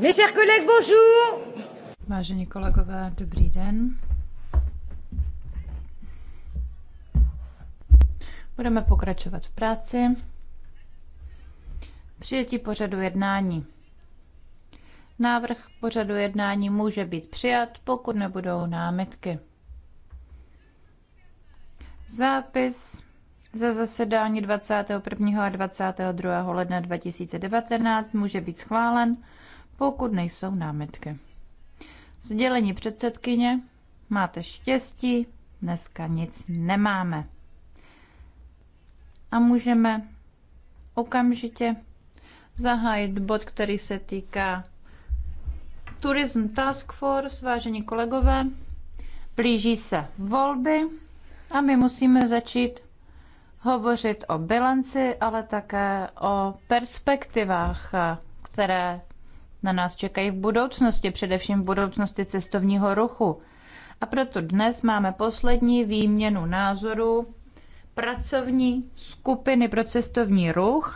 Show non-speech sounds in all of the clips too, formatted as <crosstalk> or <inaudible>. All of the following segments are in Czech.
Mes chers collègues, bonjour. Vážení kolegové, dobrý den. Budeme pokračovat v práci. Přijetí pořadu jednání. Návrh pořadu jednání může být přijat, pokud nebudou námitky. Zápis za zasedání 21. a 22. ledna 2019 může být schválen, pokud nejsou námitky. Sdělení předsedkyně, máte štěstí, dneska nic nemáme. A můžeme okamžitě zahájit bod, který se týká Tourism Task Force, vážení kolegové. Blíží se volby a my musíme začít hovořit o bilanci, ale také o perspektivách, které na nás čekají v budoucnosti, především v budoucnosti cestovního ruchu. A proto dnes máme poslední výměnu názorů pracovní skupiny pro cestovní ruch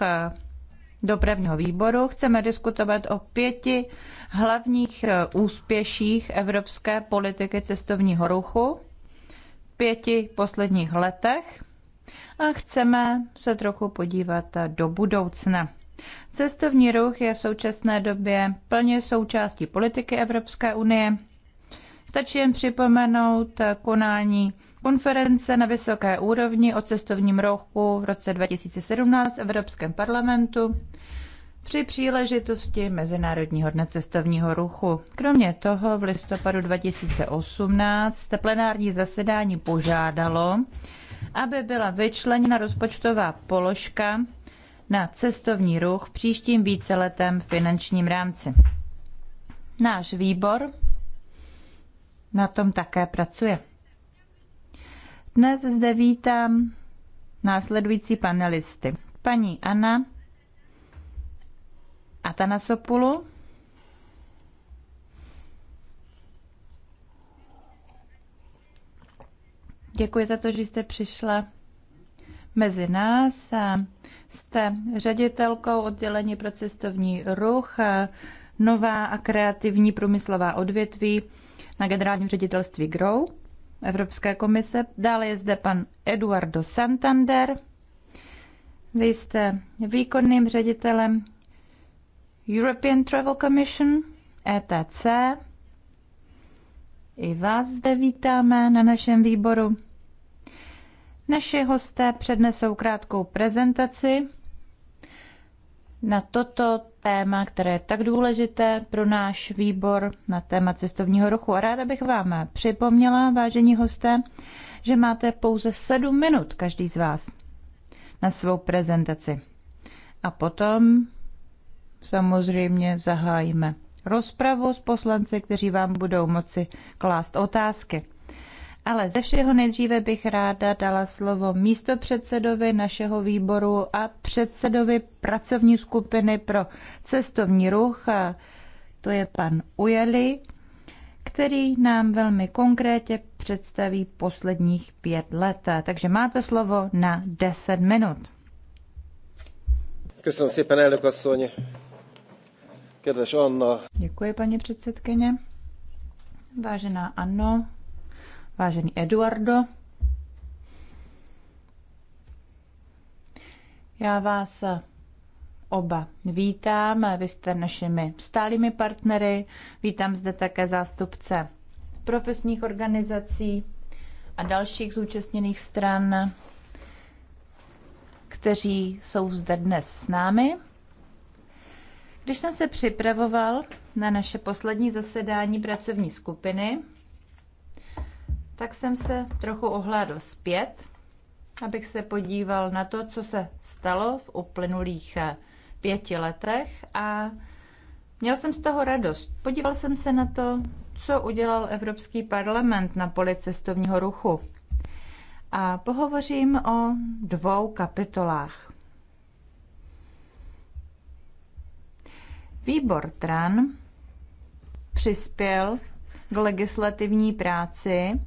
dopravního výboru. Chceme diskutovat o pěti hlavních e, úspěších evropské politiky cestovního ruchu v pěti posledních letech a chceme se trochu podívat do budoucna. Cestovní ruch je v současné době plně součástí politiky Evropské unie. Stačí jen připomenout konání konference na vysoké úrovni o cestovním ruchu v roce 2017 v Evropském parlamentu při příležitosti Mezinárodního dne cestovního ruchu. Kromě toho v listopadu 2018 plenární zasedání požádalo, aby byla vyčleněna rozpočtová položka na cestovní ruch v příštím víceletém finančním rámci. Náš výbor na tom také pracuje. Dnes zde vítám následující panelisty. Paní Anna Atanasopulu, Děkuji za to, že jste přišla mezi nás. Eh, jste ředitelkou oddělení pro cestovní ruch, eh, nová a kreativní průmyslová odvětví na generálním ředitelství GROW Evropské komise. Dále je zde pan Eduardo Santander. Vy jste výkonným ředitelem European Travel Commission, ETC. I vás zde vítáme na našem výboru. Naši hosté přednesou krátkou prezentaci na toto téma, které je tak důležité pro náš výbor na téma cestovního ruchu. A ráda bych vám připomněla, vážení hosté, že máte pouze sedm minut každý z vás na svou prezentaci. A potom samozřejmě zahájíme rozpravu s poslanci, kteří vám budou moci klást otázky. Ale ze všeho nejdříve bych ráda dala slovo místopředsedovi našeho výboru a předsedovi pracovní skupiny pro cestovní ruch, a to je pan Ujeli, který nám velmi konkrétně představí posledních pět let. Takže máte slovo na 10 minut. Köszönöm szépen, elnök Děkuji, paní předsedkyně. Vážená Anno, Vážený Eduardo, já vás oba vítám. Vy jste našimi stálými partnery. Vítám zde také zástupce profesních organizací a dalších zúčastněných stran, kteří jsou zde dnes s námi. Když jsem se připravoval na naše poslední zasedání pracovní skupiny, tak jsem se trochu ohlédl zpět, abych se podíval na to, co se stalo v uplynulých eh, pěti letech a měl jsem z toho radost. Podíval jsem se na to, co udělal Evropský parlament na poli cestovního ruchu. A pohovořím o dvou kapitolách. Výbor TRAN přispěl k legislativní práci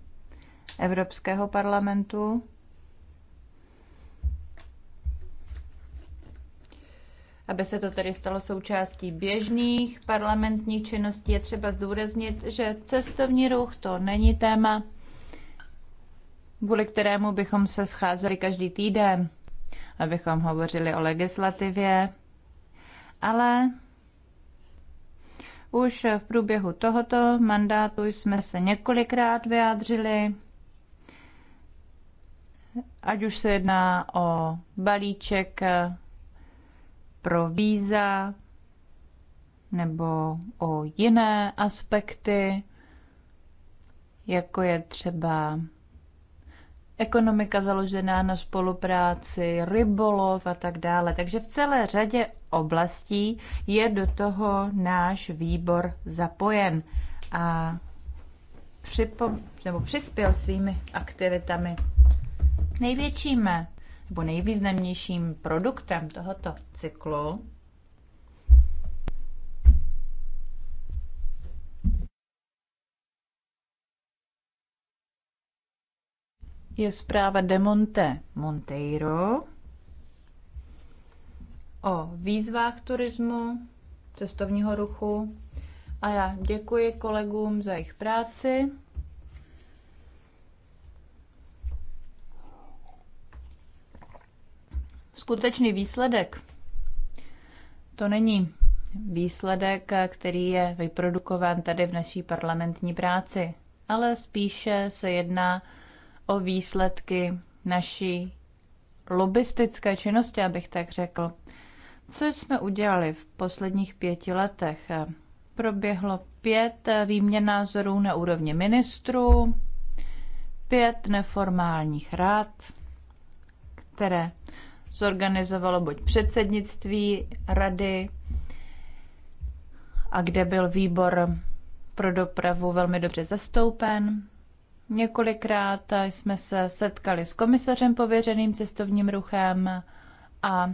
Evropského parlamentu. Aby se to tedy stalo součástí běžných parlamentních činností, je třeba zdůraznit, že cestovní ruch to není téma, kvůli kterému bychom se scházeli každý týden, abychom hovořili o legislativě, ale už v průběhu tohoto mandátu jsme se několikrát vyjádřili ať už se jedná o balíček eh, pro víza nebo o jiné aspekty, jako je třeba ekonomika založená na spolupráci, rybolov a tak dále. Takže v celé řadě oblastí je do toho náš výbor zapojen a připo- nebo přispěl svými aktivitami Největším nebo nejvýznamnějším produktem tohoto cyklu je zpráva de Monte Monteiro o výzvách turismu, cestovního ruchu. A já děkuji kolegům za jejich práci. skutečný výsledek. To není výsledek, který je vyprodukován tady v naší parlamentní práci, ale spíše se jedná o výsledky naší lobistické činnosti, abych tak řekl. Co jsme udělali v posledních pěti letech? Proběhlo pět výměn názorů na úrovni ministrů, pět neformálních rad, které zorganizovalo buď předsednictví rady, a kde byl výbor pro dopravu velmi dobře zastoupen. Několikrát jsme se setkali s komisařem pověřeným cestovním ruchem a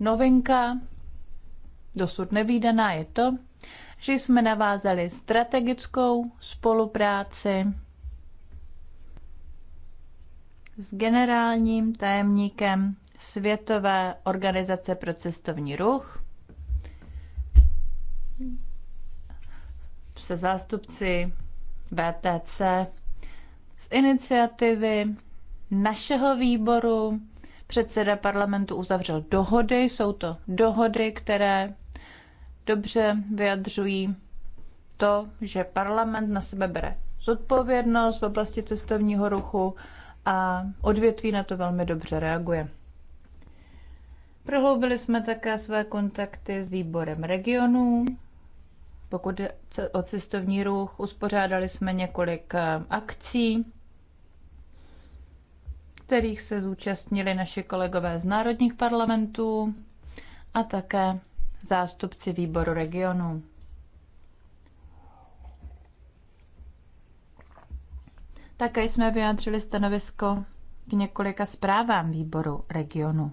novinka, dosud nevýdaná, je to, že jsme navázali strategickou spolupráci s generálním tajemníkem Světové organizace pro cestovní ruch, se zástupci BTC z iniciativy našeho výboru. Předseda parlamentu uzavřel dohody, jsou to dohody, které dobře vyjadřují to, že parlament na sebe bere zodpovědnost v oblasti cestovního ruchu a odvětví na to velmi dobře reaguje. Prohloubili jsme také své kontakty s výborem regionů. Pokud je o cestovní ruch, uspořádali jsme několik eh, akcí, kterých se zúčastnili naši kolegové z národních parlamentů a také zástupci výboru regionů. Také jsme vyjádřili stanovisko k několika zprávám výboru regionu.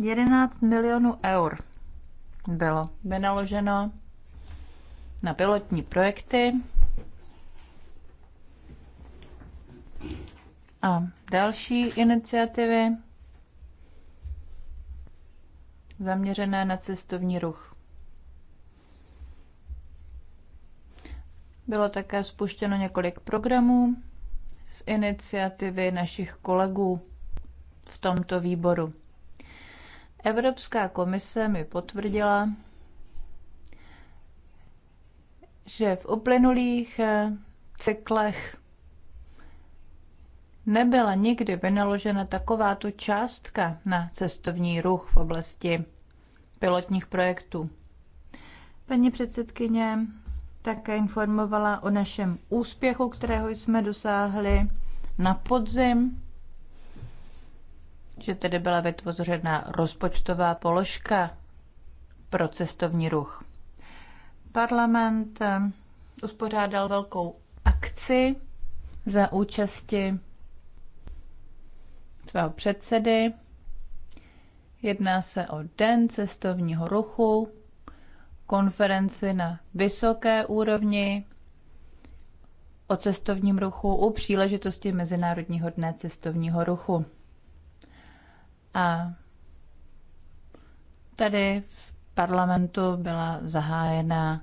11 milionů eur bylo vynaloženo na pilotní projekty a další iniciativy zaměřené na cestovní ruch. Bylo také spuštěno několik programů z iniciativy našich kolegů v tomto výboru. Evropská komise mi potvrdila, že v uplynulých eh, cyklech nebyla nikdy vynaložena takováto částka na cestovní ruch v oblasti pilotních projektů. Paní předsedkyně, také informovala o našem úspěchu, kterého jsme dosáhli na podzim, že tedy byla vytvořena rozpočtová položka pro cestovní ruch. Parlament eh, uspořádal velkou akci za účasti svého předsedy. Jedná se o Den cestovního ruchu konferenci na vysoké úrovni o cestovním ruchu u příležitosti Mezinárodního dne cestovního ruchu. A tady v parlamentu byla zahájena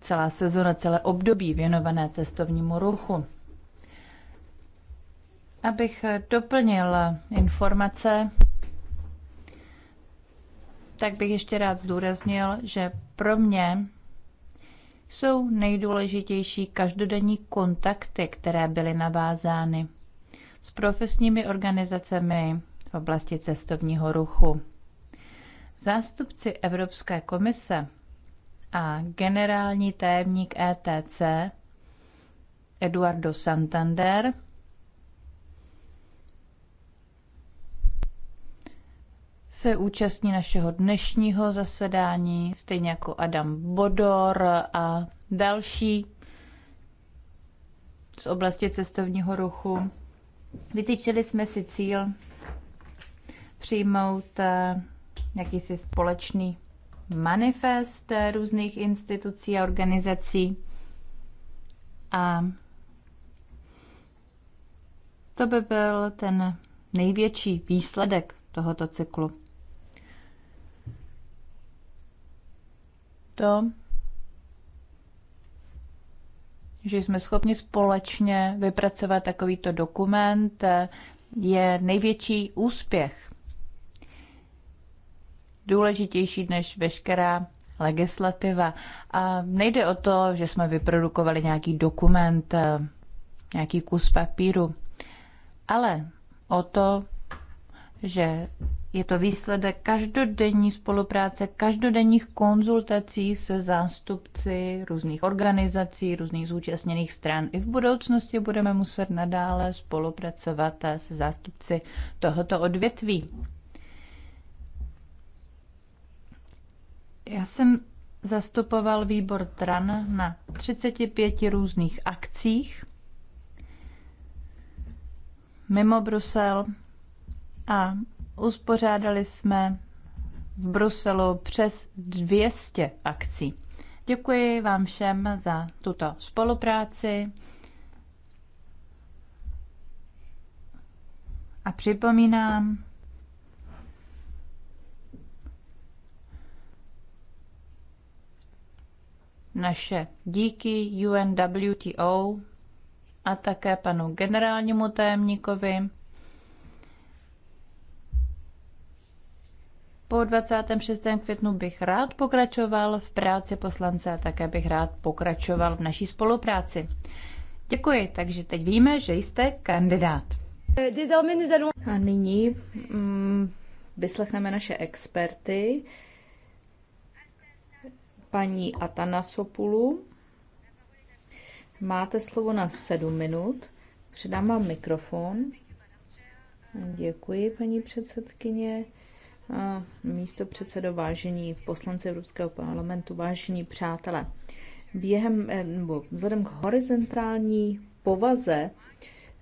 celá sezona, celé období věnované cestovnímu ruchu. Abych doplnil informace tak bych ještě rád zdůraznil, že pro mě jsou nejdůležitější každodenní kontakty, které byly navázány s profesními organizacemi v oblasti cestovního ruchu. Zástupci Evropské komise a generální tajemník ETC Eduardo Santander – se účastní našeho dnešního zasedání, stejně jako Adam Bodor a další z oblasti cestovního ruchu. Vytyčili jsme si cíl přijmout eh, jakýsi společný manifest různých institucí a organizací. A to by byl ten největší výsledek tohoto cyklu. to, že jsme schopni společně vypracovat takovýto dokument, je největší úspěch. Důležitější než veškerá legislativa. A nejde o to, že jsme vyprodukovali nějaký dokument, nějaký kus papíru, ale o to, že je to výsledek každodenní spolupráce, každodenních konzultací se zástupci různých organizací, různých zúčastněných stran. I v budoucnosti budeme muset nadále spolupracovat se zástupci tohoto odvětví. Já jsem zastupoval výbor TRAN na 35 různých akcích mimo Brusel a Uspořádali jsme v Bruselu přes 200 akcí. Děkuji vám všem za tuto spolupráci. A připomínám, naše díky UNWTO a také panu generálnímu tajemníkovi Po 26. květnu bych rád pokračoval v práci poslance a také bych rád pokračoval v naší spolupráci. Děkuji, takže teď víme, že jste kandidát. A nyní mm, vyslechneme naše experty. Paní Atanasopulu, máte slovo na sedm minut. Předám vám mikrofon. Děkuji, paní předsedkyně místo předsedo, vážení poslanci Evropského parlamentu, vážení přátelé. Během, eh, nebo vzhledem k horizontální povaze,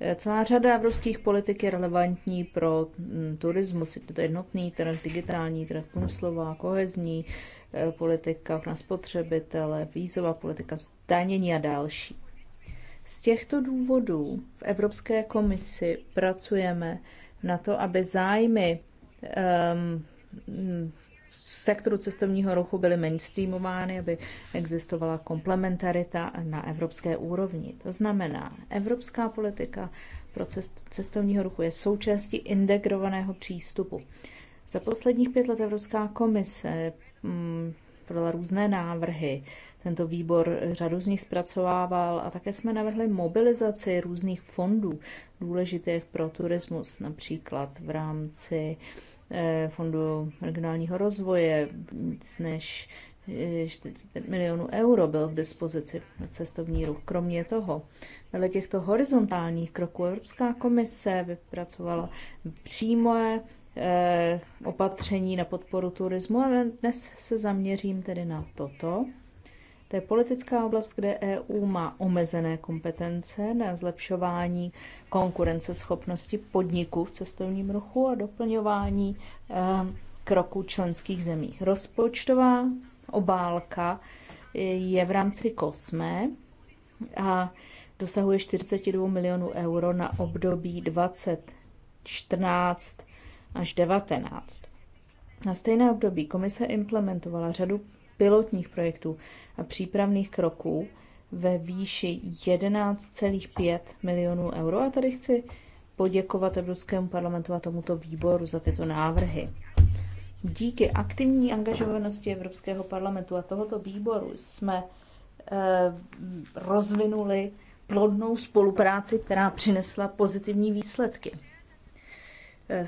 eh, celá řada evropských politik je relevantní pro mm, turismus. Je to jednotný trh, digitální trh, průmyslová, kohezní eh, politika na spotřebitele, vízová politika, zdanění a další. Z těchto důvodů v Evropské komisi pracujeme na to, aby zájmy um, sektoru cestovního ruchu byly mainstreamovány, aby existovala komplementarita na evropské úrovni. To znamená, evropská politika pro cest, cestovního ruchu je součástí integrovaného přístupu. Za posledních pět let Evropská komise mm, podala různé návrhy. Tento výbor řadu z nich zpracovával a také jsme navrhli mobilizaci různých fondů důležitých pro turismus, například v rámci eh, Fondu regionálního rozvoje, víc než 45 eh, milionů euro byl k dispozici na cestovní ruch. Kromě toho, vedle těchto horizontálních kroků Evropská komise vypracovala přímé Eh, opatření na podporu turismu, ale dnes se zaměřím tedy na toto. To je politická oblast, kde EU má omezené kompetence na zlepšování konkurenceschopnosti podniků v cestovním ruchu a doplňování eh, kroků členských zemí. Rozpočtová obálka je v rámci kosme a dosahuje 42 milionů euro na období 2014 až 19. Na stejné období komise implementovala řadu pilotních projektů a přípravných kroků ve výši 11,5 milionů euro. A tady chci poděkovat Evropskému parlamentu a tomuto výboru za tyto návrhy. Díky aktivní angažovanosti Evropského parlamentu a tohoto výboru jsme eh, rozvinuli plodnou spolupráci, která přinesla pozitivní výsledky. Eh,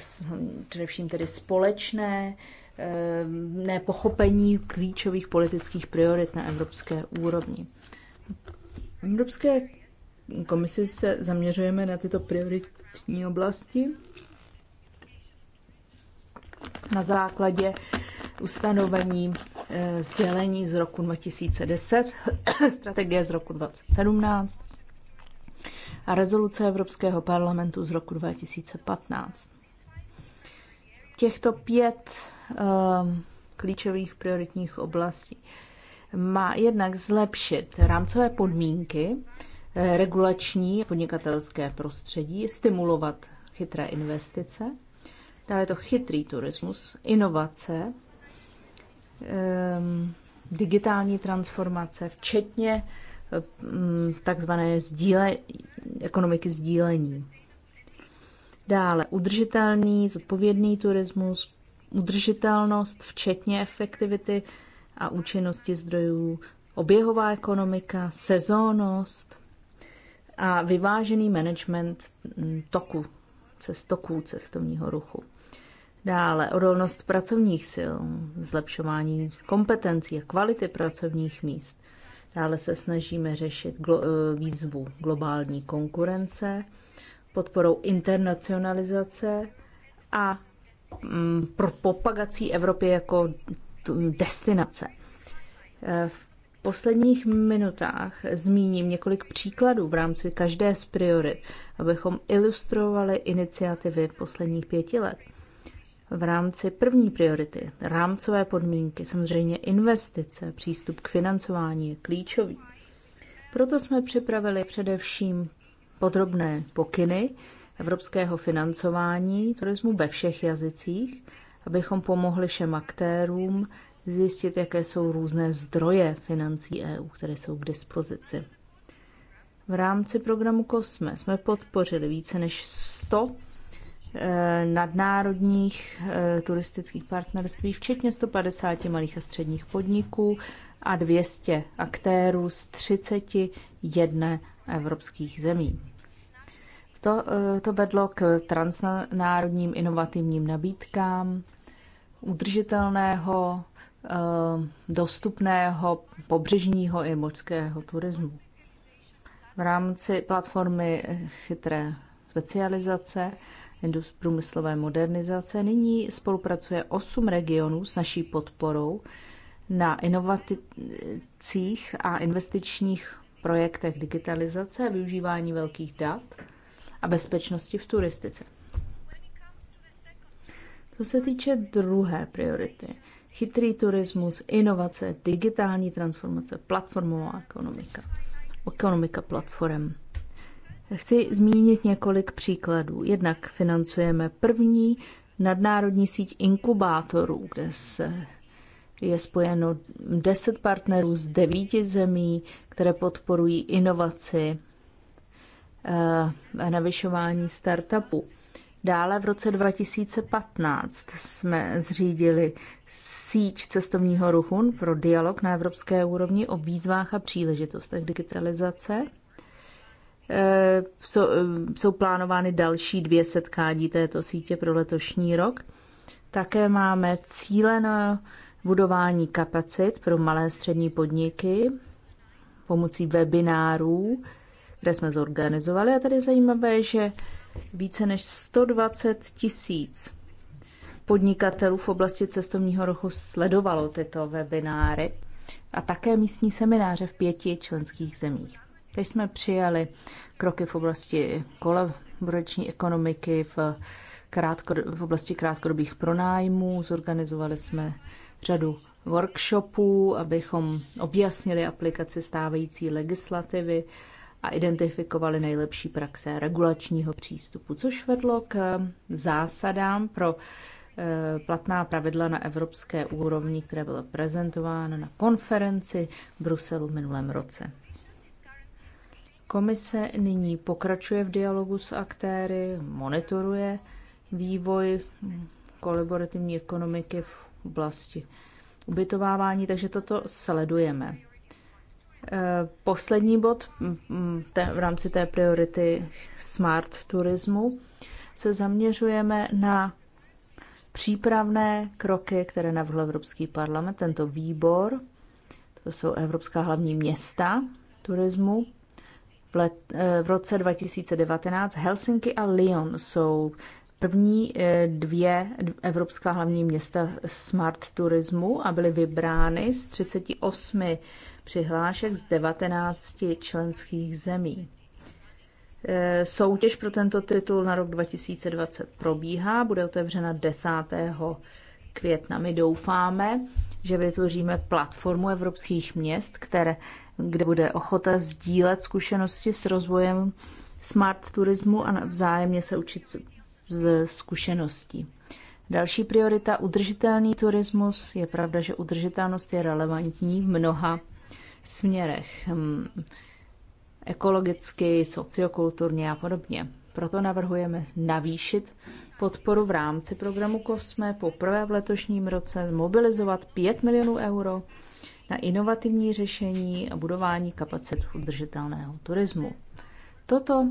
především tedy společné eh, nepochopení klíčových politických priorit na evropské úrovni. V Evropské komisi se zaměřujeme na tyto prioritní oblasti na základě ustanovení eh, sdělení z roku 2010, <coughs> strategie z roku 2017 a rezoluce Evropského parlamentu z roku 2015 těchto pět um, klíčových prioritních oblastí má jednak zlepšit rámcové podmínky, eh, regulační podnikatelské prostředí, stimulovat chytré investice, dále to chytrý turismus, inovace, ehm, digitální transformace, včetně eh, takzvané sdíle, ekonomiky sdílení. Dále udržitelný, zodpovědný turismus, udržitelnost, včetně efektivity a účinnosti zdrojů, oběhová ekonomika, sezónnost a vyvážený management mm, toku, cest toků cestovního ruchu. Dále odolnost pracovních sil, zlepšování kompetencí a kvality pracovních míst. Dále se snažíme řešit glo- e, výzvu globální konkurence, podporou internacionalizace a mm, pro propagací Evropy jako destinace. E, v posledních minutách zmíním několik příkladů v rámci každé z priorit, abychom ilustrovali iniciativy posledních pěti let. V rámci první priority, rámcové podmínky, samozřejmě investice, přístup k financování je klíčový. Proto jsme připravili především podrobné pokyny evropského financování turismu ve všech jazycích, abychom pomohli všem aktérům zjistit, jaké jsou různé zdroje financí EU, které jsou k dispozici. V rámci programu COSME jsme podpořili více než 100 eh, nadnárodních eh, turistických partnerství, včetně 150 malých a středních podniků a 200 aktérů z 31 evropských zemí. To, eh, to vedlo k transnárodním inovativním nabídkám udržitelného, eh, dostupného pobřežního i mořského turismu. V rámci platformy chytré specializace průmyslové modernizace nyní spolupracuje 8 regionů s naší podporou na inovacích a investičních projektech digitalizace a využívání velkých dat – a bezpečnosti v turistice. Co se týče druhé priority, chytrý turismus, inovace, digitální transformace, platformová ekonomika, ekonomika platform. Chci zmínit několik příkladů. Jednak financujeme první nadnárodní síť inkubátorů, kde se je spojeno 10 partnerů z devíti zemí, které podporují inovaci Eh, navyšování startupu. Dále v roce 2015 jsme zřídili síť cestovního ruchu pro dialog na evropské úrovni o výzvách a příležitostech digitalizace. Eh, eh, jsou plánovány další dvě setkání této sítě pro letošní rok. Také máme cíle na budování kapacit pro malé střední podniky pomocí webinárů, které jsme zorganizovali. A tady je zajímavé, že více než 120 tisíc podnikatelů v oblasti cestovního ruchu sledovalo tyto webináry a také místní semináře v pěti členských zemích. Teď jsme přijali kroky v oblasti kolaborační ekonomiky, v, krátko, v oblasti krátkodobých pronájmů, zorganizovali jsme řadu workshopů, abychom objasnili aplikaci stávající legislativy, a identifikovali nejlepší praxe regulačního přístupu, což vedlo k zásadám pro eh, platná pravidla na evropské úrovni, které bylo prezentováno na konferenci v Bruselu v minulém roce. Komise nyní pokračuje v dialogu s aktéry, monitoruje vývoj kolaborativní ekonomiky v oblasti ubytovávání, takže toto sledujeme. Eh, poslední bod mm, mm, v rámci té priority smart turismu se zaměřujeme na přípravné kroky, které navrhl Evropský parlament, tento výbor. To jsou Evropská hlavní města turismu. V, let, eh, v roce 2019 Helsinki a Lyon jsou první eh, dvě evropská hlavní města smart turismu a byly vybrány z 38 přihlášek z 19 členských zemí. E, soutěž pro tento titul na rok 2020 probíhá, bude otevřena 10. května. My doufáme, že vytvoříme platformu evropských měst, které, kde bude ochota sdílet zkušenosti s rozvojem smart turismu a vzájemně se učit z zkušeností. Další priorita udržitelný turismus. Je pravda, že udržitelnost je relevantní v mnoha směrech, hm, ekologicky, sociokulturně a podobně. Proto navrhujeme navýšit podporu v rámci programu COSME poprvé v letošním roce, mobilizovat 5 milionů euro na inovativní řešení a budování kapacit udržitelného turismu. Toto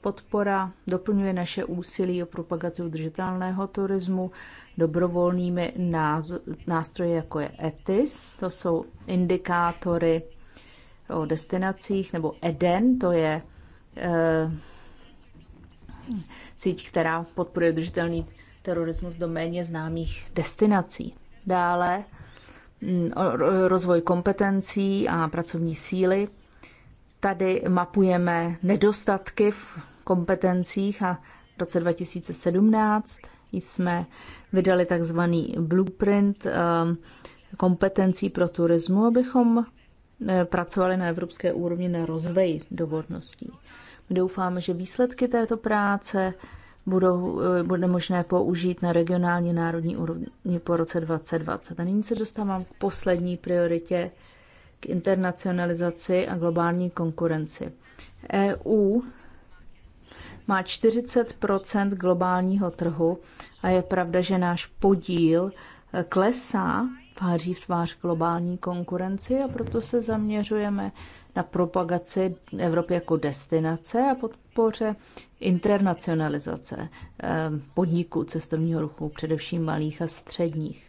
podpora doplňuje naše úsilí o propagaci udržitelného turismu dobrovolnými nástroji, jako je ETIS, to jsou indikátory o destinacích, nebo EDEN, to je e, síť, která podporuje udržitelný terorismus do méně známých destinací. Dále mm, rozvoj kompetencí a pracovní síly Tady mapujeme nedostatky v kompetencích a v roce 2017 jsme vydali takzvaný blueprint ehm, kompetencí pro turismu, abychom eh, pracovali na evropské úrovni na rozvoji dovodností. Doufáme, že výsledky této práce budou, eh, bude možné použít na regionální národní úrovni po roce 2020. A nyní se dostávám k poslední prioritě internacionalizaci a globální konkurenci. EU má 40 globálního trhu a je pravda, že náš podíl eh, klesá tváří v tvář globální konkurenci a proto se zaměřujeme na propagaci Evropy jako destinace a podpoře internacionalizace eh, podniků cestovního ruchu, především malých a středních.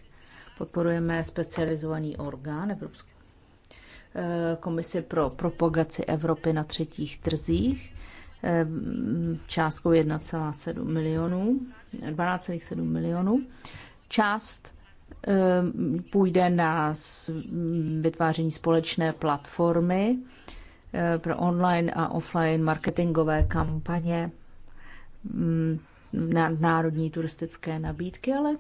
Podporujeme specializovaný orgán Evropskou Eh, Komisi pro propagaci Evropy na třetích trzích eh, částkou 1,7 milionů, 12,7 milionů. Část eh, půjde na mm, vytváření společné platformy pro online a offline marketingové kampaně, mm, na národní turistické nabídky, ale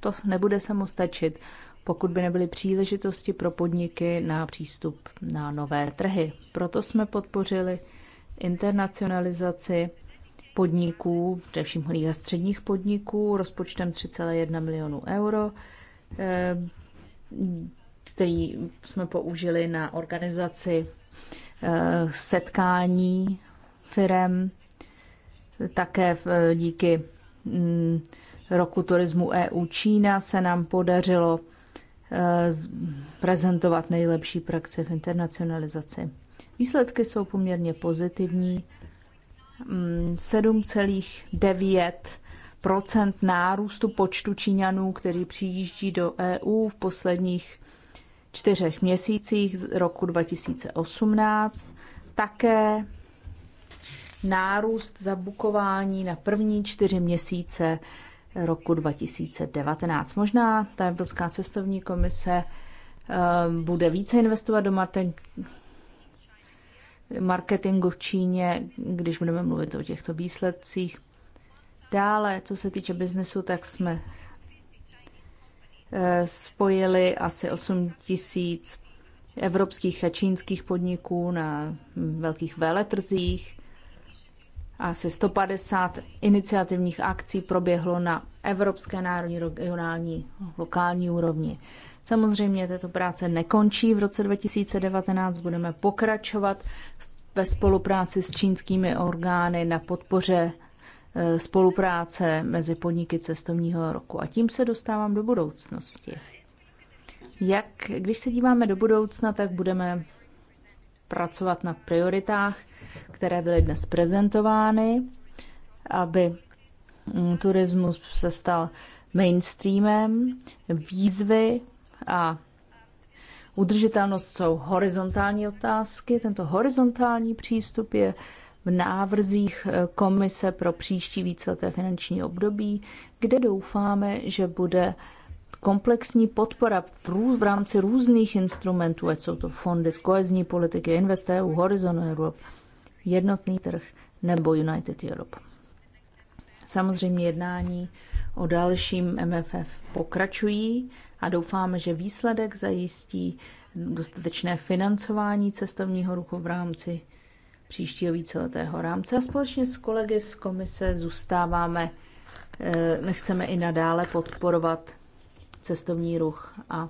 to nebude samostačit pokud by nebyly příležitosti pro podniky na přístup na nové trhy. Proto jsme podpořili internacionalizaci podniků, především malých a středních podniků, rozpočtem 3,1 milionu euro, eh, který jsme použili na organizaci eh, setkání firem, také eh, díky mm, roku turismu EU Čína se nám podařilo Eh, prezentovat nejlepší praxe v internacionalizaci. Výsledky jsou poměrně pozitivní. 7,9 mm, nárůstu počtu Číňanů, kteří přijíždí do EU v posledních čtyřech měsících z roku 2018. Také nárůst zabukování na první čtyři měsíce roku 2019. Možná ta Evropská cestovní komise eh, bude více investovat do marketingu v Číně, když budeme mluvit o těchto výsledcích. Dále, co se týče biznesu, tak jsme eh, spojili asi 8 tisíc evropských a čínských podniků na velkých veletrzích. Asi 150 iniciativních akcí proběhlo na evropské, národní, regionální, lokální úrovni. Samozřejmě tato práce nekončí v roce 2019, budeme pokračovat ve spolupráci s čínskými orgány na podpoře e, spolupráce mezi podniky cestovního roku. A tím se dostávám do budoucnosti. Jak, když se díváme do budoucna, tak budeme pracovat na prioritách, které byly dnes prezentovány, aby mm, turismus se stal mainstreamem. Výzvy a udržitelnost jsou horizontální otázky. Tento horizontální přístup je v návrzích eh, Komise pro příští víceleté finanční období, kde doufáme, že bude komplexní podpora v, rů, v rámci různých instrumentů, ať jsou to fondy z kohezní politiky, InvestEU, Horizon Europe, jednotný trh nebo United Europe. Samozřejmě jednání o dalším MFF pokračují a doufáme, že výsledek zajistí dostatečné financování cestovního ruchu v rámci příštího víceletého rámce a společně s kolegy z komise zůstáváme, eh, nechceme i nadále podporovat cestovní ruch a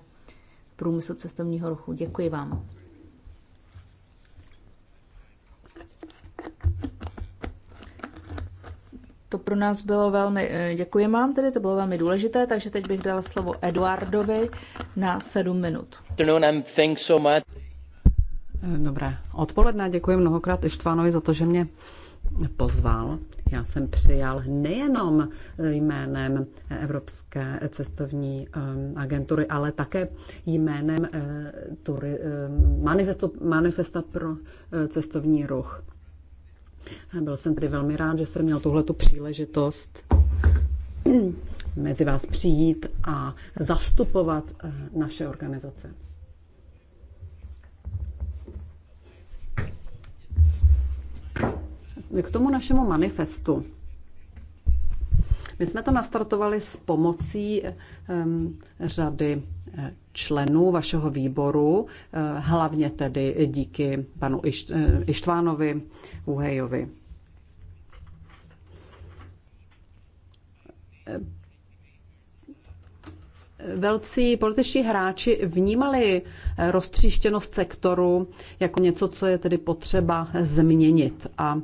průmysl cestovního ruchu. Děkuji vám. To pro nás bylo velmi, eh, děkuji vám tedy, to bylo velmi důležité, takže teď bych dala slovo Eduardovi na sedm minut. Eh, dobré odpoledne, děkuji mnohokrát Ištvánovi za to, že mě pozval. Já jsem přijal nejenom jménem Evropské cestovní eh, agentury, ale také jménem manifesta pro cestovní ruch. Byl jsem tedy velmi rád, že jsem měl tuhletu příležitost <clears throat> mezi vás přijít a zastupovat eh, naše organizace. K tomu našemu manifestu. My jsme to nastartovali s pomocí um, řady eh, členů vašeho výboru, eh, hlavně tedy díky panu eh, Ištvánovi Uhejovi. Eh, velcí političtí hráči vnímali roztříštěnost sektoru jako něco, co je tedy potřeba změnit. A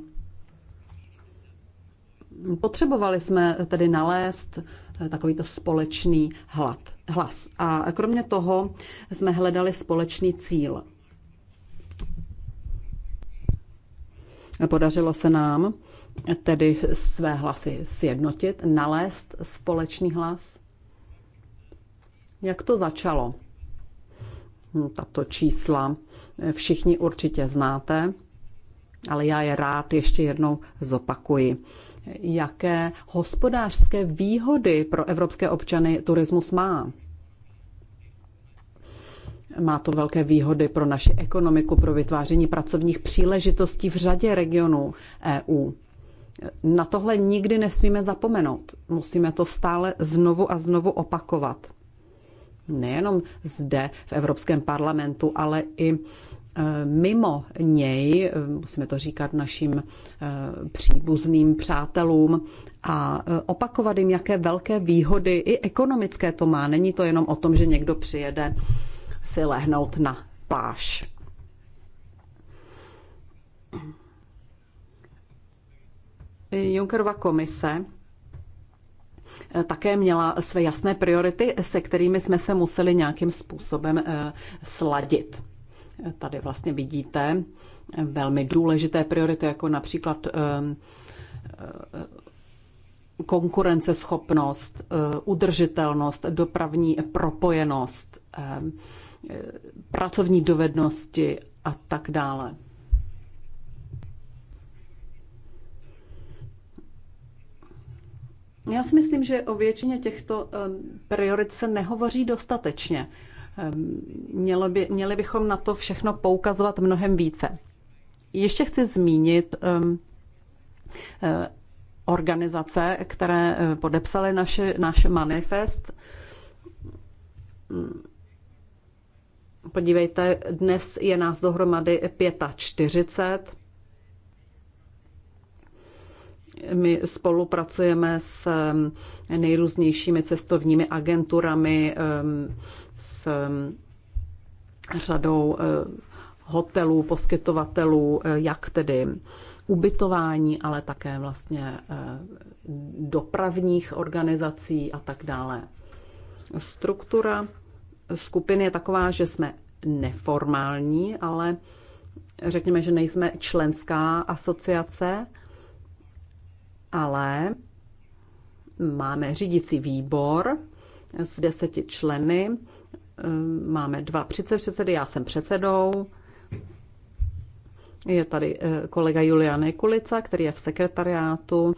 potřebovali jsme tedy nalézt Eh, takovýto společný hlad, hlas. A kromě toho jsme hledali společný cíl. Podařilo se nám tedy své hlasy sjednotit, nalézt společný hlas. Jak to začalo? Hm, tato čísla všichni určitě znáte, ale já je rád ještě jednou zopakuji jaké hospodářské výhody pro evropské občany turismus má. Má to velké výhody pro naši ekonomiku, pro vytváření pracovních příležitostí v řadě regionů EU. Na tohle nikdy nesmíme zapomenout. Musíme to stále znovu a znovu opakovat. Nejenom zde v Evropském parlamentu, ale i mimo něj, musíme to říkat našim eh, příbuzným přátelům, a eh, opakovat jim, jaké velké výhody i ekonomické to má. Není to jenom o tom, že někdo přijede si lehnout na páš. Junckerova komise eh, také měla své jasné priority, se kterými jsme se museli nějakým způsobem sladit. Tady vlastně vidíte velmi důležité priority, jako například eh, eh, konkurenceschopnost, eh, udržitelnost, dopravní propojenost, pracovní dovednosti a tak dále. Já si myslím, že o většině těchto priorit se nehovoří dostatečně. Ehm, mělo by, měli bychom na to všechno poukazovat mnohem více. Ještě chci zmínit ehm, eh, organizace, které eh, podepsaly naše, náš manifest. Podívejte, dnes je nás dohromady 45. My spolupracujeme s um, nejrůznějšími cestovními agenturami, um, s um, řadou uh, hotelů, poskytovatelů, uh, jak tedy ubytování, ale také vlastně uh, dopravních organizací a tak dále. Struktura skupiny je taková, že jsme neformální, ale řekněme, že nejsme členská asociace, ale máme řídící výbor s deseti členy, eh, máme dva předsedy, já jsem předsedou, je tady eh, kolega Julian Kulica, který je v sekretariátu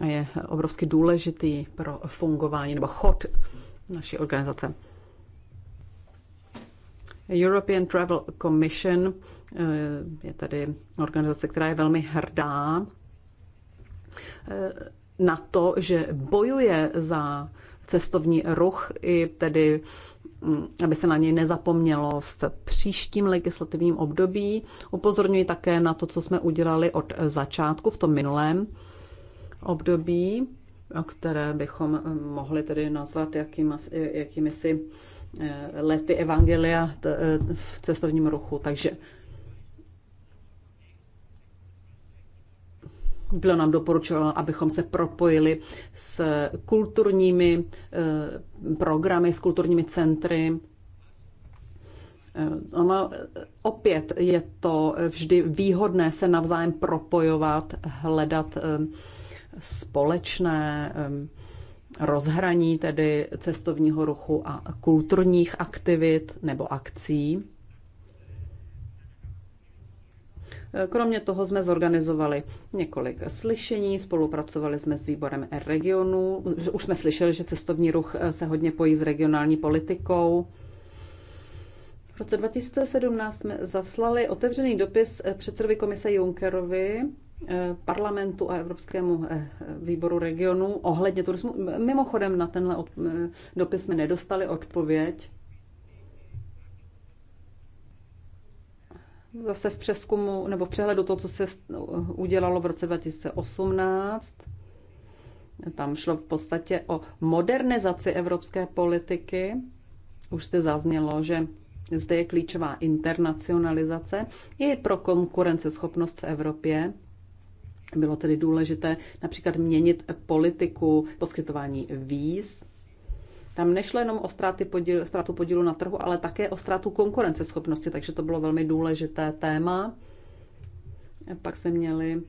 a je obrovsky důležitý pro fungování nebo chod naší organizace. European Travel Commission Eh, je tady organizace, která je velmi hrdá eh, na to, že bojuje za cestovní ruch i tedy mm, aby se na něj nezapomnělo v příštím legislativním období. Upozorňuji také na to, co jsme udělali od začátku v tom minulém období, které bychom eh, mohli tedy nazvat jakými, jakými si lety Evangelia v cestovním ruchu. Takže Bylo nám doporučeno, abychom se propojili s kulturními eh, programy, s kulturními centry. Eh, ono eh, opět je to vždy výhodné se navzájem propojovat, hledat společné rozhraní tedy cestovního ruchu a kulturních aktivit nebo akcí. Kromě toho jsme zorganizovali několik slyšení, spolupracovali jsme s výborem regionu. Už jsme slyšeli, že cestovní ruch eh, se hodně pojí s regionální politikou. V roce 2017 jsme zaslali otevřený dopis eh, předsedovi komise Junckerovi, eh, parlamentu a Evropskému výboru regionu ohledně turismu. Mimochodem na tenhle dopis jsme nedostali odpověď, zase v přeskumu nebo v přehledu toho, co se udělalo v roce 2018, tam šlo v podstatě o modernizaci evropské politiky. Už se zaznělo, že zde je klíčová internacionalizace i pro konkurenceschopnost v Evropě. Bylo tedy důležité například měnit politiku poskytování víz tam nešlo jenom o ztráty podíl, ztrátu podílu na trhu, ale také o ztrátu konkurenceschopnosti, takže to bylo velmi důležité téma. Pak jsme měli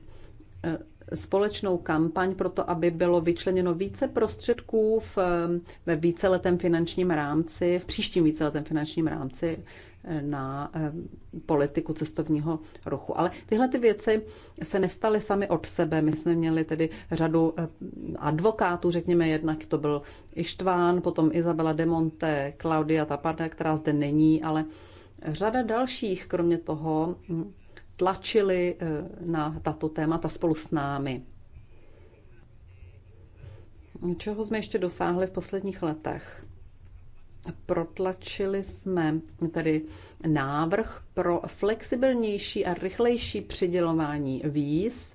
e, společnou kampaň pro to, aby bylo vyčleněno více prostředků v, e, ve víceletém finančním rámci, v příštím víceletém finančním rámci na eh, politiku cestovního ruchu. Ale tyhle ty věci se nestaly sami od sebe. My jsme měli tedy řadu eh, advokátů, řekněme jednak, to byl Ištván, potom Izabela de Monte, Claudia Tapada, která zde není, ale řada dalších, kromě toho, hm, tlačili eh, na tato témata spolu s námi. Čeho jsme ještě dosáhli v posledních letech? protlačili jsme tedy návrh pro flexibilnější a rychlejší přidělování víz.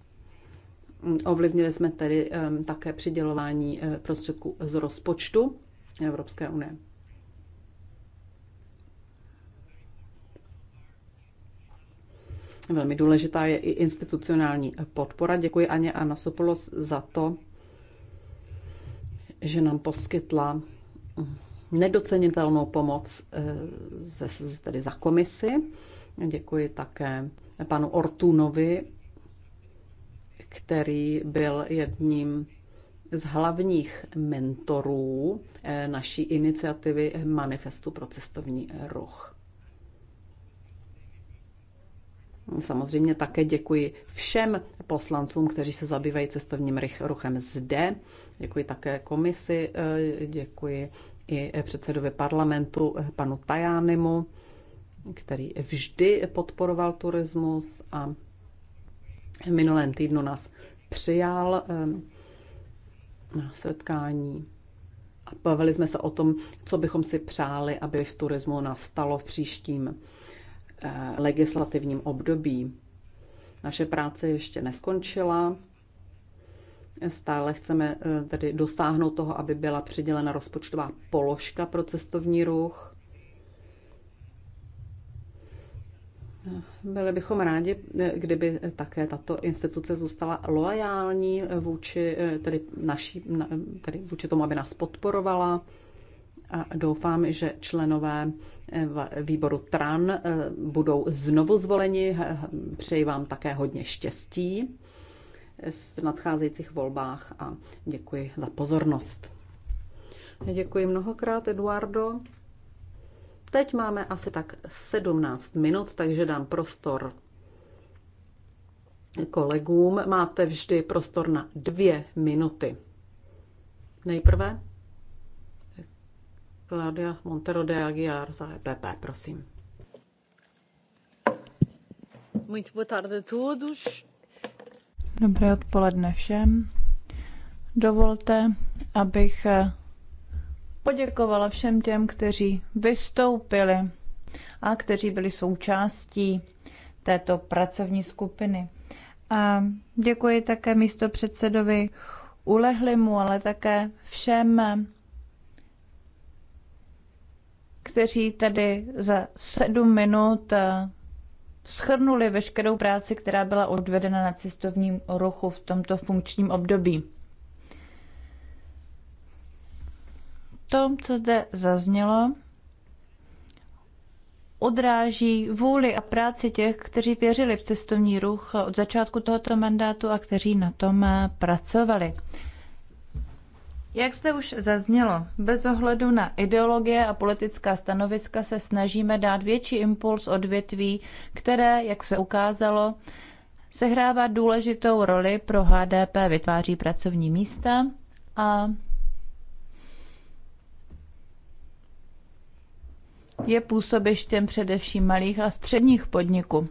Ovlivnili jsme tedy také přidělování eh, prostředků z rozpočtu Evropské unie. Velmi důležitá je i institucionální podpora. Děkuji Aně a Nasopolos za to, že nám poskytla nedocenitelnou pomoc eh, ze, tedy za komisi. Děkuji také panu Ortunovi, který byl jedním z hlavních mentorů eh, naší iniciativy Manifestu pro cestovní ruch. Samozřejmě také děkuji všem poslancům, kteří se zabývají cestovním ruchem zde. Děkuji také komisi, eh, děkuji i předsedovi parlamentu eh, panu Tajánimu, který vždy podporoval turismus a v minulém týdnu nás přijal eh, na setkání a bavili jsme se o tom, co bychom si přáli, aby v turismu nastalo v příštím eh, legislativním období. Naše práce ještě neskončila, Stále chceme eh, tedy dosáhnout toho, aby byla přidělena rozpočtová položka pro cestovní ruch. Eh, byli bychom rádi, eh, kdyby také tato instituce zůstala loajální vůči, tedy naší, tedy vůči tomu, aby nás podporovala. A doufám, že členové výboru TRAN budou znovu zvoleni. Přeji vám také hodně štěstí v nadcházejících volbách a děkuji za pozornost. Děkuji mnohokrát, Eduardo. Teď máme asi tak 17 minut, takže dám prostor kolegům. Máte vždy prostor na dvě minuty. Nejprve Claudia Montero de Aguiar za EPP, prosím. Muito boa tarde a todos. Dobré odpoledne všem. Dovolte, abych eh, poděkovala všem těm, kteří vystoupili a kteří byli součástí této pracovní skupiny. A děkuji také místo předsedovi Ulehlimu, ale také všem, eh, kteří tady za sedm minut eh, schrnuli veškerou práci, která byla odvedena na cestovním ruchu v tomto funkčním období. To, co zde zaznělo, odráží vůli a práci těch, kteří věřili v cestovní ruch od začátku tohoto mandátu a kteří na tom pracovali. Jak zde už zaznělo, bez ohledu na ideologie a politická stanoviska se snažíme dát větší impuls odvětví, které, jak se ukázalo, sehrává důležitou roli pro HDP, vytváří pracovní místa a je působištěm především malých a středních podniků.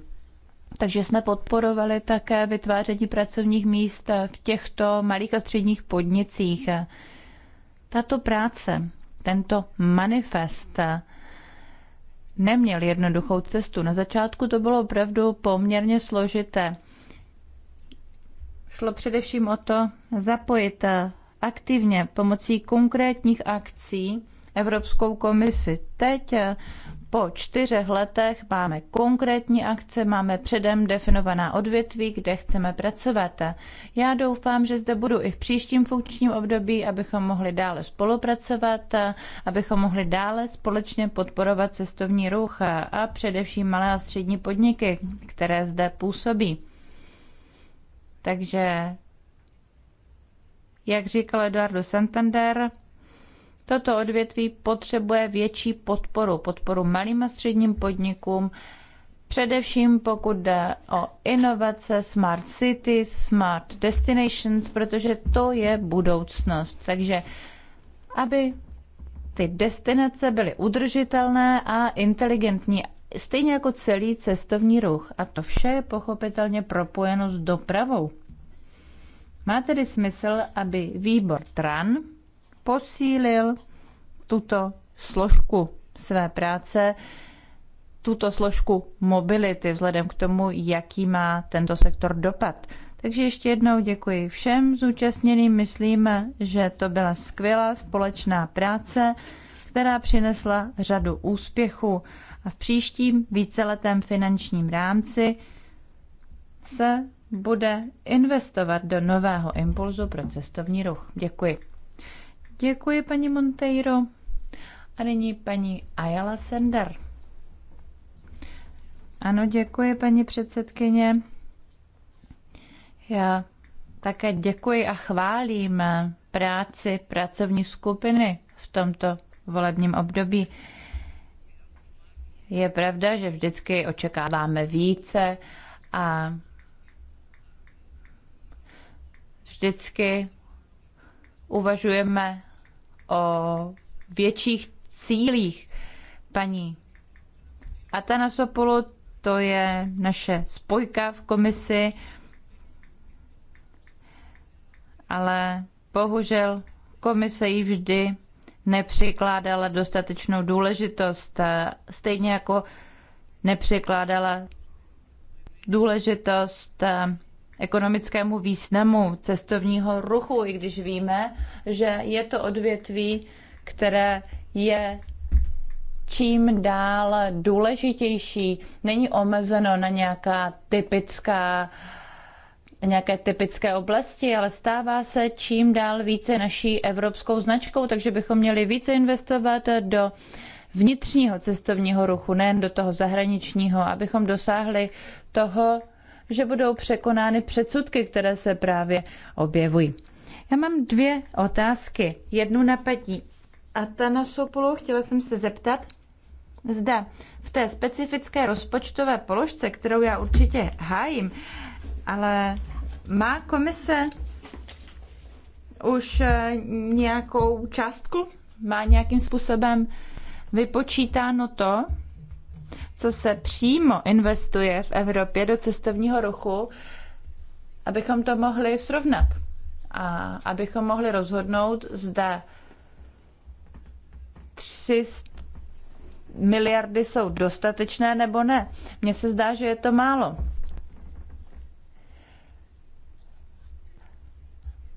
Takže jsme podporovali také vytváření pracovních míst v těchto malých a středních podnicích. Tato práce, tento manifest neměl jednoduchou cestu. Na začátku to bylo opravdu poměrně složité. Šlo především o to zapojit aktivně pomocí konkrétních akcí Evropskou komisi. Teď po čtyřech letech máme konkrétní akce, máme předem definovaná odvětví, kde chceme pracovat. Já doufám, že zde budu i v příštím funkčním období, abychom mohli dále spolupracovat, abychom mohli dále společně podporovat cestovní ruch a především malé a střední podniky, které zde působí. Takže, jak říkal Eduardo Santander, Toto odvětví potřebuje větší podporu, podporu malým a středním podnikům, především pokud jde o inovace, smart cities, smart destinations, protože to je budoucnost. Takže aby ty destinace byly udržitelné a inteligentní, stejně jako celý cestovní ruch. A to vše je pochopitelně propojeno s dopravou. Má tedy smysl, aby výbor TRAN posílil tuto složku své práce, tuto složku mobility vzhledem k tomu, jaký má tento sektor dopad. Takže ještě jednou děkuji všem zúčastněným. Myslím, že to byla skvělá společná práce, která přinesla řadu úspěchů a v příštím víceletém finančním rámci se bude investovat do nového impulzu pro cestovní ruch. Děkuji. Děkuji, paní Monteiro. A nyní paní Ayala Sender. Ano, děkuji, paní předsedkyně. Já také děkuji a chválím práci pracovní skupiny v tomto volebním období. Je pravda, že vždycky očekáváme více a vždycky uvažujeme o větších cílích. Paní Atanasopoulou, to je naše spojka v komisi, ale bohužel komise ji vždy nepřikládala dostatečnou důležitost, stejně jako nepřikládala důležitost ekonomickému významu cestovního ruchu, i když víme, že je to odvětví, které je čím dál důležitější. Není omezeno na nějaká typická nějaké typické oblasti, ale stává se čím dál více naší evropskou značkou, takže bychom měli více investovat do vnitřního cestovního ruchu, nejen do toho zahraničního, abychom dosáhli toho, že budou překonány předsudky, které se právě objevují. Já mám dvě otázky. Jednu na paní Atanasopoulou. Chtěla jsem se zeptat, zda v té specifické rozpočtové položce, kterou já určitě hájím, ale má komise už eh, nějakou částku? Má nějakým způsobem vypočítáno to, co se přímo investuje v Evropě do cestovního ruchu, abychom to mohli srovnat a abychom mohli rozhodnout, zda 300 miliardy jsou dostatečné nebo ne. Mně se zdá, že je to málo.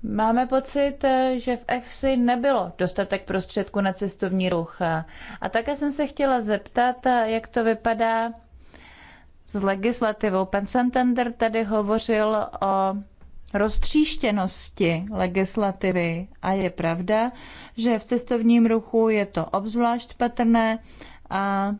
Máme pocit, eh, že v EFSI nebylo dostatek prostředků na cestovní ruch. A také jsem se chtěla zeptat, eh, jak to vypadá s legislativou. Pan Santander tady hovořil o roztříštěnosti legislativy a je pravda, že v cestovním ruchu je to obzvlášť patrné a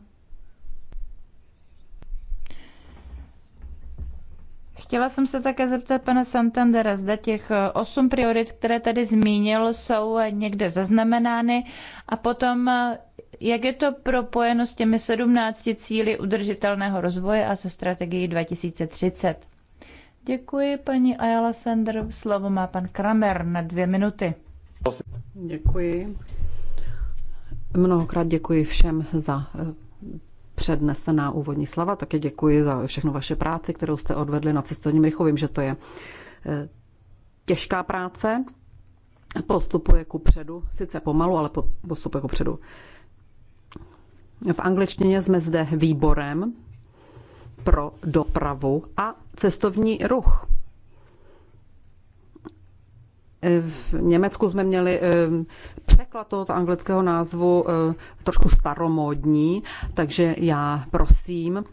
Chtěla jsem se také zeptat pana Santandera, zda těch eh, osm priorit, které tady zmínil, jsou eh, někde zaznamenány a potom eh, jak je to propojeno s těmi 17 cíly udržitelného rozvoje a se strategií 2030. Děkuji paní Ayala Sender. Slovo má pan Kramer na dvě minuty. Děkuji. Mnohokrát děkuji všem za přednesená úvodní slava. Taky děkuji za všechnu vaše práci, kterou jste odvedli na cestovním rychu. Vím, že to je eh, těžká práce. Postupuje ku předu, sice pomalu, ale postupuje ku předu. V angličtině jsme zde výborem pro dopravu a cestovní ruch. V Německu jsme měli eh, překlad tohoto anglického názvu eh, trošku staromódní, takže já prosím,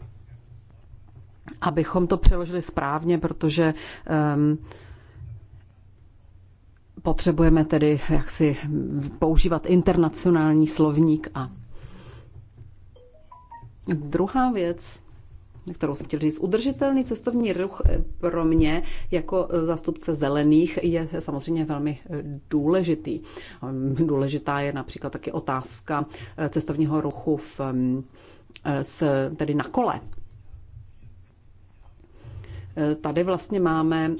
abychom to přeložili správně, protože ehm, potřebujeme tedy jaksi používat internacionální slovník a druhá věc, kterou jsem chtěl říct. Udržitelný cestovní ruch eh, pro mě jako eh, zástupce zelených je samozřejmě velmi eh, důležitý. Ehm, důležitá je například taky otázka cestovního ruchu v, ehm, s, tedy na kole. Tady vlastně máme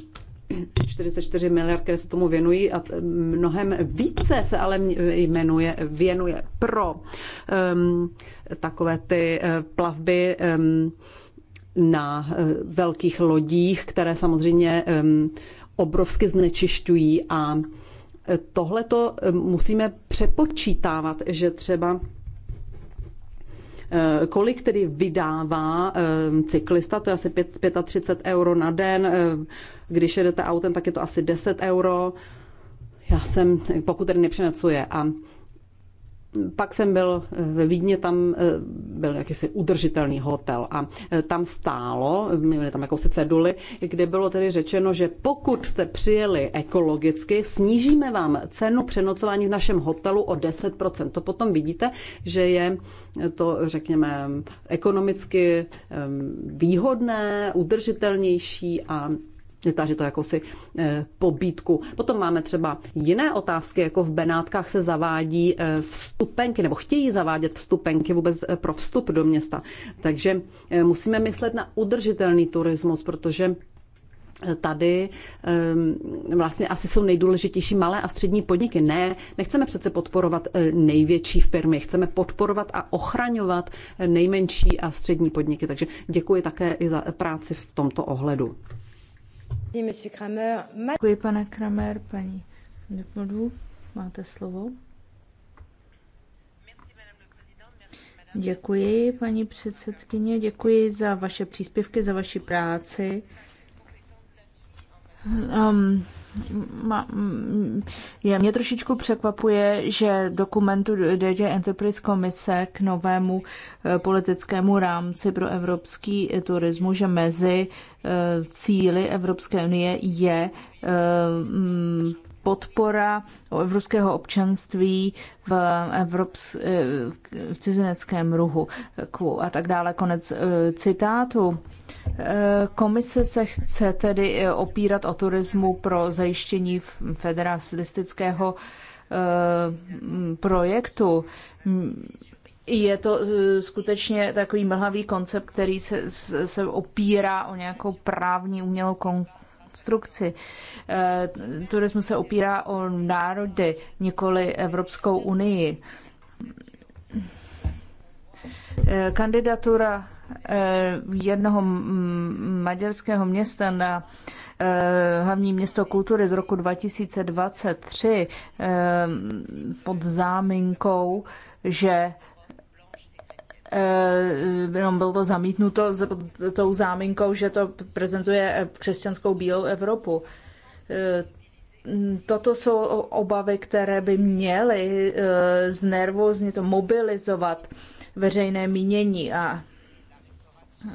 44 <clears throat> miliard, které se tomu věnují a mnohem více se ale jmenuje, věnuje pro um, takové ty plavby um, na eh, velkých lodích, které samozřejmě obrovsky znečišťují a eh, tohle to eh, musíme přepočítávat, že třeba kolik tedy vydává cyklista, to je asi 5, 35 euro na den, když jedete autem, tak je to asi 10 euro. Já jsem, pokud tedy nepřenocuje a pak jsem byl eh, ve Vídně, tam eh, byl jakýsi udržitelný hotel a eh, tam stálo, měli tam jakousi ceduli, kde bylo tedy řečeno, že pokud jste přijeli ekologicky, snížíme vám cenu přenocování v našem hotelu o 10%. To potom vidíte, že je to, řekněme, ekonomicky výhodné, udržitelnější a takže to jakousi eh, pobídku. Potom máme třeba jiné otázky, jako v Benátkách se zavádí eh, vstupenky, nebo chtějí zavádět vstupenky vůbec eh, pro vstup do města. Takže musíme myslet na udržitelný turismus, protože tady ehm, vlastně asi jsou nejdůležitější malé a střední podniky. Ne, nechceme přece podporovat největší firmy, chceme podporovat a ochraňovat nejmenší a střední podniky. Takže děkuji také i za práci v tomto ohledu. Děkuji, pane Kramer. Paní Duplodu, máte slovo. Děkuji, paní předsedkyně, děkuji za vaše příspěvky, za vaši práci. Um, je, mě trošičku překvapuje, že dokumentu DG Enterprise Komise k novému eh, politickému rámci pro evropský eh, turismus, že mezi eh, cíly Evropské unie je mm, podpora evropského občanství v, Evrops, v cizineckém ruhu a tak dále. Konec citátu Eh, komise se chce tedy eh, opírat o turismu pro zajištění federalistického eh, projektu. Je to skutečně takový mlhavý koncept, který se, se opírá o nějakou právní umělou konstrukci. Turismus se opírá o národy, nikoli Evropskou unii. Kandidatura Eh, jednoho maďarského města na eh, hlavní město kultury z roku 2023 eh, pod záminkou, že jenom bylo to zamítnuto s tou záminkou, že to prezentuje křesťanskou bílou Evropu. Toto jsou obavy, které by měly znervoznit, mobilizovat veřejné mínění a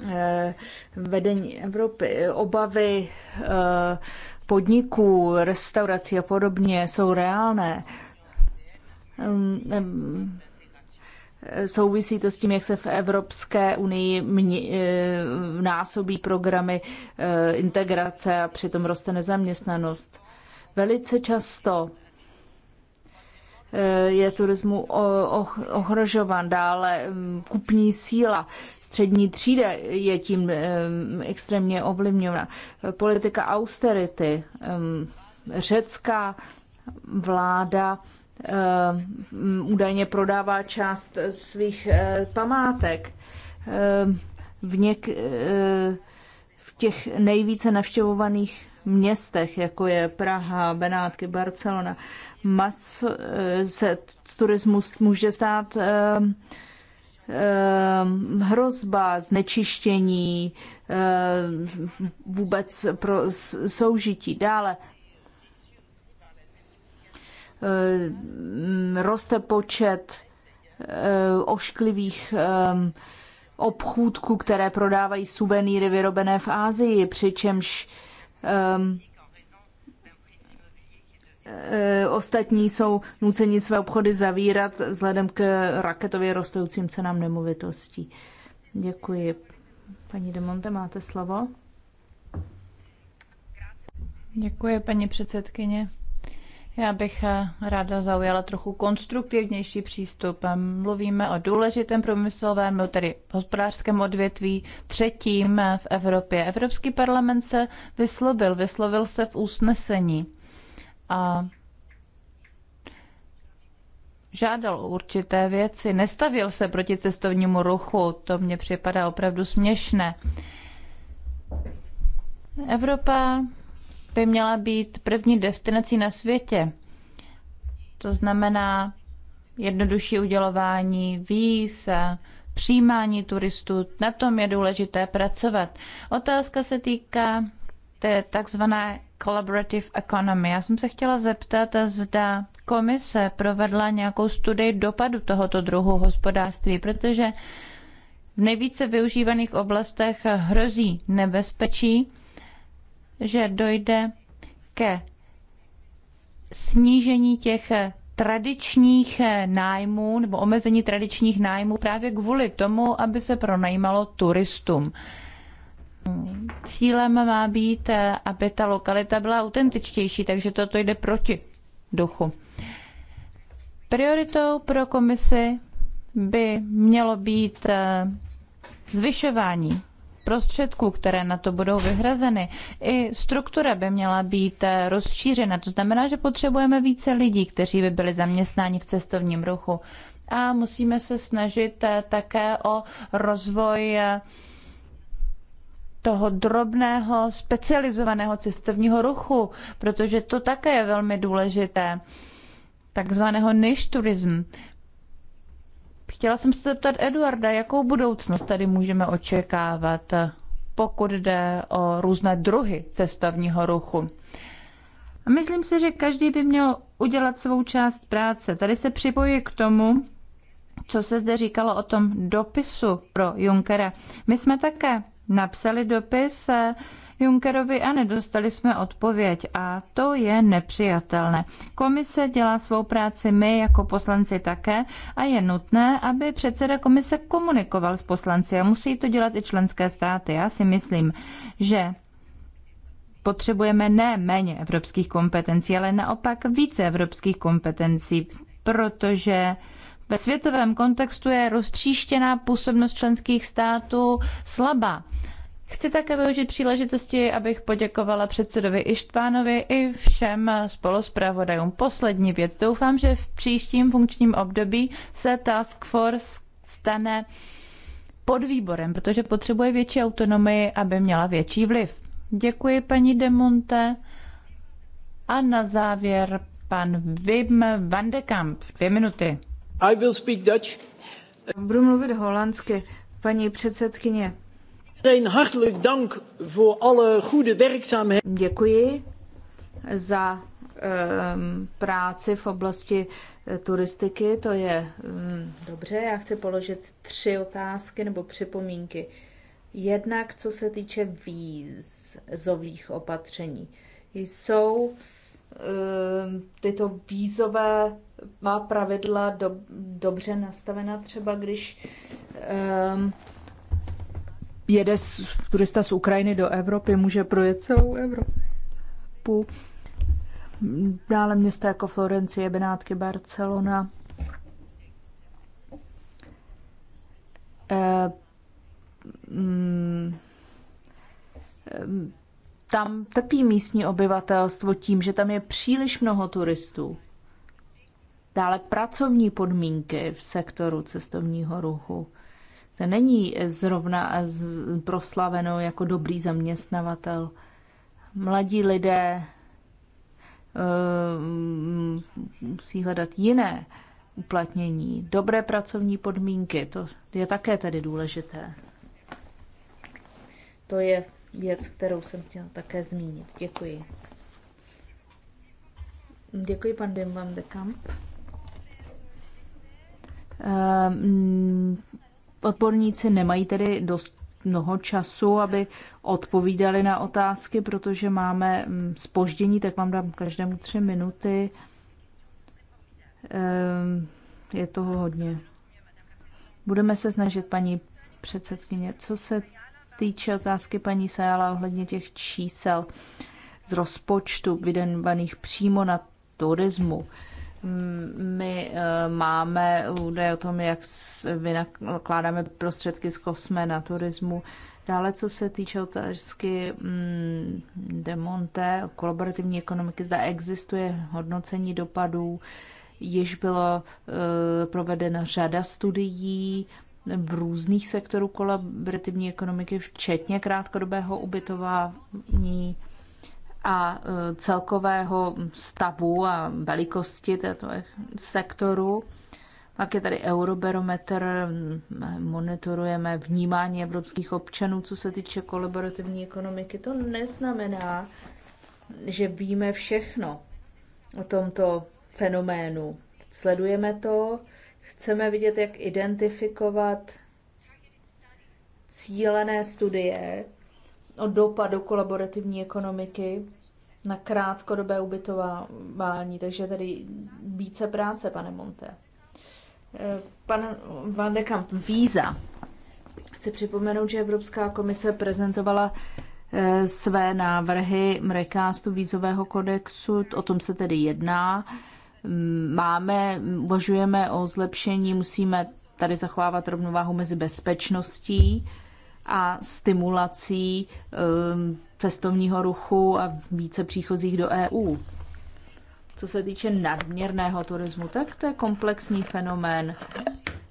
Eh, vedení Evropy, obavy eh, podniků, restaurací a podobně jsou reálné. Ehm, ehm, souvisí to s tím, jak se v Evropské unii eh, násobí programy integrace a přitom roste nezaměstnanost. Velice často je turismu ohrožován. Dále mm, kupní síla střední třída je tím extrémně ovlivněna. Politika austerity, řecká vláda údajně prodává část svých eh, památek. V, něk, eh, v těch nejvíce navštěvovaných městech, jako je Praha, Benátky, Barcelona, mas, eh, se turismus může stát Ehm, hrozba, znečištění, ehm, vůbec pro soužití. Dále ehm, roste počet ošklivých obchůdků, které prodávají suvenýry vyrobené v Ázii, přičemž Eh, ostatní jsou nuceni své obchody zavírat vzhledem k raketově rostoucím cenám nemovitostí. Děkuji. Paní Demonte, máte slovo? Děkuji, paní předsedkyně. Já bych eh, ráda zaujala trochu konstruktivnější přístup. Eh, mluvíme o důležitém průmyslovém, tedy hospodářském odvětví, třetím v Evropě. Evropský parlament se vyslovil, vyslovil se v usnesení a žádal o určité věci, nestavil se proti cestovnímu ruchu, to mně připadá opravdu směšné. Evropa by měla být první destinací na světě. To znamená jednodušší udělování víz, přijímání turistů, na tom je důležité pracovat. Otázka se týká té takzvané collaborative economy. Já jsem se chtěla zeptat, zda komise provedla nějakou studii dopadu tohoto druhu hospodářství, protože v nejvíce využívaných oblastech hrozí nebezpečí, že dojde ke snížení těch tradičních nájmů nebo omezení tradičních nájmů právě kvůli tomu, aby se pronajímalo turistům. Cílem má být, aby ta lokalita byla autentičtější, takže toto jde proti duchu. Prioritou pro komisi by mělo být eh, zvyšování prostředků, které na to budou vyhrazeny. I struktura by měla být eh, rozšířena. To znamená, že potřebujeme více lidí, kteří by byli zaměstnáni v cestovním ruchu. A musíme se snažit eh, také o rozvoj toho drobného specializovaného cestovního ruchu, protože to také je velmi důležité, takzvaného niche turism. Chtěla jsem se zeptat Eduarda, jakou budoucnost tady můžeme očekávat, pokud jde o různé druhy cestovního ruchu. Myslím si, že každý by měl udělat svou část práce. Tady se připojí k tomu, co se zde říkalo o tom dopisu pro Junkera. My jsme také napsali dopis eh, Junckerovi a nedostali jsme odpověď a to je nepřijatelné. Komise dělá svou práci my jako poslanci také a je nutné, aby předseda komise komunikoval s poslanci a musí to dělat i členské státy. Já si myslím, že potřebujeme ne méně evropských kompetencí, ale naopak více evropských kompetencí, protože ve světovém kontextu je roztříštěná působnost členských států slabá. Chci také využít příležitosti, abych poděkovala předsedovi Ištvánovi i všem spoluspravodajům. Poslední věc. Doufám, že v příštím funkčním období se Task Force stane podvýborem, protože potřebuje větší autonomii, aby měla větší vliv. Děkuji, paní Demonte. A na závěr pan Wim van de Kamp. Dvě minuty. I will speak Dutch. Budu mluvit holandsky, paní předsedkyně. hartelijk dank voor alle goede werkzaamheden. Děkuji za um, práci v oblasti eh, turistiky, to je um, dobře. Já chci položit tři otázky nebo připomínky. Jednak co se týče vízových opatření. Jsou um, tyto vízové má pravidla do, dobře nastavena, třeba když um, jede z, turista z Ukrajiny do Evropy, může projet celou Evropu. Dále města jako Florencie, Benátky, Barcelona. Ehm, mm, ehm, tam trpí místní obyvatelstvo tím, že tam je příliš mnoho turistů. Dále pracovní podmínky v sektoru cestovního ruchu. To není zrovna proslaveno jako dobrý zaměstnavatel. Mladí lidé uh, musí hledat jiné uplatnění, dobré pracovní podmínky, to je také tedy důležité. To je věc, kterou jsem chtěla také zmínit. Děkuji. Děkuji pan Bimbam de Kamp. Ehm, mm, odborníci nemají tedy dost mnoho času, aby odpovídali na otázky, protože máme spoždění, mm, tak vám dám každému tři minuty. Ehm, je toho hodně. Budeme se snažit, paní předsedkyně. Co se týče otázky paní Sajala ohledně těch čísel z rozpočtu vydenovaných přímo na turismu, my eh, máme údaje o tom, jak vynakládáme prostředky z kosme na turismu. Dále, co se týče otázky mm, demonte, kolaborativní ekonomiky, zda existuje hodnocení dopadů, již bylo eh, provedena řada studií v různých sektorů kolaborativní ekonomiky, včetně krátkodobého ubytování a e, celkového stavu a velikosti této sektoru. Pak je tady eurobarometr, monitorujeme vnímání evropských občanů, co se týče kolaborativní ekonomiky. To neznamená, že víme všechno o tomto fenoménu. Sledujeme to, chceme vidět, jak identifikovat cílené studie, o dopadu kolaborativní ekonomiky na krátkodobé ubytování, takže tady více práce, pane Monte. Eh, pan Van de Kamp, víza. Chci připomenout, že Evropská komise prezentovala eh, své návrhy rekástu vízového kodexu, o tom se tedy jedná. Mm, máme, uvažujeme o zlepšení, musíme tady zachovávat rovnováhu mezi bezpečností, a stimulací um, cestovního ruchu a více příchozích do EU. Co se týče nadměrného turismu, tak to je komplexní fenomén.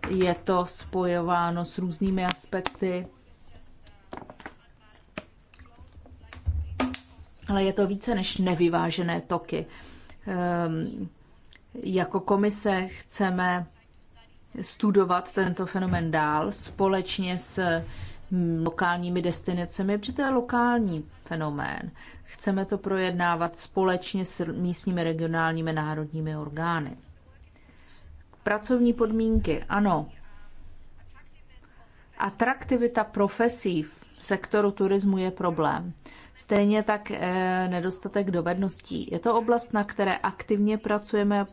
Je to spojováno s různými aspekty. Ale je to více než nevyvážené toky. Um, jako komise chceme studovat tento fenomén dál společně s Hm, lokálními destinacemi, protože to je lokální fenomén. Chceme to projednávat společně s místními regionálními národními orgány. Pracovní podmínky, ano. Atraktivita profesí v sektoru turismu je problém. Stejně tak eh, nedostatek dovedností. Je to oblast, na které aktivně pracujeme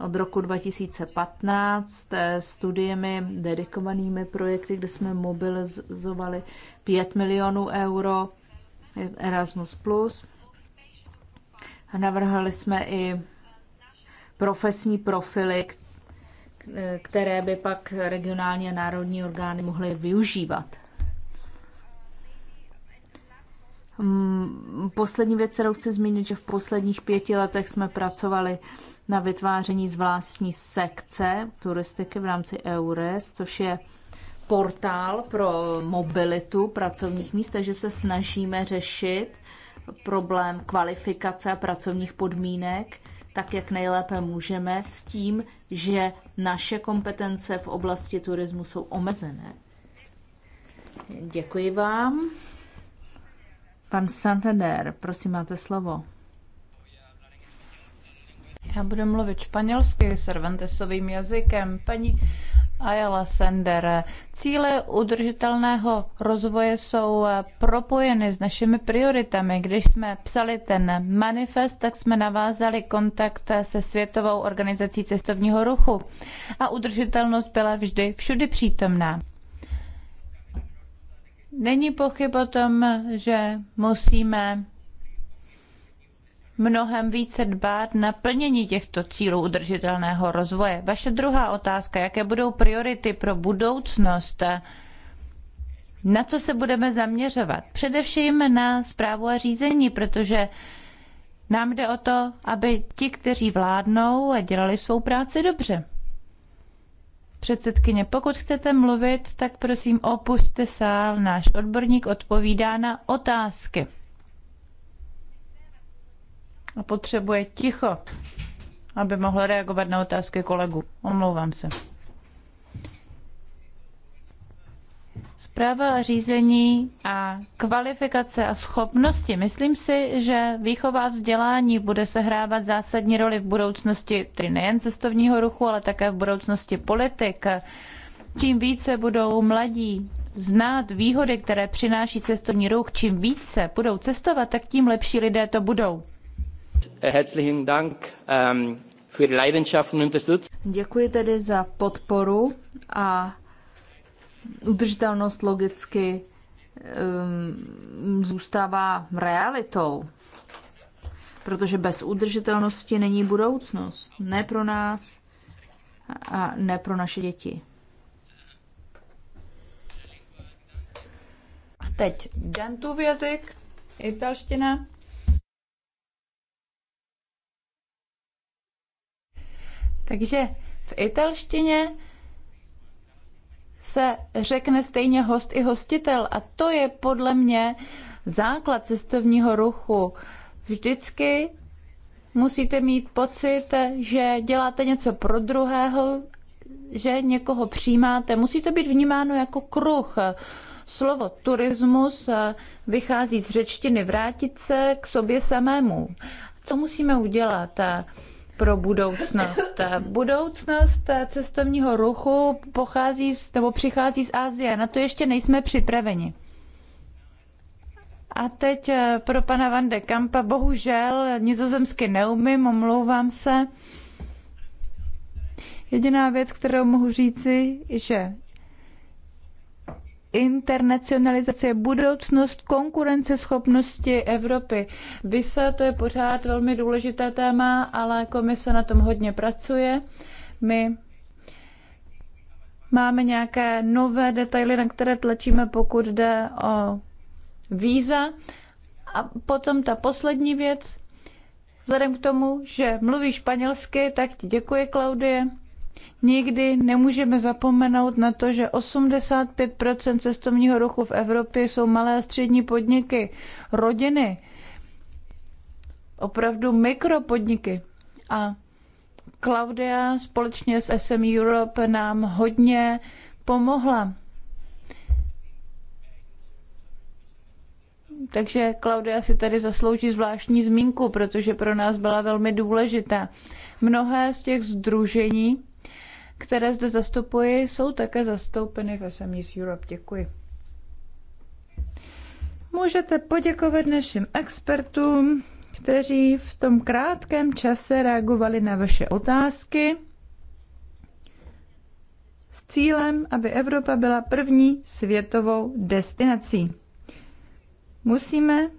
od roku 2015 eh, studiemi, dedikovanými projekty, kde jsme mobilizovali 5 milionů euro Erasmus+. A navrhli jsme i profesní profily, eh, které by pak regionální a národní orgány mohly využívat. Mm, poslední věc, kterou chci zmínit, že v posledních pěti letech jsme pracovali na vytváření zvláštní sekce turistiky v rámci EURES, což je portál pro mobilitu pracovních míst, takže se snažíme řešit problém kvalifikace a pracovních podmínek tak, jak nejlépe můžeme, s tím, že naše kompetence v oblasti turismu jsou omezené. Děkuji vám. Pan Santander, prosím, máte slovo. Já budu mluvit španělsky, servantesovým jazykem. Paní Ayala Sender, cíle udržitelného rozvoje jsou propojeny s našimi prioritami. Když jsme psali ten manifest, tak jsme navázali kontakt se Světovou organizací cestovního ruchu a udržitelnost byla vždy všudy přítomná. Není pochyb o tom, že musíme mnohem více dbát na plnění těchto cílů udržitelného rozvoje. Vaše druhá otázka, jaké budou priority pro budoucnost, na co se budeme zaměřovat? Především na zprávu a řízení, protože nám jde o to, aby ti, kteří vládnou, dělali svou práci dobře. Předsedkyně, pokud chcete mluvit, tak prosím opuste sál, náš odborník odpovídá na otázky a potřebuje ticho, aby mohl reagovat na otázky kolegu. Omlouvám se. Zpráva a řízení a kvalifikace a schopnosti. Myslím si, že výchova a vzdělání bude sehrávat zásadní roli v budoucnosti, tedy nejen cestovního ruchu, ale také v budoucnosti politik. Čím více budou mladí znát výhody, které přináší cestovní ruch, čím více budou cestovat, tak tím lepší lidé to budou. Herzlichen Dank ähm, für die Unterstützung. Děkuji tedy za podporu a udržitelnost logicky um, zůstává realitou, protože bez udržitelnosti není budoucnost. Ne pro nás a ne pro naše děti. A teď Dantův jazyk, italština. Takže v italštině se řekne stejně host i hostitel a to je podle mě základ cestovního ruchu. Vždycky musíte mít pocit, že děláte něco pro druhého, že někoho přijímáte. Musí to být vnímáno jako kruh. Slovo turismus vychází z řečtiny vrátit se k sobě samému. Co musíme udělat? pro budoucnost. Budoucnost cestovního ruchu pochází z, nebo přichází z Asie. Na to ještě nejsme připraveni. A teď eh, pro pana Van de Kampa, bohužel nizozemsky neumím, omlouvám se. Jediná věc, kterou mohu říci, že internacionalizace je budoucnost konkurenceschopnosti Evropy. Visa to je pořád velmi důležité téma, ale komise na tom hodně pracuje. My máme nějaké nové detaily, na které tlačíme, pokud jde o víza. A potom ta poslední věc, vzhledem k tomu, že mluví španělsky, tak ti děkuji, Klaudie. Nikdy nemůžeme zapomenout na to, že 85 cestovního ruchu v Evropě jsou malé a střední podniky, rodiny, opravdu mikropodniky. A Claudia společně s SM Europe nám hodně pomohla. Takže Klaudia si tady zaslouží zvláštní zmínku, protože pro nás byla velmi důležitá. Mnohé z těch združení které zde zastupuji, jsou také zastoupeny v SMEs Europe. Děkuji. Můžete poděkovat našim expertům, kteří v tom krátkém čase reagovali na vaše otázky s cílem, aby Evropa byla první světovou destinací. Musíme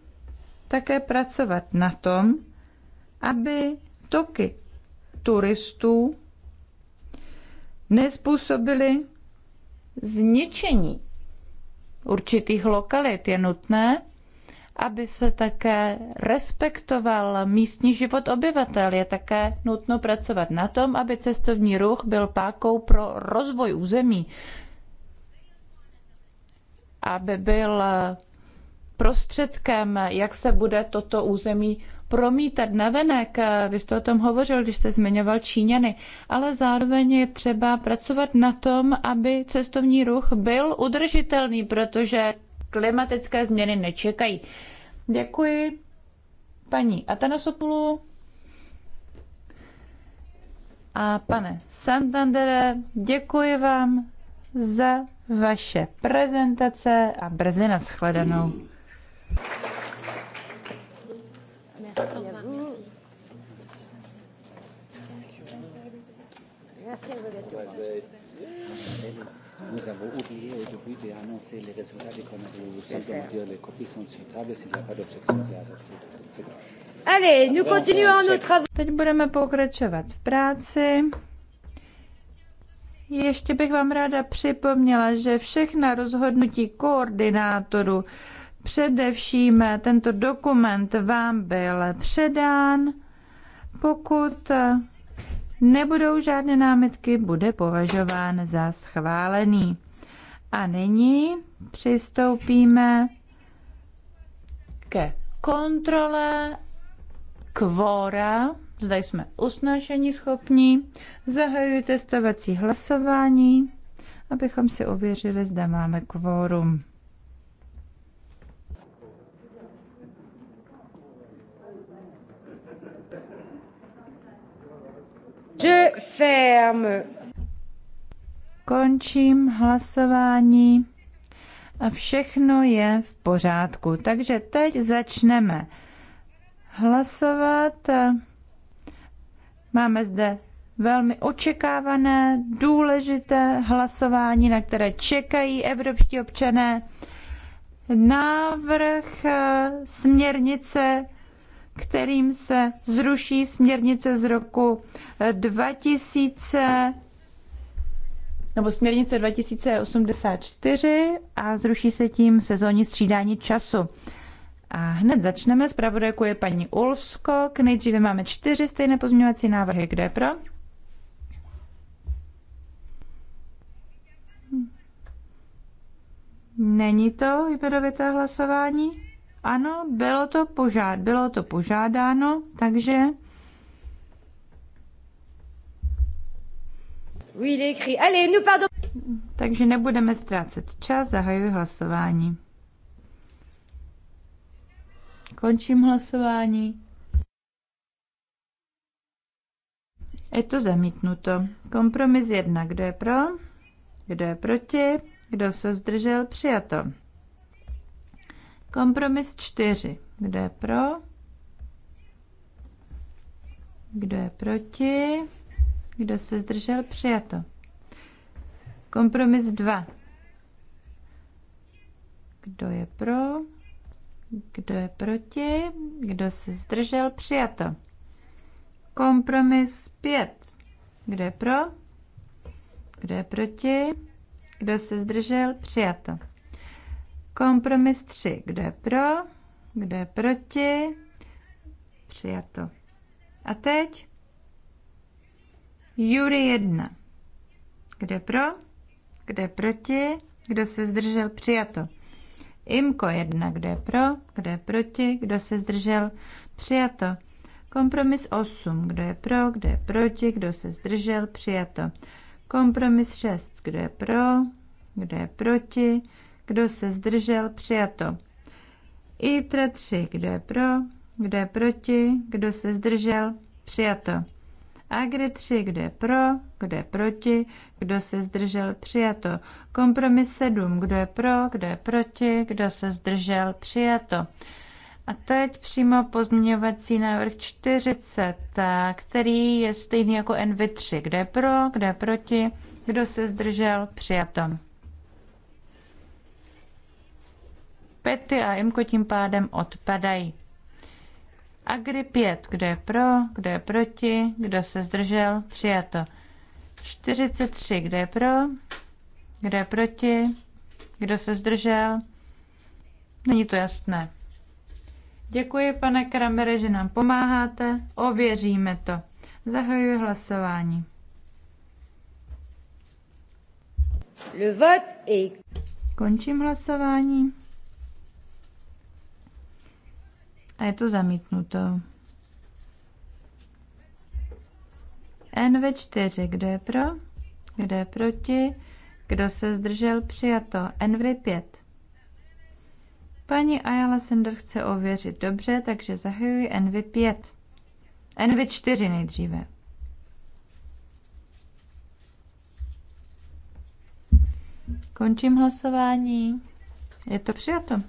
také pracovat na tom, aby toky turistů nezpůsobili zničení určitých lokalit. Je nutné, aby se také respektoval místní život obyvatel. Je také nutno pracovat na tom, aby cestovní ruch byl pákou pro rozvoj území, aby byl prostředkem, jak se bude toto území promítat navenek. Vy jste o tom hovořil, když jste zmiňoval Číňany, ale zároveň je třeba pracovat na tom, aby cestovní ruch byl udržitelný, protože klimatické změny nečekají. Děkuji paní Atanasopulu. A pane Santandere, děkuji vám za vaše prezentace a brzy nashledanou. Mm. Merci à vous. Merci. Nous avons oublié aujourd'hui d'annoncer les résultats des commandes. Les copies sont sur table. S'il n'y a pas d'objection, c'est adopté. Allez, nous continuons nos travaux. Teď budeme pokračovat v práci. Ještě bych vám ráda připomněla, že všechna rozhodnutí koordinátoru Především tento dokument vám byl předán. Pokud nebudou žádné námitky, bude považován za schválený. A nyní přistoupíme ke kontrole kvora. Zda jsme usnášení schopní. Zahajuji testovací hlasování, abychom si ověřili, zda máme kvórum. Je ferme. Končím hlasování a všechno je v pořádku. Takže teď začneme hlasovat. Máme zde velmi očekávané, důležité hlasování, na které čekají evropští občané. Návrh eh, směrnice kterým se zruší směrnice z roku 2000 eh, nebo směrnice 2084 a zruší se tím sezónní střídání času. A hned začneme. Zpravodajku je paní K Nejdříve máme čtyři stejné pozměňovací návrhy. Kde je pro? Není to jmenovité hlasování? Ano, bylo to, požád, bylo to požádáno, takže... Oui, il écrit. Allez, nous pardon. Takže nebudeme ztrácet čas, zahajuji hlasování. Končím hlasování. Je to zamítnuto. Kompromis jedna. Kdo je pro? Kdo je proti? Kdo se zdržel? Přijato. Kompromis 4. Kdo je pro? Kdo je proti? Kdo se zdržel? Přijato. Kompromis 2. Kdo je pro? Kdo je proti? Kdo se zdržel? Přijato. Kompromis 5. Kdo je pro? Kdo je proti? Kdo se zdržel? Přijato. Kompromis 3. Kdo je pro? Kdo je proti? Přijato. A teď Jury 1. Kdo je pro? Kdo je proti? Kdo se zdržel? Přijato. Imko 1. Kdo je pro? Kdo je proti? Kdo se zdržel? Přijato. Kompromis 8. Kdo je pro? Kdo je proti? Kdo se zdržel? Přijato. Kompromis 6. Kdo je pro? Kdo je proti? kdo se zdržel, přijato. i 3, kdo je pro, kdo je proti, kdo se zdržel, přijato. AGRI 3, kdo je pro, kdo je proti, kdo se zdržel, přijato. Kompromis 7, kdo je pro, kdo je proti, kdo se zdržel, přijato. A teď přímo pozměňovací návrh 40, který je stejný jako NV3. Kdo je pro, kdo je proti, kdo se zdržel, přijato. pety a imko tím pádem odpadají. Agri 5, kdo je pro, kdo je proti, kdo se zdržel, přijato. 43, kdo je pro, kdo je proti, kdo se zdržel, není to jasné. Děkuji, pane Kramere, že nám pomáháte, ověříme to. Zahajuji hlasování. Končím hlasování. A je to zamítnuto. NV4, kdo je pro? Kdo je proti? Kdo se zdržel? Přijato. NV5. Paní Ayala Sender chce ověřit. Dobře, takže zahajuji NV5. NV4 nejdříve. Končím hlasování. Je to přijato.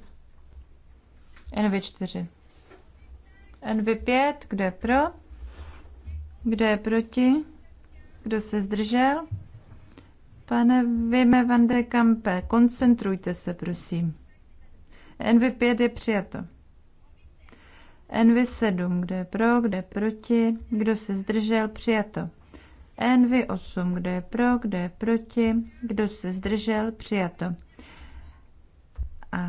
NV4. NV5, kdo je pro? Kdo je proti? Kdo se zdržel? Pane Vime van de Kampe, koncentrujte se, prosím. NV5 je přijato. NV7, kdo je pro, kdo je proti, kdo se zdržel, přijato. NV8, kdo je pro, kdo je proti, kdo se zdržel, přijato. A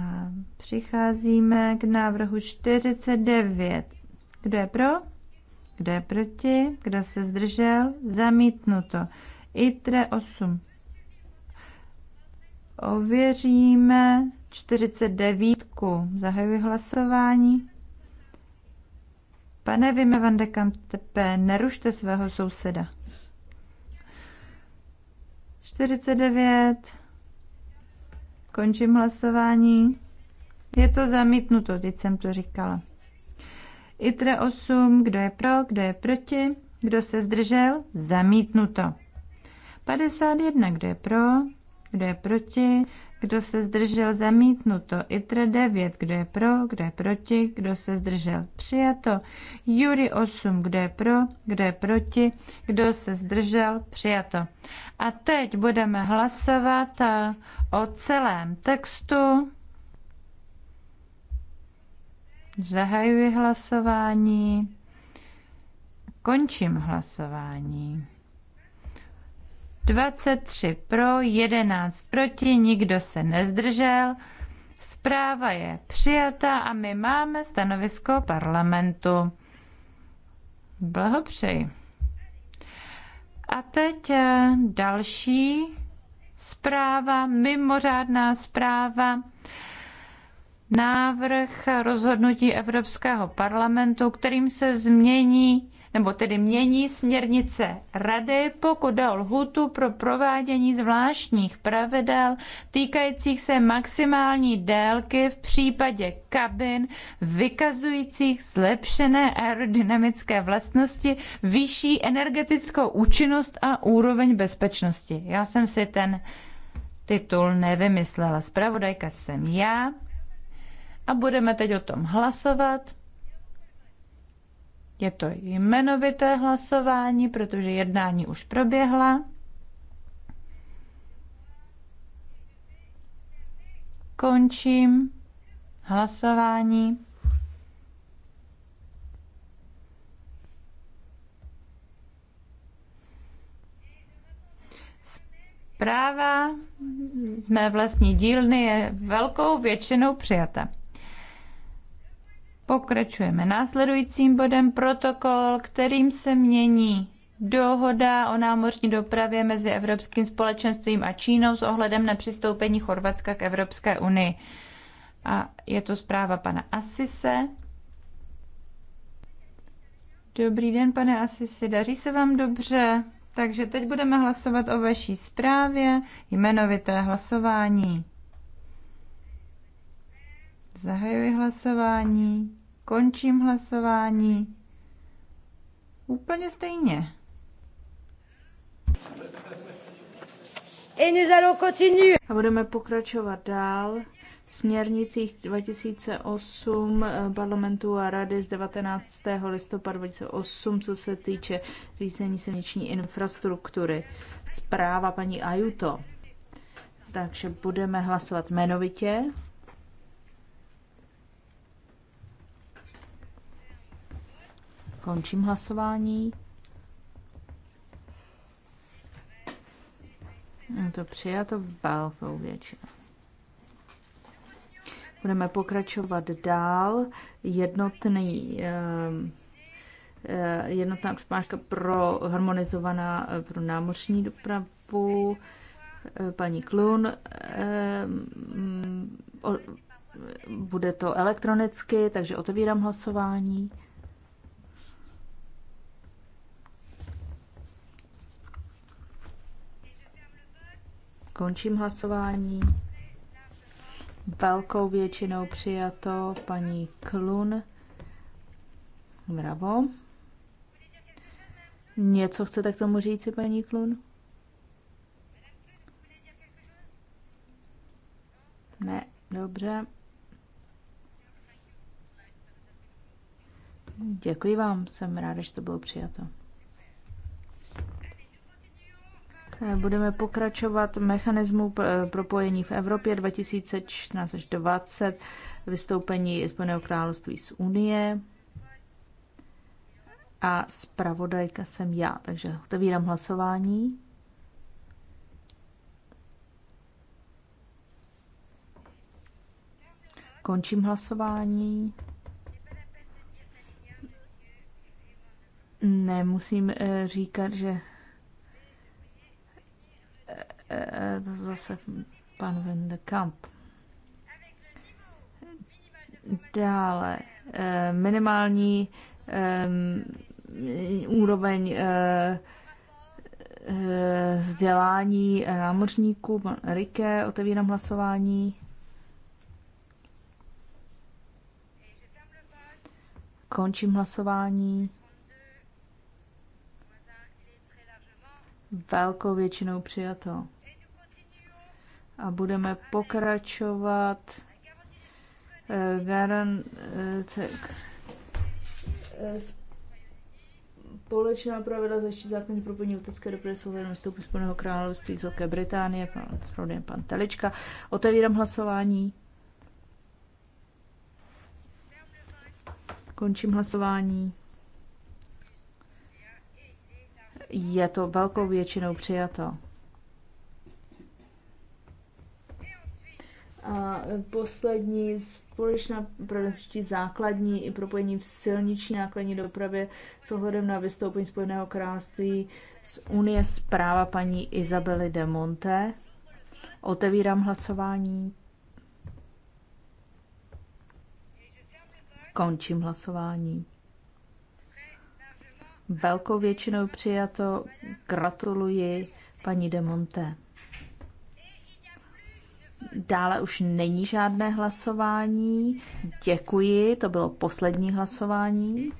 přicházíme k návrhu 49 kdo je pro? Kdo je proti? Kdo se zdržel? Zamítnuto. ITRE 8. Ověříme 49. Zahajuji hlasování. Pane Vime van de Kampe, nerušte svého souseda. 49. Končím hlasování. Je to zamítnuto, teď jsem to říkala. ITRE 8, kdo je pro, kdo je proti, kdo se zdržel, zamítnuto. 51, kdo je pro, kdo je proti, kdo se zdržel, zamítnuto. ITRE 9, kdo je pro, kdo je proti, kdo se zdržel, přijato. Jury 8, kdo je pro, kdo je proti, kdo se zdržel, přijato. A teď budeme hlasovat eh, o celém textu Zahajuji hlasování. Končím hlasování. 23 pro, 11 proti, nikdo se nezdržel. Zpráva je přijata a my máme stanovisko parlamentu. Blahopřeji. A teď eh, další zpráva, mimořádná zpráva návrh rozhodnutí Evropského parlamentu, kterým se změní nebo tedy mění směrnice Rady, pokud jde o lhutu pro provádění zvláštních pravidel týkajících se maximální délky v případě kabin vykazujících zlepšené aerodynamické vlastnosti, vyšší energetickou účinnost a úroveň bezpečnosti. Já jsem si ten titul nevymyslela. Spravodajka jsem já a budeme teď o tom hlasovat. Je to jmenovité hlasování, protože jednání už proběhla. Končím hlasování. Zpráva z mé vlastní dílny je velkou většinou přijata. Pokračujeme následujícím bodem protokol, kterým se mění dohoda o námořní dopravě mezi Evropským společenstvím a Čínou s ohledem na přistoupení Chorvatska k Evropské unii. A je to zpráva pana Asise. Dobrý den, pane Asisi, daří se vám dobře? Takže teď budeme hlasovat o vaší zprávě, jmenovité hlasování. Zahajuji hlasování, končím hlasování. Úplně stejně. A budeme pokračovat dál v směrnicích 2008 eh, parlamentu a rady z 19. listopadu 2008, co se týče řízení silniční infrastruktury. Zpráva paní Ajuto. Takže budeme hlasovat jmenovitě. Končím hlasování. Je to přijato velkou většinou. Budeme pokračovat dál. Jednotný, ehm, eh, jednotná přepážka pro harmonizovaná eh, pro námořní dopravu. Eh, paní Klun, ehm, bude to elektronicky, takže otevírám hlasování. Končím hlasování. Velkou většinou přijato paní Klun. Bravo. Něco chcete k tomu říct, paní Klun? Ne, dobře. Děkuji vám, jsem ráda, že to bylo přijato. Budeme pokračovat mechanismu eh, propojení v Evropě 2014 až 2020, vystoupení Spojeného království z Unie a zpravodajka jsem já, takže otevírám hlasování. Končím hlasování. Nemusím eh, říkat, že Eh, eh, zase pan Van de Kamp. Dále eh, minimální úroveň vzdělání námořníků. Pan Rike, otevírám hlasování. Končím hlasování. Velkou většinou přijato a budeme pokračovat uh, společná pravidla zaštít základní pro plní letecké dopravy s vstupu Spojeného království z Velké Británie, pan, zpravodajem pan Telička. Otevírám hlasování. Končím hlasování. Je to velkou většinou přijato. A e, poslední společná prodenství základní i propojení v silniční nákladní dopravě s ohledem na vystoupení Spojeného království z Unie zpráva paní Izabely de Monte. Otevírám hlasování. Končím hlasování. Velkou většinou přijato. Gratuluji paní de Monte. Dále už není žádné hlasování. Děkuji, to bylo poslední hlasování.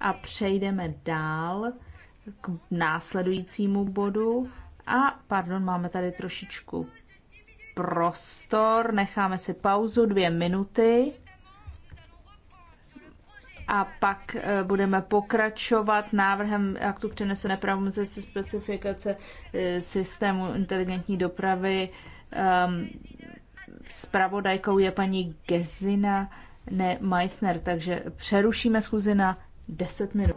A přejdeme dál k následujícímu bodu. A pardon, máme tady trošičku prostor, necháme si pauzu dvě minuty a pak eh, budeme pokračovat návrhem aktu přenesené pravomoci specifikace eh, systému inteligentní dopravy Um, ehm, spravodajkou je paní Gezina, ne Meissner, takže přerušíme schůzi na 10 minut.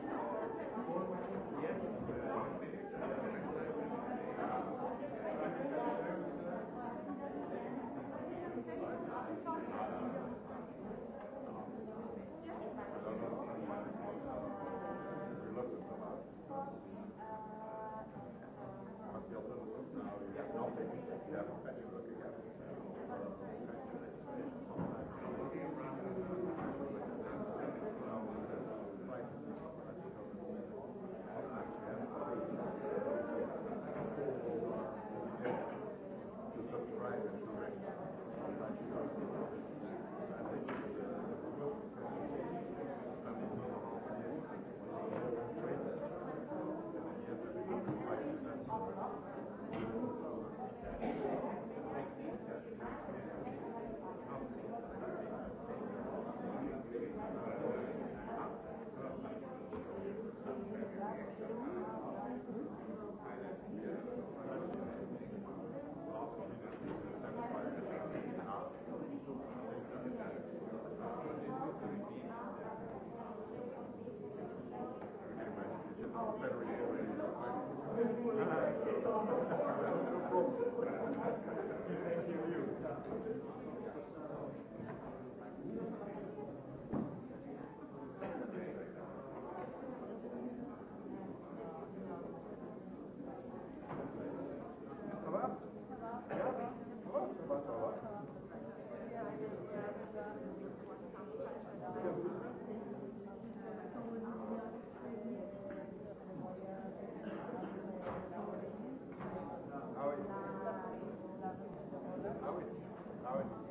Návrh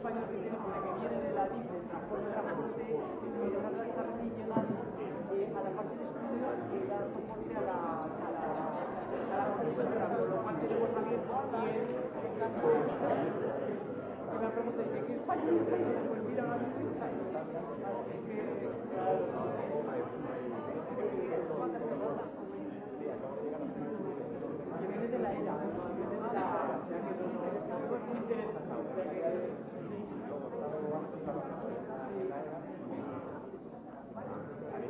español que tenemos, la que viene de la DIF, del transporte de la parte, empezando a esta parte y llegando eh, a la parte de estudio que da soporte a la, a la, a lo cual tenemos también también en cambio, que me pregunta, ¿de qué español es español? Pues mira, ahora mismo está así que... Viene de la ELA, viene de la... que nos interesa.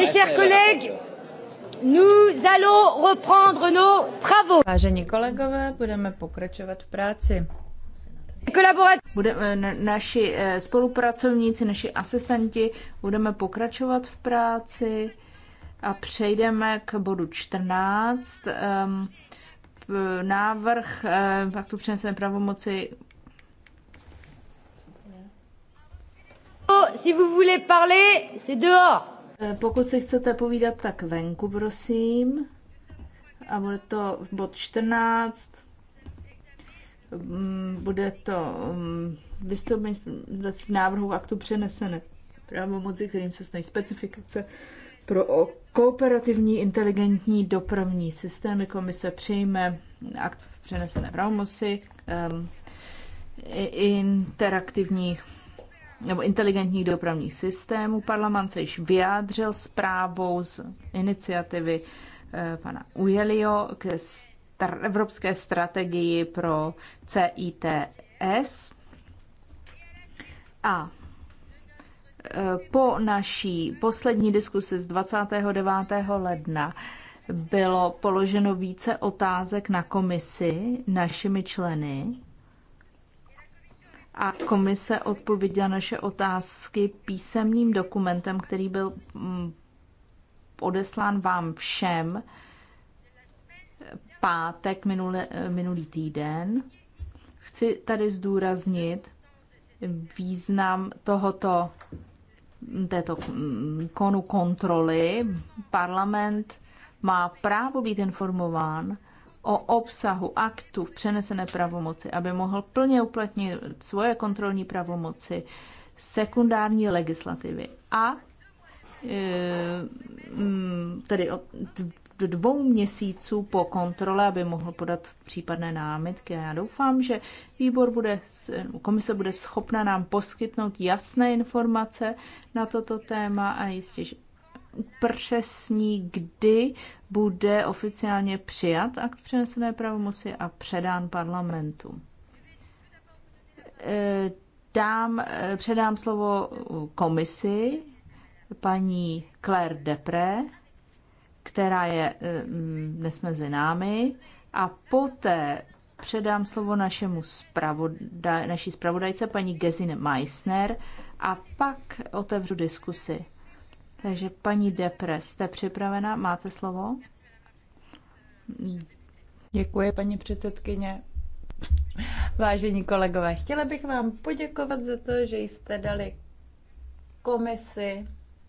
Mes chers collègues, nous allons reprendre nos travaux. Vážení kolegové, budeme pokračovat v práci. Budeme, eh, na, naši eh, spolupracovníci, naši asistenti, budeme pokračovat v práci a přejdeme k bodu 14. Um, ehm, návrh um, eh, paktu přenesené pravomoci si vous voulez parler, c'est dehors. Eh, pokud si chcete povídat, tak venku, prosím. A bude to bod 14. Mm, bude to mm, vystoupení z návrhu aktu přenesené pravomoci, kterým se snaží specifikace pro kooperativní inteligentní dopravní systémy. Komise přijme akt přenesené pravomoci, ehm, interaktivní nebo inteligentních dopravních systémů. Parlament se již vyjádřil zprávou z iniciativy eh, pana Ujelio k star- evropské strategii pro CITS. A eh, po naší poslední diskusi z 29. ledna bylo položeno více otázek na komisi našimi členy a komise odpověděla naše otázky písemným dokumentem, který byl mm, odeslán vám všem pátek minule, minulý týden. Chci tady zdůraznit význam tohoto této mm, konu kontroly. Parlament má právo být informován o obsahu aktu v přenesené pravomoci, aby mohl plně uplatnit svoje kontrolní pravomoci sekundární legislativy a e, mm, tedy od dvou měsíců po kontrole, aby mohl podat případné námitky. A já doufám, že výbor bude, komise bude schopna nám poskytnout jasné informace na toto téma a jistě, že upřesní, kdy bude oficiálně přijat akt přenesené pravomoci a předán parlamentu. Eh, dám, eh, předám slovo komisi paní Claire Depre, která je dnes eh, mm, mezi námi, a poté předám slovo našemu spravodaj, naší spravodajce paní Gesine Meissner a pak otevřu diskusi. Takže paní Depre, jste připravena? Máte slovo? Děkuji, paní předsedkyně. Vážení kolegové, chtěla bych vám poděkovat za to, že jste dali komisi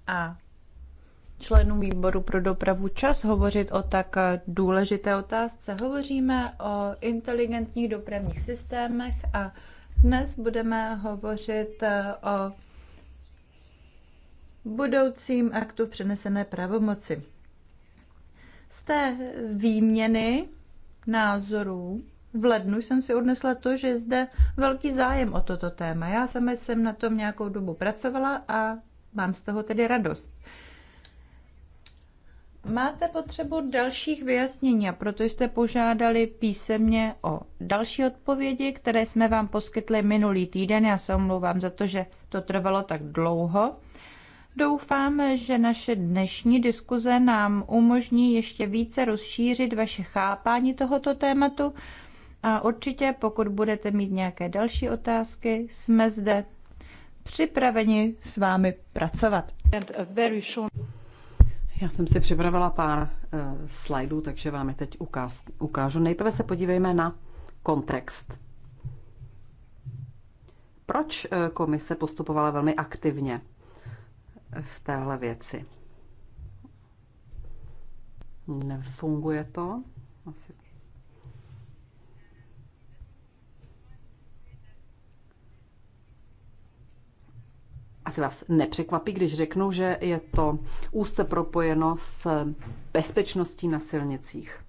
a členům výboru pro dopravu čas hovořit o tak důležité otázce. Hovoříme o inteligentních dopravních systémech a dnes budeme hovořit o budoucím aktu přenesené pravomoci. Z té výměny názorů v lednu jsem si odnesla to, že je zde velký zájem o toto téma. Já sama jsem na tom nějakou dobu pracovala a mám z toho tedy radost. Máte potřebu dalších vyjasnění a proto jste požádali písemně o další odpovědi, které jsme vám poskytli minulý týden. Já se omlouvám za to, že to trvalo tak dlouho. Doufám, že naše dnešní diskuze nám umožní ještě více rozšířit vaše chápání tohoto tématu a určitě, pokud budete mít nějaké další otázky, jsme zde připraveni s vámi pracovat. Já jsem si připravila pár uh, slajdů, takže vám je teď ukáz, ukážu. Nejprve se podívejme na kontext. Proč eh, komise postupovala velmi aktivně? v téhle věci. Nefunguje to. Asi. Asi vás nepřekvapí, když řeknu, že je to úzce propojeno s bezpečností na silnicích.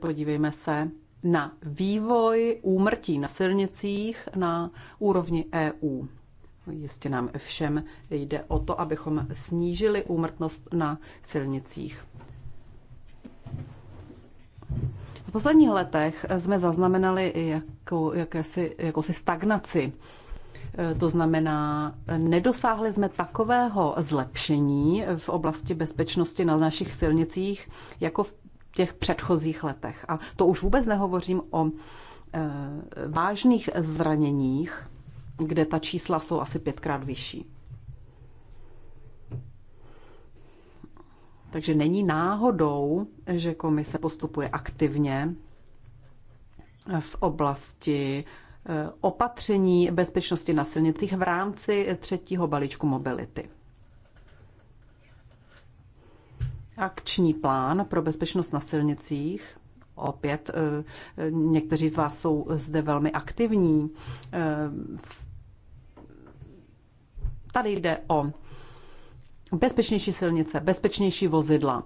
Podívejme se na vývoj úmrtí na silnicích na úrovni EU. Jistě nám všem jde o to, abychom snížili úmrtnost na silnicích. V posledních letech jsme zaznamenali jako jakési, jakousi stagnaci. To znamená, nedosáhli jsme takového zlepšení v oblasti bezpečnosti na našich silnicích jako v těch předchozích letech. A to už vůbec nehovořím o eh, vážných zraněních, kde ta čísla jsou asi pětkrát vyšší. Takže není náhodou, že komise postupuje aktivně v oblasti eh, opatření bezpečnosti na silnicích v rámci třetího balíčku mobility. akční plán pro bezpečnost na silnicích. Opět eh, někteří z vás jsou zde velmi aktivní. Eh, tady jde o bezpečnější silnice, bezpečnější vozidla,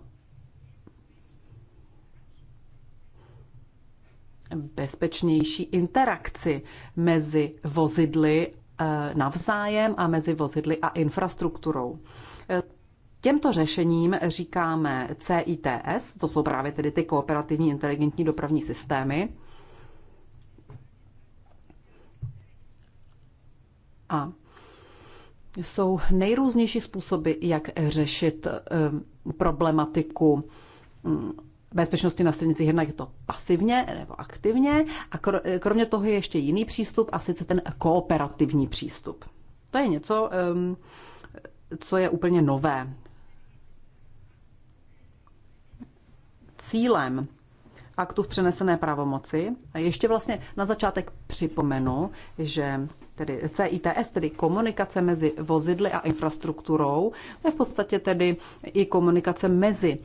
bezpečnější interakci mezi vozidly eh, navzájem a mezi vozidly a infrastrukturou. Těmto řešením říkáme CITS, to jsou právě tedy ty kooperativní inteligentní dopravní systémy. A jsou nejrůznější způsoby, jak řešit um, problematiku um, bezpečnosti na silnicích. Jednak je to pasivně nebo aktivně a kromě toho je ještě jiný přístup a sice ten kooperativní přístup. To je něco, um, co je úplně nové cílem aktu v přenesené pravomoci. A ještě vlastně na začátek připomenu, že tedy CITS, tedy komunikace mezi vozidly a infrastrukturou, to je v podstatě tedy i komunikace mezi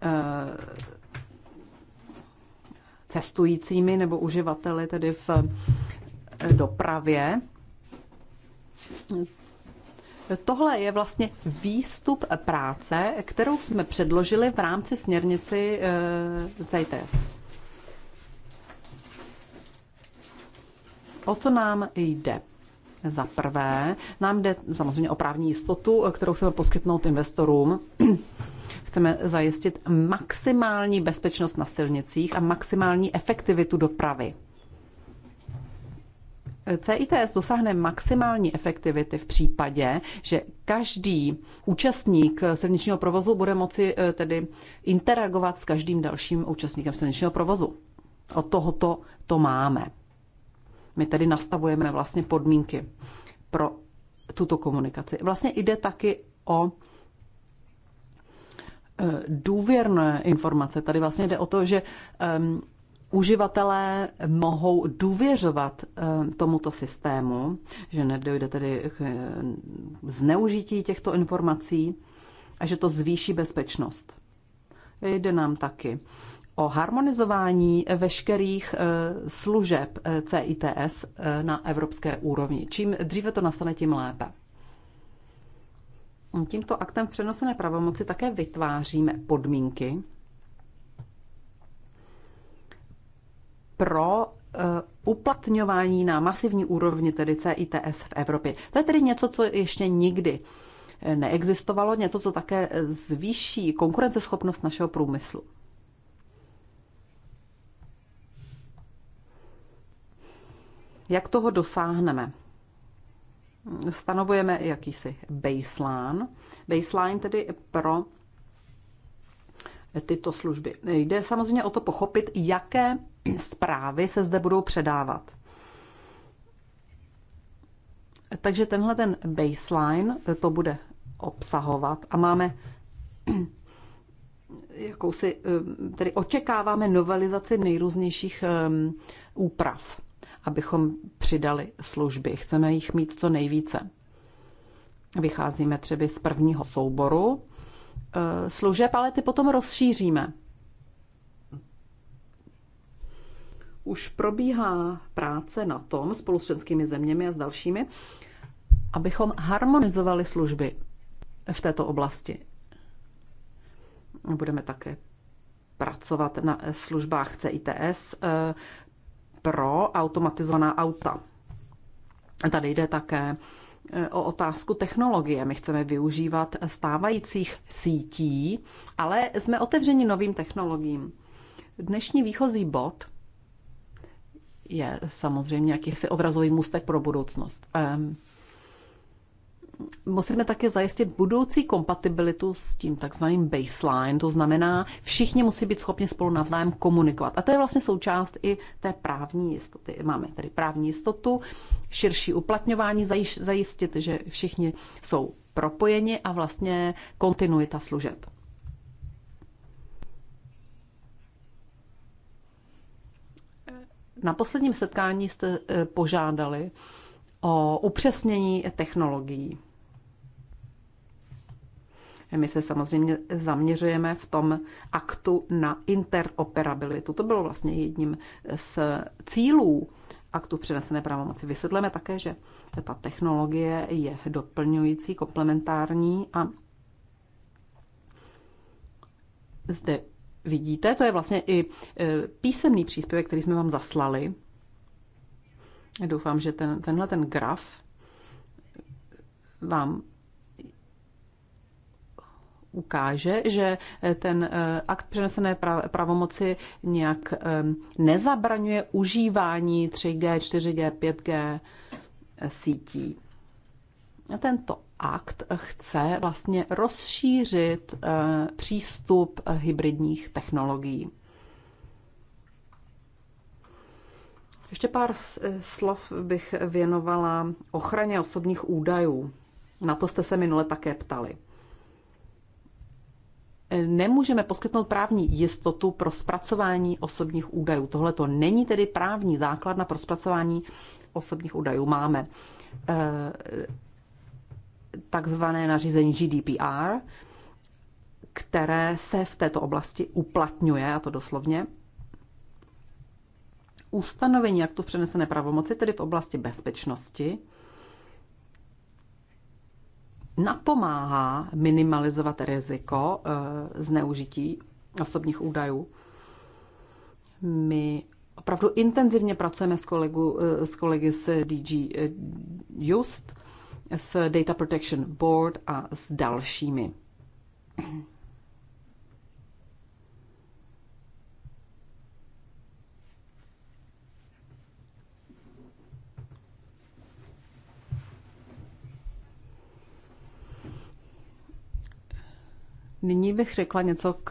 eh, cestujícími nebo uživateli tedy v eh, dopravě. Tohle je vlastně výstup práce, kterou jsme předložili v rámci směrnici eh, CITES. O to nám jde? Za prvé, nám jde samozřejmě o právní jistotu, kterou chceme poskytnout investorům. <clears throat> Chceme zajistit maximální bezpečnost na silnicích a maximální efektivitu dopravy. CITS dosáhne maximální efektivity v případě, že každý účastník silničního provozu bude moci eh, tedy interagovat s každým dalším účastníkem silničního provozu. Od tohoto to máme. My tedy nastavujeme vlastně podmínky pro tuto komunikaci. Vlastně jde taky o eh, důvěrné informace. Tady vlastně jde o to, že ehm, uživatelé mohou důvěřovat eh, tomuto systému, že nedojde tedy k eh, zneužití těchto informací a že to zvýší bezpečnost. Jde nám taky o harmonizování veškerých eh, služeb CITS na evropské úrovni. Čím dříve to nastane, tím lépe. Tímto aktem v přenosené pravomoci také vytváříme podmínky pro eh, uplatňování na masivní úrovni, tedy CITS v Evropě. To je tedy něco, co ještě nikdy eh, neexistovalo, něco, co také eh, zvýší konkurenceschopnost našeho průmyslu. Jak toho dosáhneme? Stanovujeme jakýsi baseline, baseline tedy pro tyto služby. Jde samozřejmě o to pochopit, jaké zprávy se zde budou předávat. Takže tenhle ten baseline to bude obsahovat a máme <clears throat> jakousi, eh, tedy očekáváme novelizaci nejrůznějších eh, úprav, abychom přidali služby. Chceme jich mít co nejvíce. Vycházíme třeba z prvního souboru eh, služeb, ale ty potom rozšíříme. už probíhá práce na tom spolu s členskými zeměmi a s dalšími, abychom harmonizovali služby v této oblasti. Budeme také pracovat na službách CITS eh, pro automatizovaná auta. Tady jde také eh, o otázku technologie. My chceme využívat stávajících sítí, ale jsme otevřeni novým technologiím. Dnešní výchozí bod – je samozřejmě jakýsi odrazový můstek pro budoucnost. Musíme také zajistit budoucí kompatibilitu s tím takzvaným baseline, to znamená, všichni musí být schopni spolu navzájem komunikovat. A to je vlastně součást i té právní jistoty. Máme tedy právní jistotu, širší uplatňování, zajistit, že všichni jsou propojeni a vlastně kontinuita služeb. na posledním setkání jste eh, požádali o upřesnění technologií. My se samozřejmě zaměřujeme v tom aktu na interoperabilitu. To bylo vlastně jedním z cílů aktu přenesené pravomoci. Vysvětleme také, že ta technologie je doplňující, komplementární a zde vidíte, to je vlastně i e, písemný příspěvek, který jsme vám zaslali. Doufám, že ten, tenhle ten graf vám ukáže, že e, ten e, akt přenesené pravomoci nějak nezabraňuje užívání 3G, 4G, 5G sítí. Tento akt chce vlastně rozšířit eh, přístup hybridních technologií. Ještě pár slov bych věnovala ochraně osobních údajů. Na to jste se minule také ptali. Nemůžeme poskytnout právní jistotu pro zpracování osobních údajů. Tohle to není tedy právní základna pro zpracování osobních údajů. Máme eh, takzvané nařízení GDPR, které se v této oblasti uplatňuje, a to doslovně. Ustanovení aktu v přenesené pravomoci, tedy v oblasti bezpečnosti, napomáhá minimalizovat riziko eh, zneužití osobních údajů. My opravdu intenzivně pracujeme s, kolegu, eh, s kolegy z DG eh, Just s Data Protection Board a s dalšími. Nyní bych řekla něco k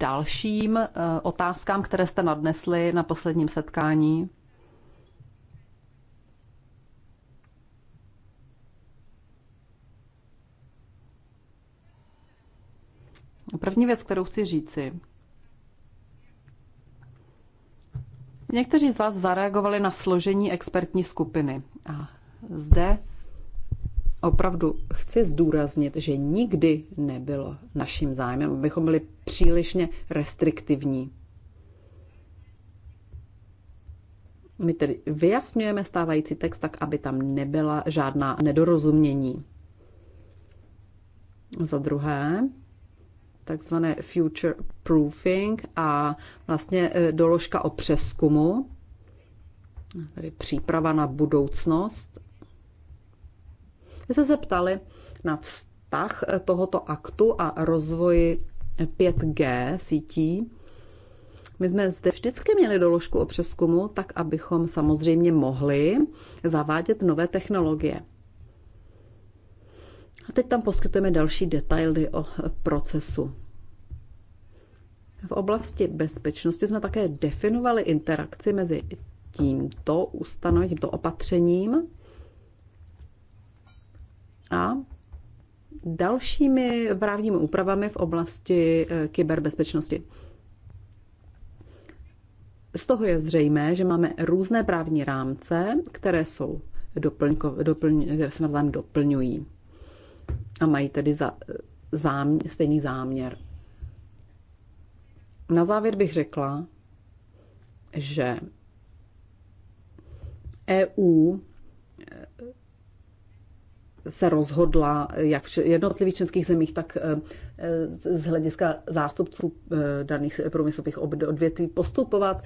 dalším eh, otázkám, které jste nadnesli na posledním setkání. První věc, kterou chci říci. Někteří z vás zareagovali na složení expertní skupiny. A zde opravdu chci zdůraznit, že nikdy nebylo naším zájmem, abychom byli přílišně restriktivní. My tedy vyjasňujeme stávající text tak, aby tam nebyla žádná nedorozumění. Za druhé, takzvané future proofing a vlastně e, doložka o přeskumu, tedy příprava na budoucnost. Vy se zeptali na vztah e, tohoto aktu a rozvoji 5G sítí. My jsme zde vždycky měli doložku o přeskumu, tak abychom samozřejmě mohli zavádět nové technologie. A teď tam poskytujeme další detaily o procesu. V oblasti bezpečnosti jsme také definovali interakci mezi tímto ustanovením, tímto opatřením a dalšími právními úpravami v oblasti eh, kyberbezpečnosti. Z toho je zřejmé, že máme různé právní rámce, které jsou doplňko, doplň, které se navzájem doplňují a mají tedy za, zám, stejný záměr. Na závěr bych řekla, že EU eh, se rozhodla, jak v jednotlivých českých zemích, tak eh, z hlediska zástupců eh, daných průmyslových odvětví postupovat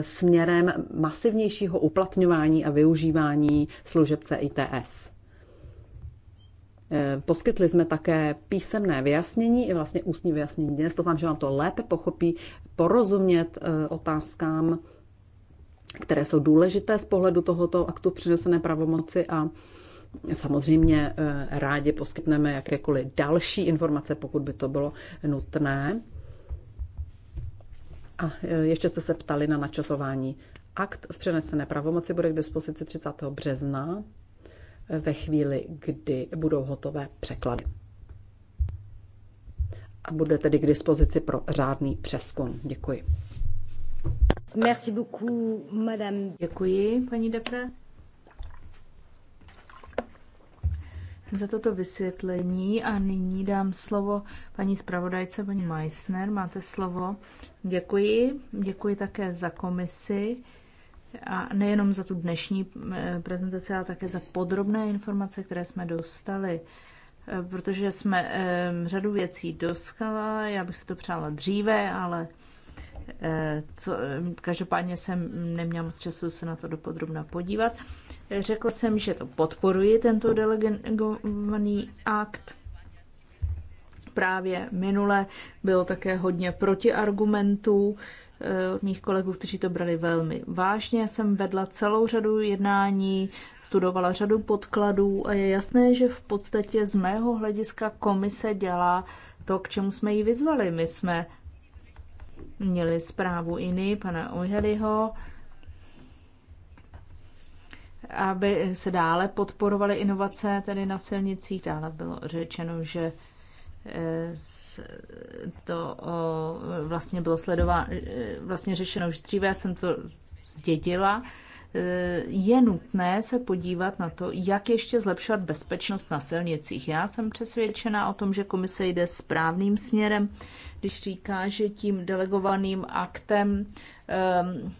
směrem masivnějšího uplatňování a využívání služeb CITS. Eh, poskytli jsme také písemné vyjasnění i vlastně ústní vyjasnění dnes. Doufám, že vám to lépe pochopí porozumět eh, otázkám, které jsou důležité z pohledu tohoto aktu přinesené pravomoci a samozřejmě eh, rádi poskytneme jakékoliv další informace, pokud by to bylo nutné. A ještě jste se ptali na načasování. Akt v přenesené pravomoci bude k dispozici 30. března ve chvíli, kdy budou hotové překlady. A bude tedy k dispozici pro řádný přeskum. Děkuji. Merci beaucoup, madame. Děkuji, paní Depre. za toto vysvětlení a nyní dám slovo paní zpravodajce, paní Meissner. Máte slovo. Děkuji. Děkuji také za komisi a nejenom za tu dnešní eh, prezentaci, ale také za podrobné informace, které jsme dostali, eh, protože jsme ehm, řadu věcí dostala. já bych si to přála dříve, ale eh, co, každopádně jsem neměla moc času se na to dopodrobna podívat. Řekl jsem, že to podporuji, tento delegovaný akt. Právě minule bylo také hodně protiargumentů, od mých kolegů, kteří to brali velmi vážně. Jsem vedla celou řadu jednání, studovala řadu podkladů a je jasné, že v podstatě z mého hlediska komise dělá to, k čemu jsme ji vyzvali. My jsme měli zprávu iny, pana Ojheliho, aby se dále podporovaly inovace tedy na silnicích. Dále bylo řečeno, že to vlastně bylo sledováno, vlastně řešeno už dříve, já jsem to zdědila, je nutné se podívat na to, jak ještě zlepšovat bezpečnost na silnicích. Já jsem přesvědčena o tom, že komise jde správným směrem, když říká, že tím delegovaným aktem ehm,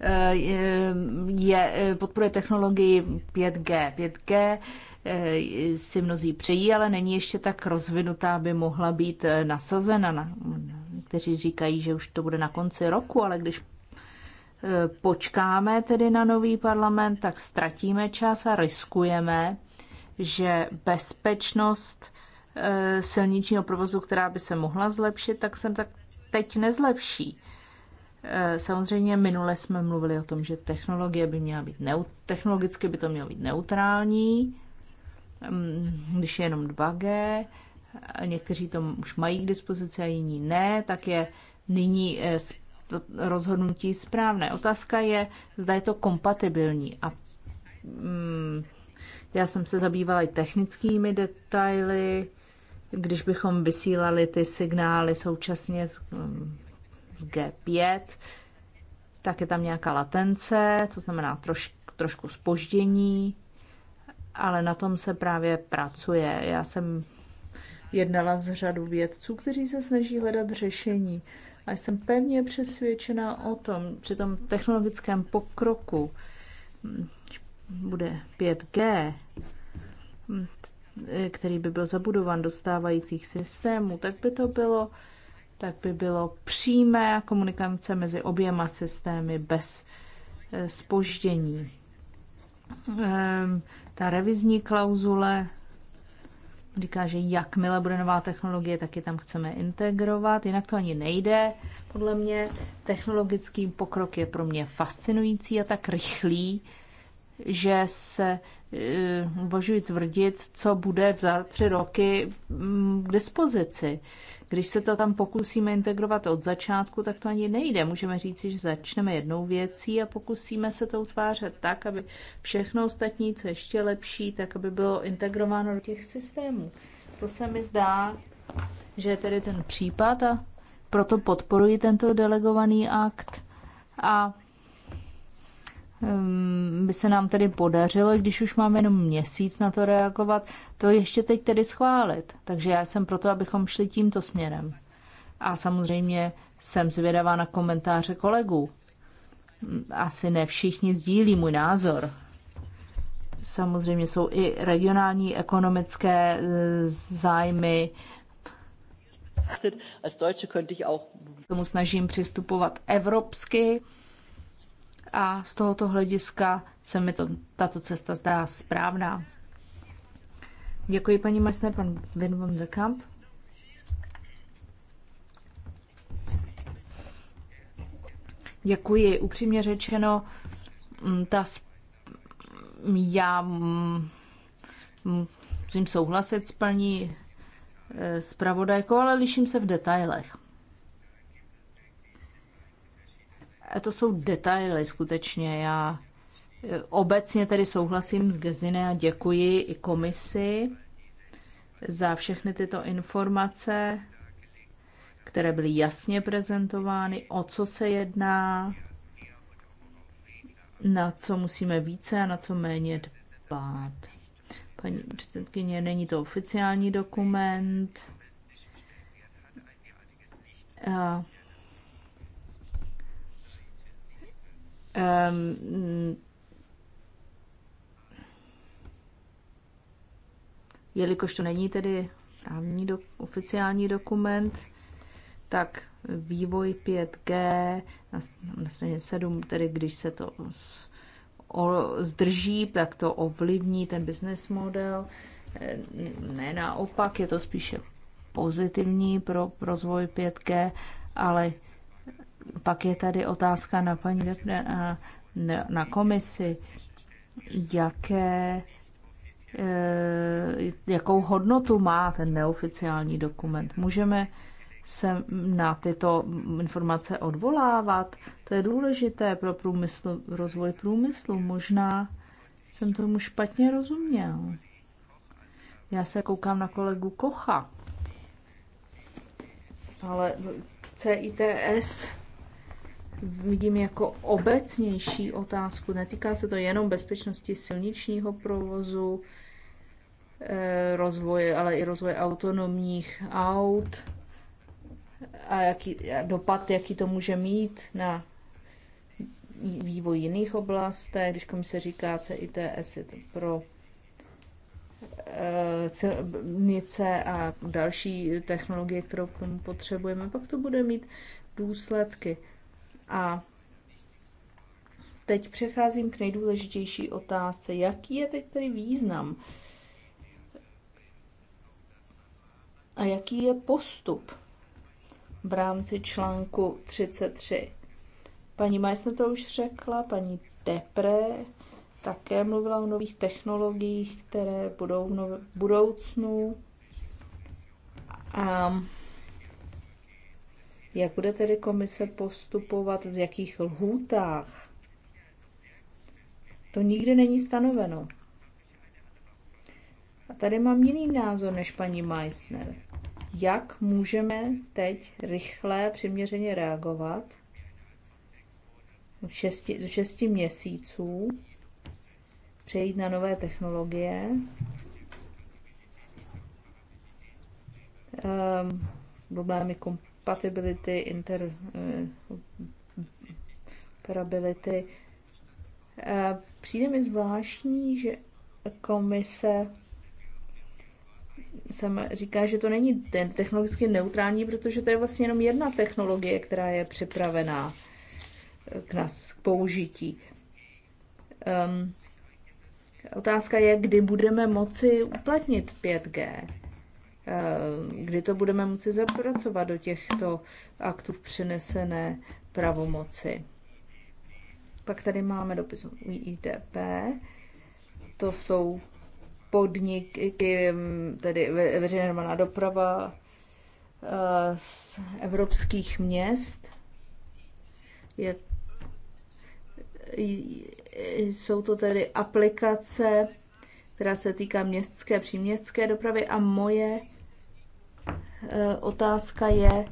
ehm, je, podporuje technologii 5G. 5G Eh, si mnozí přejí, ale není ještě tak rozvinutá, aby mohla být eh, nasazena. Někteří říkají, že už to bude na konci roku, ale když eh, počkáme tedy na nový parlament, tak ztratíme čas a riskujeme, že bezpečnost silničního provozu, která by se mohla zlepšit, tak se tak teď nezlepší. Samozřejmě minule jsme mluvili o tom, že technologie by měla být technologicky by to mělo být neutrální, když je jenom 2G, někteří to už mají k dispozici a jiní ne, tak je nyní eh, to rozhodnutí správné. Otázka je, zda je to kompatibilní. A mm, já jsem se zabývala i technickými detaily, když bychom vysílali ty signály současně z mm, G5, tak je tam nějaká latence, co znamená troš, trošku spoždění ale na tom se právě pracuje. Já jsem jednala z řadu vědců, kteří se snaží hledat řešení. A jsem pevně přesvědčena o tom, při tom technologickém pokroku, hm, bude 5G, hm, který by byl zabudovan do stávajících systémů, tak by to bylo tak by bylo přímé komunikace mezi oběma systémy bez spoždění. Eh, Ehm, ta revizní klauzule říká, že jakmile bude nová technologie, tak je tam chceme integrovat. Jinak to ani nejde. Podle mě technologický pokrok je pro mě fascinující a tak rychlý, že se e, uvažuji tvrdit, co bude za tři roky mm, k dispozici. Když se to tam pokusíme integrovat od začátku, tak to ani nejde. Můžeme říci, že začneme jednou věcí a pokusíme se to utvářet tak, aby všechno ostatní, co ještě lepší, tak aby bylo integrováno do těch systémů. To se mi zdá, že je tedy ten případ a proto podporuji tento delegovaný akt a Ehm, by se nám tedy podařilo, když už máme jenom měsíc na to reagovat, to ještě teď tedy schválit. Takže já jsem proto, abychom šli tímto směrem. A samozřejmě jsem zvědavá na komentáře kolegů. Asi ne všichni sdílí můj názor. Samozřejmě jsou i regionální ekonomické eh, zájmy. K tomu snažím přistupovat evropsky a z tohoto hlediska se mi to, tato cesta zdá správná. Děkuji paní Meissner, pan Wim van der Kamp. Děkuji. Upřímně řečeno, mm, ta já mm, musím souhlasit s paní eh, zpravodajkou, ale liším se v detailech. To jsou detaily skutečně. Já eh, obecně tedy souhlasím s Gezine a děkuji i komisi za všechny tyto informace, které byly jasně prezentovány, o co se jedná, na co musíme více a na co méně dbát. Paní předsedkyně, není to oficiální dokument. A Um, jelikož to není tedy právní do, oficiální dokument, tak vývoj 5G na na straně 7, tedy když se to z, o, zdrží, tak to ovlivní ten business model. Ehm, ne naopak, je to spíše pozitivní pro rozvoj 5G, ale pak je tady otázka na paní na, na komisi, jaké, eh, jakou hodnotu má ten neoficiální dokument. Můžeme se na tyto informace odvolávat. To je důležité pro průmysl, rozvoj průmyslu. Možná jsem tomu špatně rozuměl. Já se koukám na kolegu Kocha. Ale CITS vidím jako obecnější otázku. Netýká se to jenom bezpečnosti silničního provozu, eh, rozvoje, ale i rozvoje autonomních aut a jaký a dopad, jaký to může mít na vývoj jiných oblastech, když se říká CITS je to pro silnice eh, a další technologie, kterou k tomu potřebujeme, pak to bude mít důsledky. A teď přecházím k nejdůležitější otázce. Jaký je teď tedy význam? A jaký je postup v rámci článku 33? Paní jsem to už řekla, paní Depre také mluvila o nových technologiích, které budou v budoucnu. Um, jak bude tedy komise postupovat, v jakých lhůtách? To nikdy není stanoveno. A tady mám jiný názor než paní Meissner. Jak můžeme teď rychle, přiměřeně reagovat v 6, do šesti měsíců, přejít na nové technologie, um, problémy komp- kompatibility, interoperability. Eh, eh, přijde mi zvláštní, že komise jsem říká, že to není technologicky neutrální, protože to je vlastně jenom jedna technologie, která je připravená eh, k nás, k použití. Um, otázka je, kdy budeme moci uplatnit 5G. Eh, kdy to budeme moci zapracovat do těchto aktů v přenesené pravomoci. Pak tady máme dopis IDP, to jsou podniky, tedy veřejná hromadná doprava eh, z evropských měst. Je, jsou to tedy aplikace, která se týká městské, příměstské dopravy a moje Eh, otázka je, eh,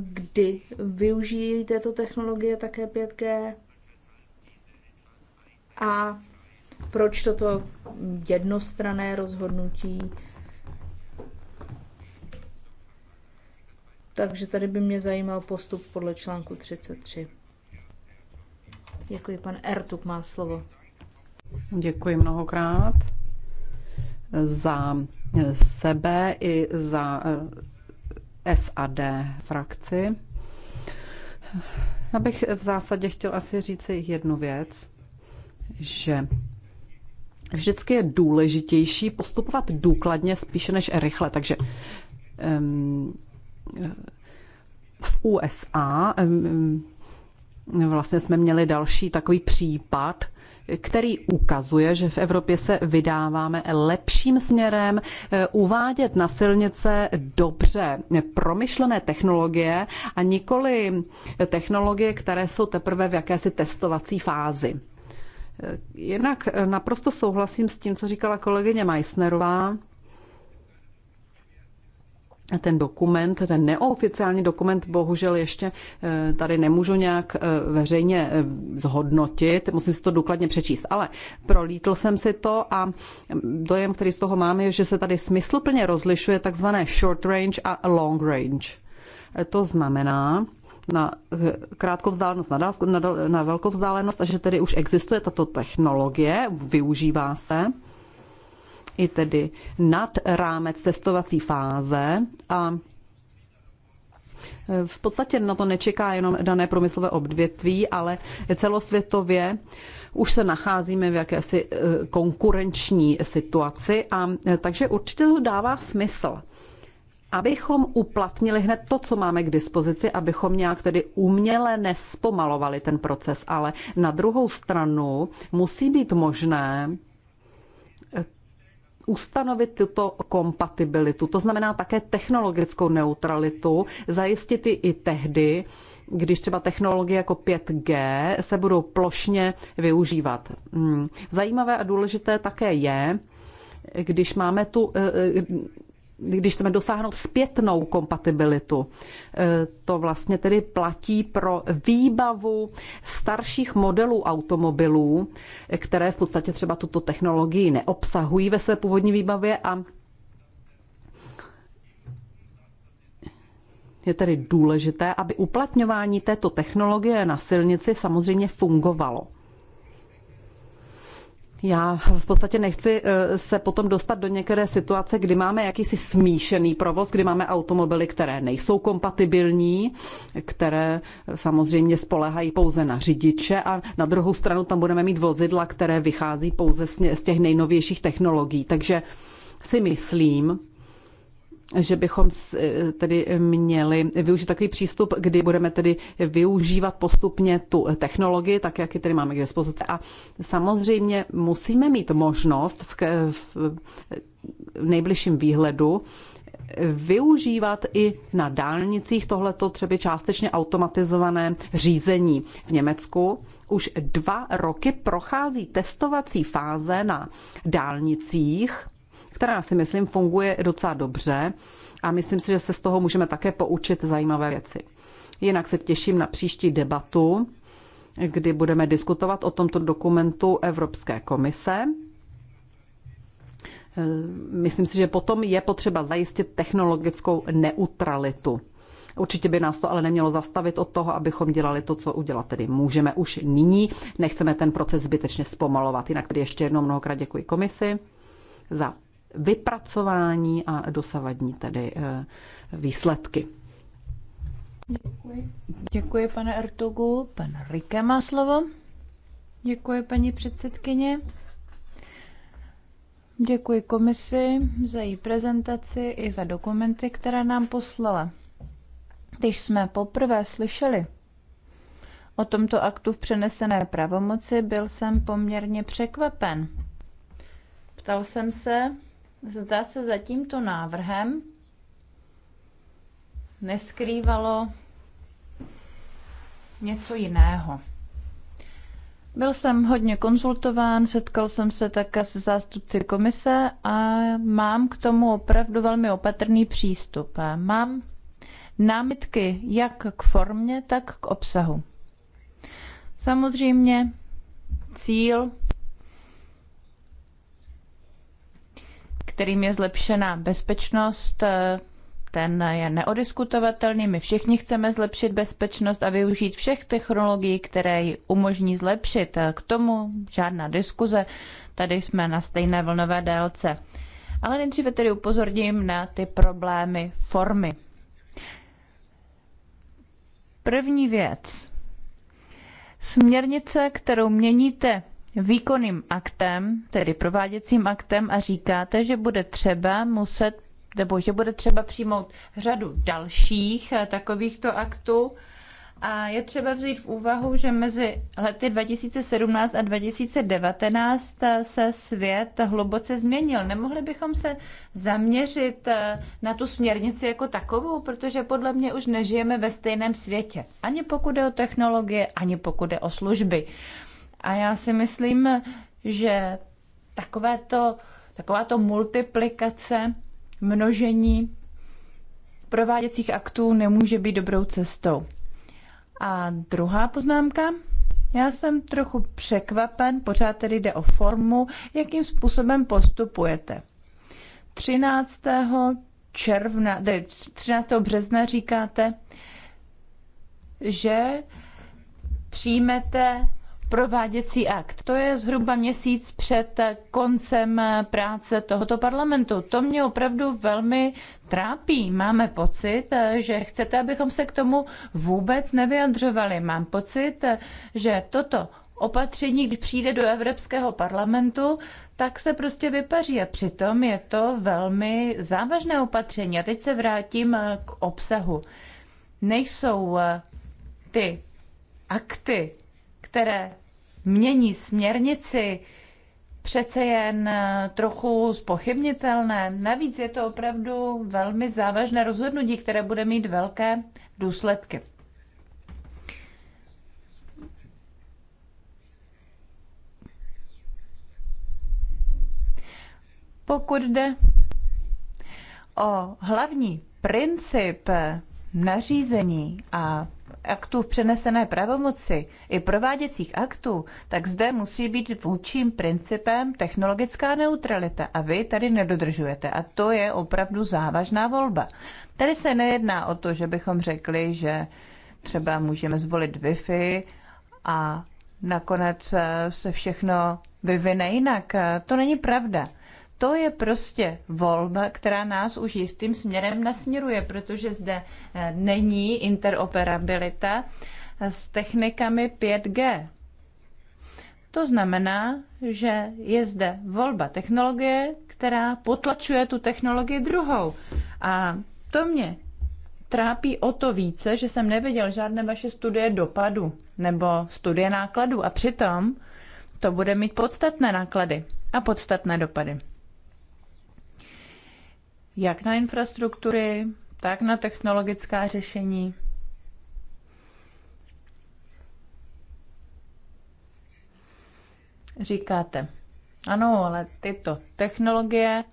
kdy využijí této technologie také 5G a proč toto jednostrané rozhodnutí. Takže tady by mě zajímal postup podle článku 33. Děkuji, pan Ertuk má slovo. Děkuji mnohokrát za sebe i za eh, SAD frakci. Já bych v zásadě chtěl asi říct jednu věc, že vždycky je důležitější postupovat důkladně spíše než rychle. Takže um, v USA um, vlastně jsme měli další takový případ, který ukazuje, že v Evropě se vydáváme lepším směrem, eh, uvádět na silnice dobře promyšlené technologie a nikoli technologie, které jsou teprve v jakési testovací fázi. Eh, Jednak naprosto souhlasím s tím, co říkala kolegyně Meissnerová ten dokument, ten neoficiální dokument, bohužel ještě eh, tady nemůžu nějak eh, veřejně eh, zhodnotit, musím si to důkladně přečíst, ale prolítl jsem si to a mm, dojem, který z toho mám, je, že se tady smysluplně rozlišuje takzvané short range a long range. To znamená, na krátkou vzdálenost, na, dálku, na, na velkou vzdálenost a že tedy už existuje tato technologie, využívá se i tedy nad rámec testovací fáze a e, v podstatě na to nečeká jenom dané průmyslové obdvětví, ale celosvětově už se nacházíme v jakési e, konkurenční situaci a e, takže určitě to dává smysl abychom uplatnili hned to, co máme k dispozici, abychom nějak tedy uměle nespomalovali ten proces, ale na druhou stranu musí být možné ustanovit tuto kompatibilitu, to znamená také technologickou neutralitu, zajistit ji i tehdy, když třeba technologie jako 5G se budou plošně využívat. Hmm. Zajímavé a důležité také je, když máme tu eh, eh, když chceme dosáhnout zpětnou kompatibilitu, eh, to vlastně tedy platí pro výbavu starších modelů automobilů, které v podstatě třeba tuto technologii neobsahují ve své původní výbavě a Je tedy důležité, aby uplatňování této technologie na silnici samozřejmě fungovalo. Já v podstatě nechci eh, se potom dostat do některé situace, kdy máme jakýsi smíšený provoz, kdy máme automobily, které nejsou kompatibilní, které eh, samozřejmě spolehají pouze na řidiče a na druhou stranu tam budeme mít vozidla, které vychází pouze z těch nejnovějších technologií. Takže si myslím, že bychom eh, tedy měli využít takový přístup, kdy budeme tedy využívat postupně tu technologii, tak jak ji tedy máme k dispozici. A samozřejmě musíme mít možnost v, v nejbližším výhledu využívat i na dálnicích tohleto třeba částečně automatizované řízení v Německu. Už dva roky prochází testovací fáze na dálnicích která si myslím funguje docela dobře a myslím si, že se z toho můžeme také poučit zajímavé věci. Jinak se těším na příští debatu, kdy budeme diskutovat o tomto dokumentu Evropské komise. E, myslím si, že potom je potřeba zajistit technologickou neutralitu. Určitě by nás to ale nemělo zastavit od toho, abychom dělali to, co udělat tedy můžeme už nyní. Nechceme ten proces zbytečně zpomalovat. Jinak tedy ještě jednou mnohokrát děkuji komisi za vypracování a dosavadní tedy eh, výsledky. Děkuji. Děkuji, pane Ertugu. Pan Rike má slovo. Děkuji, paní předsedkyně. Děkuji komisi za její prezentaci i za dokumenty, které nám poslala. Když jsme poprvé slyšeli o tomto aktu v přenesené pravomoci, byl jsem poměrně překvapen. Ptal jsem se, zda se za tímto návrhem neskrývalo něco jiného. Byl jsem hodně konzultován, setkal jsem se také se zástupci komise a mám k tomu opravdu velmi opatrný přístup. Mám námitky jak k formě, tak k obsahu. Samozřejmě cíl kterým je zlepšena bezpečnost, eh, ten je neodiskutovatelný. My všichni chceme zlepšit bezpečnost a využít všech technologií, které ji umožní zlepšit. Eh, k tomu žádná diskuze, tady jsme na stejné vlnové délce. Ale nejdříve tedy upozorním na ty problémy formy. První věc. Směrnice, kterou měníte výkonným aktem, tedy prováděcím aktem a říkáte, že bude třeba muset nebo že bude třeba přijmout řadu dalších eh, takovýchto aktů. A je třeba vzít v úvahu, že mezi lety 2017 a 2019 eh, se svět hluboce změnil. Nemohli bychom se zaměřit eh, na tu směrnici jako takovou, protože podle mě už nežijeme ve stejném světě. Ani pokud je o technologie, ani pokud je o služby. A já si myslím, že taková to multiplikace, množení prováděcích aktů nemůže být dobrou cestou. A druhá poznámka. Já jsem trochu překvapen, pořád tedy jde o formu, jakým způsobem postupujete. 13. června, ne, 13. března říkáte, že přijmete prováděcí akt. To je zhruba měsíc před koncem práce tohoto parlamentu. To mě opravdu velmi trápí. Máme pocit, že chcete, abychom se k tomu vůbec nevyjadřovali. Mám pocit, že toto opatření, když přijde do Evropského parlamentu, tak se prostě vypaří. A přitom je to velmi závažné opatření. A teď se vrátím k obsahu. Nejsou eh, ty akty které mění směrnici, přece jen eh, trochu spochybnitelné. Navíc je to opravdu velmi závažné rozhodnutí, které bude mít velké důsledky. Pokud jde o hlavní princip nařízení a aktů v přenesené pravomoci i prováděcích aktů, tak zde musí být vůčím principem technologická neutralita a vy tady nedodržujete. A to je opravdu závažná volba. Tady se nejedná o to, že bychom řekli, že třeba můžeme zvolit Wi-Fi a nakonec eh, se všechno vyvine jinak. To není pravda. To je prostě volba, která nás už jistým směrem nasměruje, protože zde eh, není interoperabilita eh, s technikami 5G. To znamená, že je zde volba technologie, která potlačuje tu technologii druhou. A to mě trápí o to více, že jsem neviděl žádné vaše studie dopadu nebo studie nákladů. A přitom to bude mít podstatné náklady a podstatné dopady jak na infrastruktury, tak na technologická řešení. Říkáte, ano, ale tyto technologie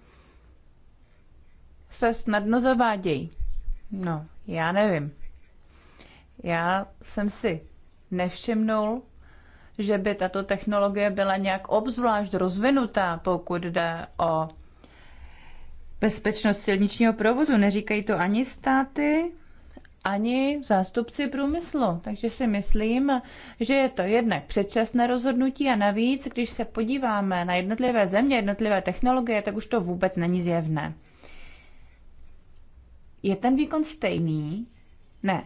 se snadno zavádějí. No, já nevím. Já jsem si nevšimnul, že by tato technologie byla nějak obzvlášť rozvinutá, pokud jde o bezpečnost silničního provozu. Neříkají to ani státy, ani zástupci průmyslu. Takže si myslím, že je to jednak předčasné rozhodnutí a navíc, když se podíváme na jednotlivé země, jednotlivé technologie, tak už to vůbec není zjevné. Je ten výkon stejný? Ne.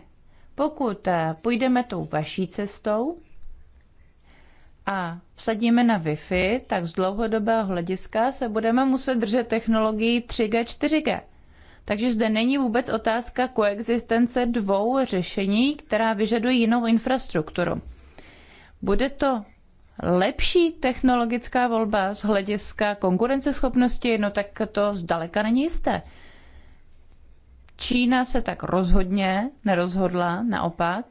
Pokud eh, půjdeme tou vaší cestou, a vsadíme na Wi-Fi, tak z dlouhodobého hlediska se budeme muset držet technologií 3G, 4G. Takže zde není vůbec otázka koexistence dvou řešení, která vyžadují jinou infrastrukturu. Bude to lepší technologická volba z hlediska konkurenceschopnosti? No tak to zdaleka není jisté. Čína se tak rozhodně nerozhodla, naopak.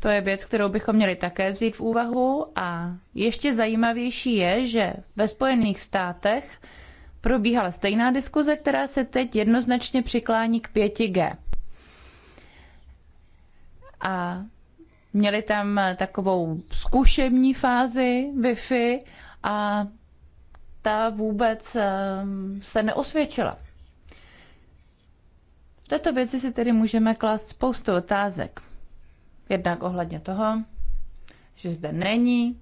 To je věc, kterou bychom měli také vzít v úvahu. A ještě zajímavější je, že ve Spojených státech probíhala stejná diskuze, která se teď jednoznačně přiklání k 5G. A měli tam takovou zkušební fázi Wi-Fi a ta vůbec ehm, se neosvědčila. V této věci si tedy můžeme klást spoustu otázek. Jednak ohledně toho, že zde není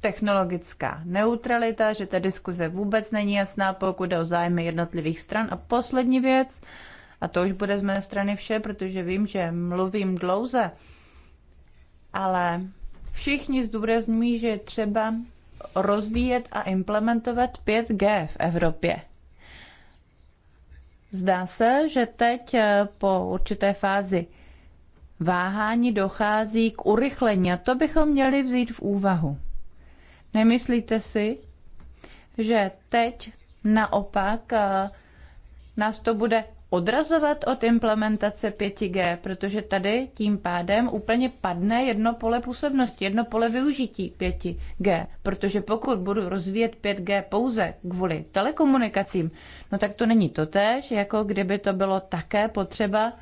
technologická neutralita, že ta diskuze vůbec není jasná, pokud jde o zájmy jednotlivých stran. A poslední věc, a to už bude z mé strany vše, protože vím, že mluvím dlouze, ale všichni zdůrazňují, že je třeba rozvíjet a implementovat 5G v Evropě. Zdá se, že teď eh, po určité fázi váhání dochází k urychlení a to bychom měli vzít v úvahu. Nemyslíte si, že teď naopak eh, nás to bude odrazovat od implementace 5G, protože tady tím pádem úplně padne jedno pole působnosti, jedno pole využití 5G, protože pokud budu rozvíjet 5G pouze kvůli telekomunikacím, no tak to není totéž, jako kdyby to bylo také potřeba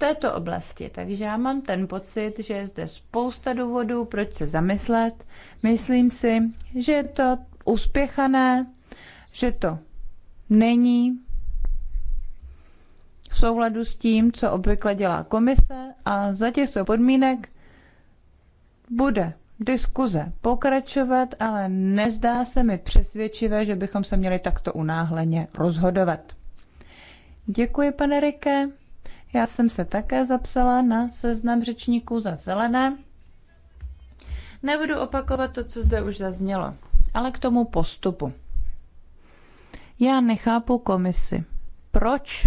této oblasti. Takže já mám ten pocit, že je zde spousta důvodů, proč se zamyslet. Myslím si, že je to uspěchané, že to není v souladu s tím, co obvykle dělá komise a za těchto podmínek bude diskuze pokračovat, ale nezdá se mi přesvědčivé, že bychom se měli takto unáhleně rozhodovat. Děkuji, pane Rike. Já jsem se také zapsala na seznam řečníků za zelené. Nebudu opakovat to, co zde už zaznělo, ale k tomu postupu. Já nechápu komisi. Proč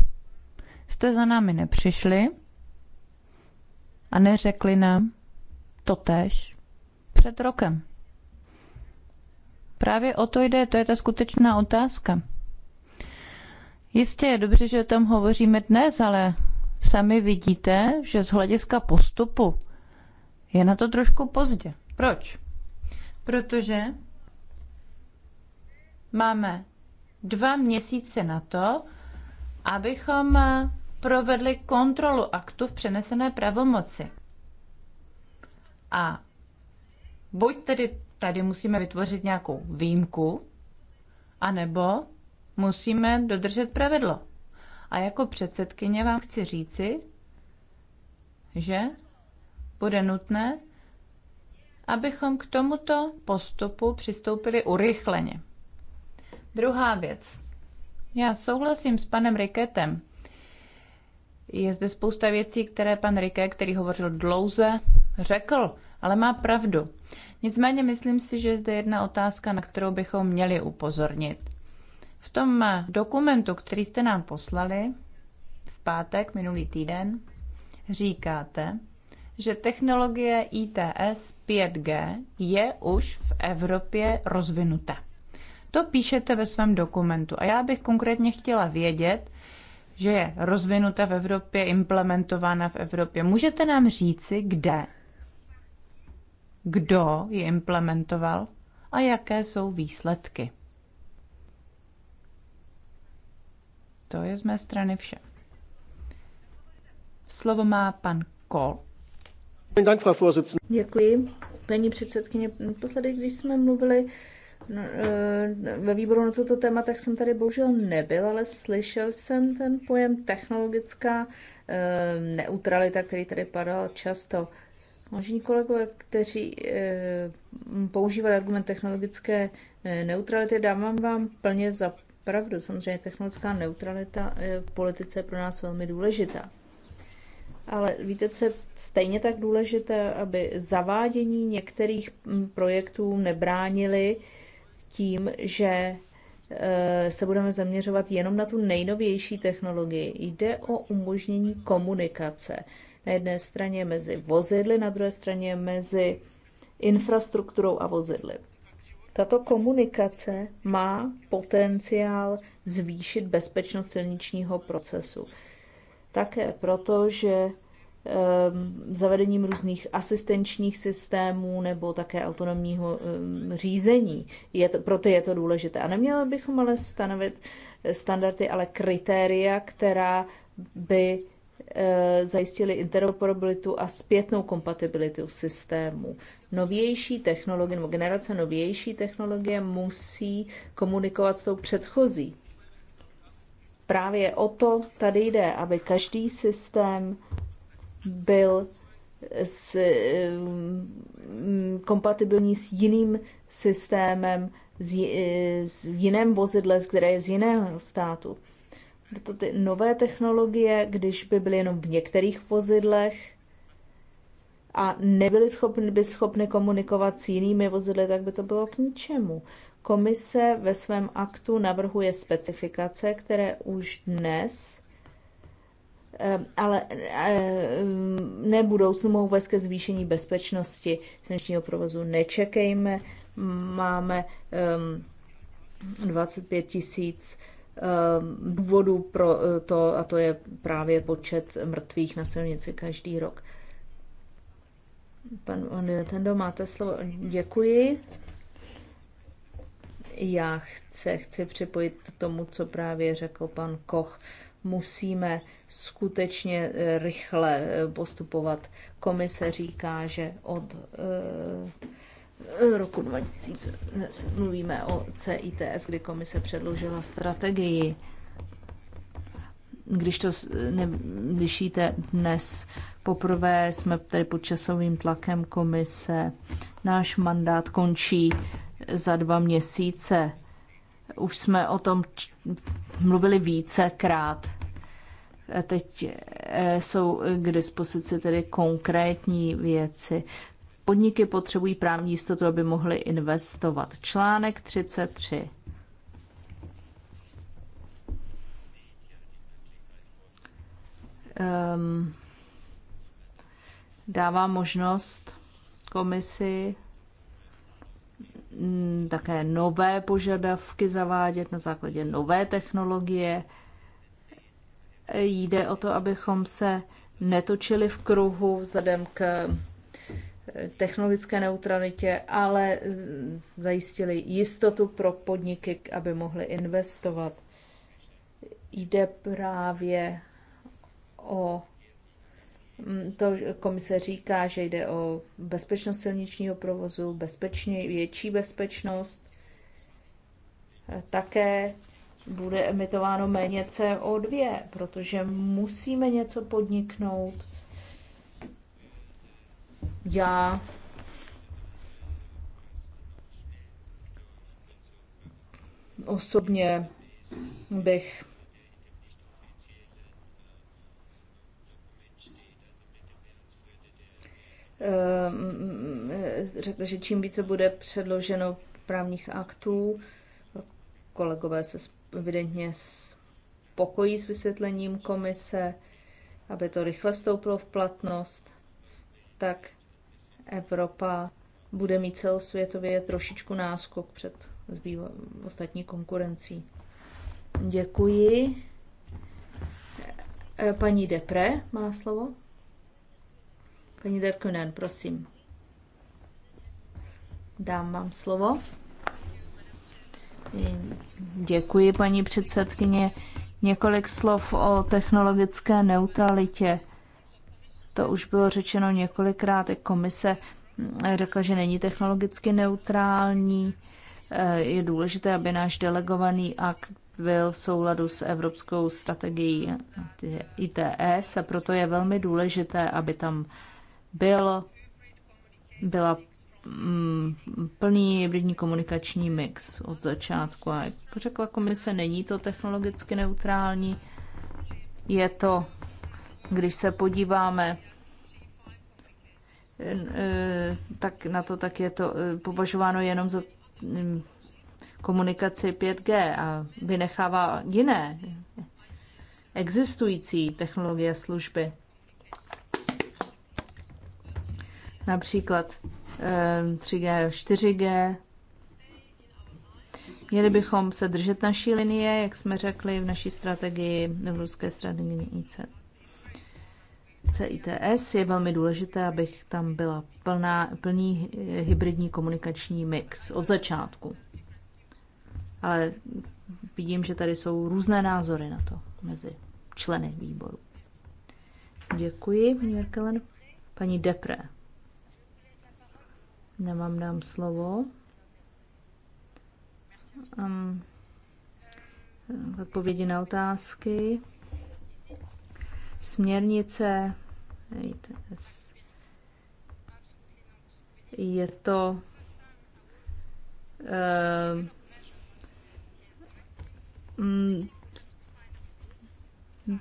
jste za námi nepřišli a neřekli nám tež před rokem? Právě o to jde, to je ta skutečná otázka. Jistě je dobře, že o tom hovoříme dnes, ale sami vidíte, že z hlediska postupu je na to trošku pozdě. Proč? Protože máme dva měsíce na to, abychom provedli kontrolu aktu v přenesené pravomoci. A buď tedy tady musíme vytvořit nějakou výjimku, anebo musíme dodržet pravidlo. A jako předsedkyně vám chci říci, že bude nutné, abychom k tomuto postupu přistoupili urychleně. Druhá věc. Já souhlasím s panem Riketem. Je zde spousta věcí, které pan Riket, který hovořil dlouze, řekl, ale má pravdu. Nicméně myslím si, že je zde jedna otázka, na kterou bychom měli upozornit. V tom dokumentu, který jste nám poslali v pátek minulý týden, říkáte, že technologie ITS 5G je už v Evropě rozvinuta. To píšete ve svém dokumentu a já bych konkrétně chtěla vědět, že je rozvinuta v Evropě, implementována v Evropě. Můžete nám říci, kde, kdo ji implementoval a jaké jsou výsledky? To je z mé strany vše. Slovo má pan Kol. Děkuji, paní předsedkyně. Posledy, když jsme mluvili no, eh, ve výboru na toto téma, tak jsem tady bohužel nebyl, ale slyšel jsem ten pojem technologická eh, neutralita, který tady padal často. Možní kolegové, kteří eh, používali argument technologické neutrality, dávám vám plně za pravdu. Samozřejmě technologická neutralita v politice pro nás velmi důležitá. Ale víte, co je stejně tak důležité, aby zavádění některých mm, projektů nebránili tím, že eh, se budeme zaměřovat jenom na tu nejnovější technologii. Jde o umožnění komunikace. Na jedné straně mezi vozidly, na druhé straně mezi infrastrukturou a vozidly. Tato komunikace má potenciál zvýšit bezpečnost silničního procesu. Také proto, že ehm, zavedením různých asistenčních systémů nebo také autonomního ehm, řízení. Je to, proto je to důležité. A neměli bychom ale stanovit standardy, ale kritéria, která by Eh, zajistili interoperabilitu a zpětnou kompatibilitu systémů. Novější technologie nebo generace novější technologie musí komunikovat s tou předchozí. Právě o to tady jde, aby každý systém byl s, eh, kompatibilní s jiným systémem, s, eh, s jiném vozidle, které je z jiného státu. Proto ty nové technologie, když by byly jenom v některých vozidlech a nebyly schopny, by schopny komunikovat s jinými vozidly, tak by to bylo k ničemu. Komise ve svém aktu navrhuje specifikace, které už dnes eh, ale eh, nebudou snou vést ke zvýšení bezpečnosti dnešního provozu. Nečekejme, máme 25 ehm, tisíc Eh, důvodů pro eh, to, a to je právě počet mrtvých na silnici každý rok. Pan Nintendo, máte slovo. Děkuji. Já chci, chci připojit k tomu, co právě řekl pan Koch. Musíme skutečně eh, rychle postupovat. Komise říká, že od roku 2000 mluvíme o CITS, kdy komise předložila strategii. Když to slyšíte dnes, poprvé jsme tady pod časovým tlakem komise. Náš mandát končí za dva měsíce. Už jsme o tom mluvili vícekrát. Teď eh, jsou k dispozici tedy konkrétní věci podniky potřebují právní jistotu, aby mohly investovat. Článek 33. Um, ehm, dává možnost komisi mm, také nové požadavky zavádět na základě nové technologie. Jde o to, abychom se netočili v kruhu vzhledem k technologické neutralitě, ale zajistili jistotu pro podniky, aby mohly investovat. Jde právě o mm, to komise říká, že jde o bezpečnost silničního provozu, bezpečně, větší bezpečnost, e, také bude emitováno méně CO2, protože musíme něco podniknout já osobně bych eh, řekl, že čím více bude předloženo právních aktů, kolegové se evidentně spokojí s vysvětlením komise, aby to rychle vstoupilo v platnost, tak Evropa bude mít celosvětově trošičku náskok před zbývá, ostatní konkurencí. Děkuji. E, paní Depre má slovo. Paní Derkunen, prosím. Dám vám slovo. E, děkuji, paní předsedkyně. Několik slov o technologické neutralitě. To už bylo řečeno několikrát, i komise mm, řekla, že není technologicky neutrální. Eh, je důležité, aby náš delegovaný akt byl v souladu s evropskou strategií ITS a proto je velmi důležité, aby tam byl, byla mm, plný hybridní komunikační mix od začátku. A jak řekla komise, není to technologicky neutrální, je to když se podíváme e, tak na to, tak je to e, považováno jenom za komunikaci 5G a vynechává jiné existující technologie služby. Například 3G, e, 4G. Měli bychom se držet naší linie, jak jsme řekli v naší strategii, v ruské strategii ICT. ITS. je velmi důležité, abych tam byla plná, plný hybridní komunikační mix od začátku. Ale vidím, že tady jsou různé názory na to mezi členy výboru. Děkuji, paní Merkelen. Paní Depre. Nemám dám slovo. Um, odpovědi na otázky. Směrnice je to ehm, mm,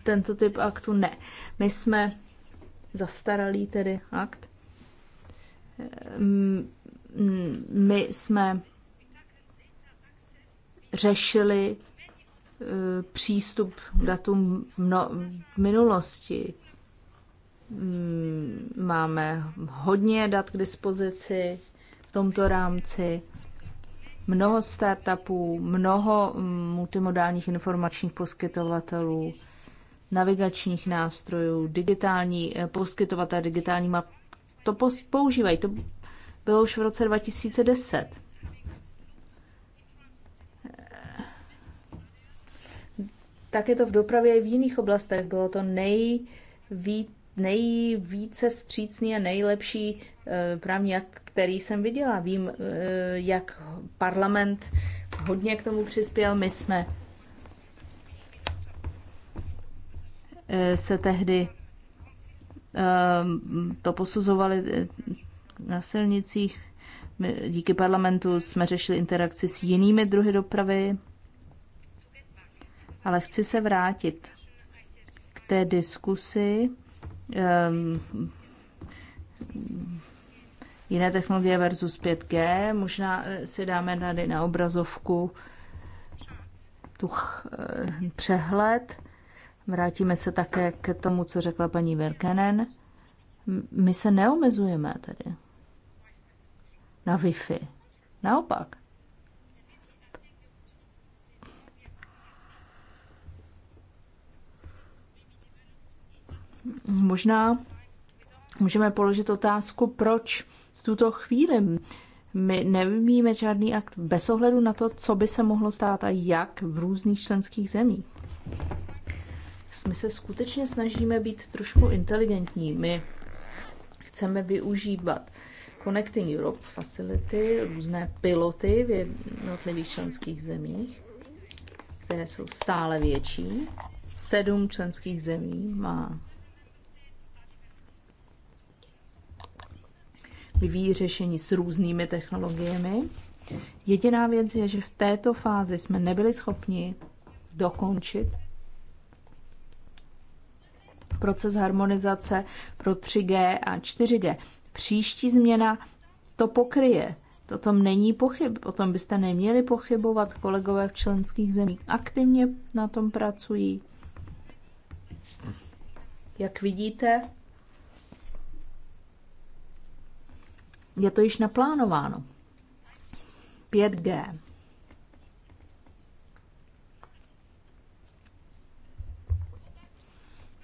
tento typ aktu ne. My jsme zastaralý tedy akt. Ehm, my jsme řešili eh, přístup datům v minulosti. Mm, máme hodně dat k dispozici v tomto rámci, mnoho startupů, mnoho mm, multimodálních informačních poskytovatelů, navigačních nástrojů, digitální eh, poskytovatel digitální map. To používají, to bylo už v roce 2010. Tak je to v dopravě i v jiných oblastech. Bylo to nejvíc nejvíce vstřícný a nejlepší jak eh, který jsem viděla. Vím, eh, jak parlament hodně k tomu přispěl. My jsme eh, se tehdy to posuzovali na silnicích. My díky parlamentu jsme řešili interakci s jinými druhy dopravy, ale chci se vrátit k té diskusi Ehm, jiné technologie versus 5G. Možná eh, si dáme tady na obrazovku tu eh, přehled. Vrátíme se také k tomu, co řekla paní Verkenen. My se neomezujeme tady na Wi-Fi. Naopak, Možná můžeme položit otázku, proč v tuto chvíli my nevíme žádný akt bez ohledu na to, co by se mohlo stát a jak v různých členských zemích. My se skutečně snažíme být trošku inteligentní. My chceme využívat Connecting Europe facility, různé piloty v jednotlivých členských zemích, které jsou stále větší. Sedm členských zemí má vyvíjí řešení s různými technologiemi. Jediná věc je, že v této fázi jsme nebyli schopni dokončit proces harmonizace pro 3G a 4G. Příští změna to pokryje. O tom není pochyb, o tom byste neměli pochybovat. Kolegové v členských zemích aktivně na tom pracují. Jak vidíte, Je to již naplánováno. 5G.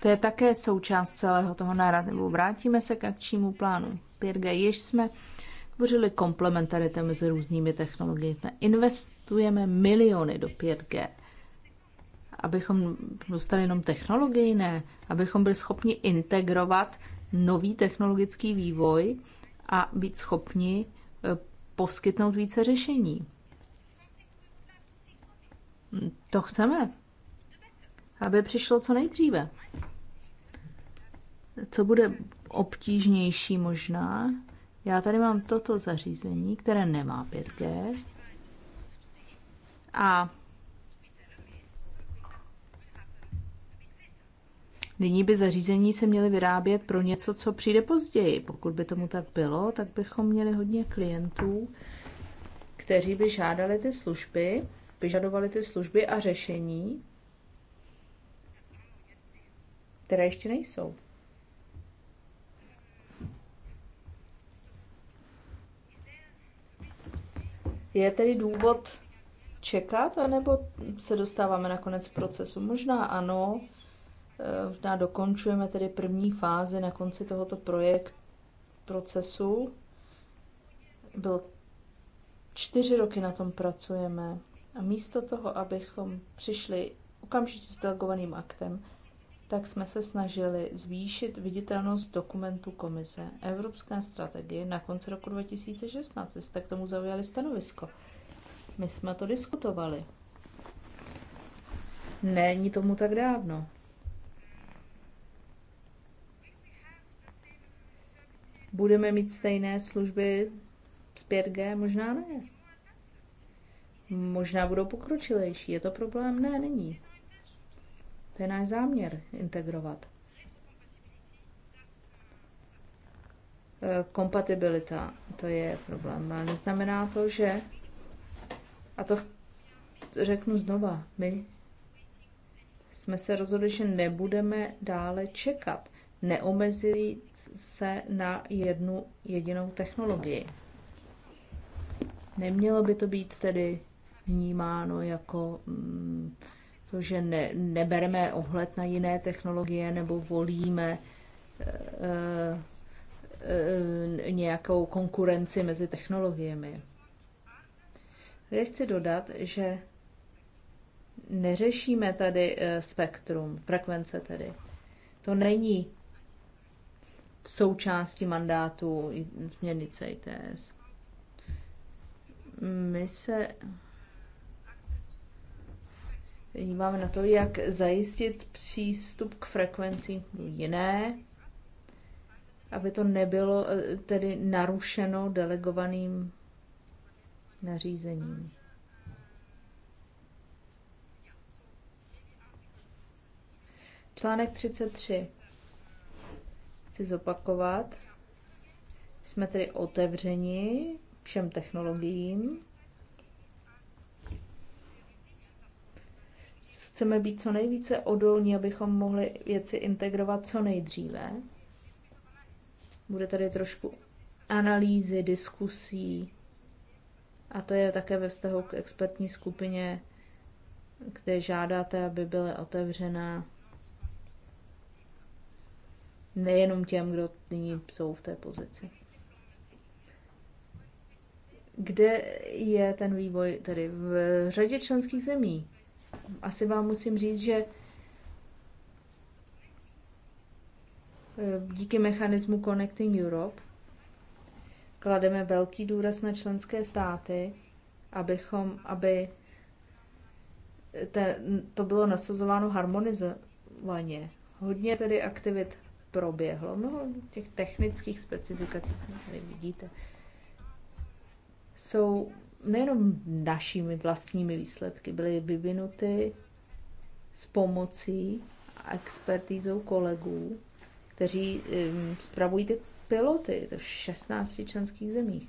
To je také součást celého toho narrativu. Vrátíme se k akčnímu plánu 5G. jež jsme tvořili komplementaritem mezi různými technologiemi. Investujeme miliony do 5G. Abychom dostali jenom technologii, ne. Abychom byli schopni integrovat nový technologický vývoj a být schopni eh, poskytnout více řešení. To chceme, aby přišlo co nejdříve. Co bude obtížnější možná, já tady mám toto zařízení, které nemá 5G a Nyní by zařízení se měly vyrábět pro něco, co přijde později. Pokud by tomu tak bylo, tak bychom měli hodně klientů, kteří by žádali ty služby, vyžadovali ty služby a řešení, které ještě nejsou. Je tedy důvod čekat, anebo se dostáváme na konec procesu? Možná ano, Možná eh, dokončujeme tedy první fázi na konci tohoto projekt procesu. Byl čtyři roky na tom pracujeme a místo toho, abychom přišli okamžitě s delegovaným aktem, tak jsme se snažili zvýšit viditelnost dokumentu komise Evropské strategie na konci roku 2016. Vy jste k tomu zaujali stanovisko. My jsme to diskutovali. Není tomu tak dávno. budeme mít stejné služby z 5G? Možná ne. Možná budou pokročilejší. Je to problém? Ne, není. To je náš záměr integrovat. E, kompatibilita, to je problém. Ale neznamená to, že, a to řeknu znova, my jsme se rozhodli, že nebudeme dále čekat neomezit se na jednu jedinou technologii. Nemělo by to být tedy vnímáno jako mm, to, že ne, nebereme ohled na jiné technologie nebo volíme e, e, e nějakou konkurenci mezi technologiemi. Tady chci dodat, že neřešíme tady e, spektrum, frekvence tedy. To není součástí mandátu směrnice ITS. My se díváme na to, jak zajistit přístup k frekvencím jiné, aby to nebylo eh, tedy narušeno delegovaným nařízením. Článek 33 chci zopakovat, jsme tedy otevřeni všem technologiím. Chceme být co nejvíce odolní, abychom mohli věci integrovat co nejdříve. Bude tady trošku analýzy, diskusí. A to je také ve vztahu k expertní skupině, kde žádáte, aby byly otevřená nejenom těm, kdo nyní jsou v té pozici. Kde je ten vývoj tedy? V řadě členských zemí. Asi vám musím říct, že eh, díky mechanismu Connecting Europe klademe velký důraz na členské státy, abychom, aby te, to bylo nasazováno harmonizovaně. Hodně tedy aktivit proběhlo. Mnoho těch technických specifikací, které vidíte, jsou nejenom našimi vlastními výsledky, byly vyvinuty s pomocí a expertízou kolegů, kteří um, spravují ty piloty to v 16 členských zemích.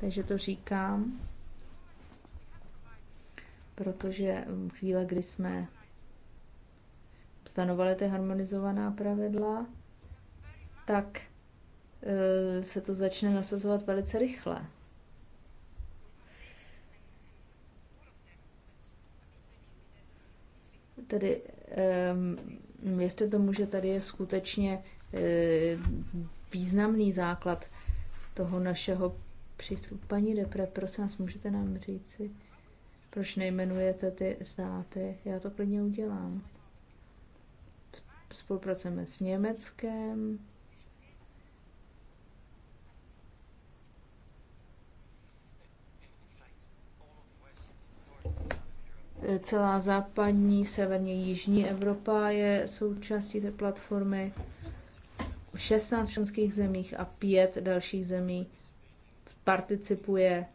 Takže to říkám, protože chvíle, kdy jsme stanovali ty harmonizovaná pravidla, tak e, se to začne nasazovat velice rychle. Tedy věřte tomu, že tady je skutečně e, významný základ toho našeho přístupu. Paní Depre, prosím vás, můžete nám říci, proč nejmenujete ty státy? Já to klidně udělám. Spolupracujeme s Německem. Celá západní, severně jižní Evropa je součástí té platformy. 16 členských zemích a pět dalších zemí participuje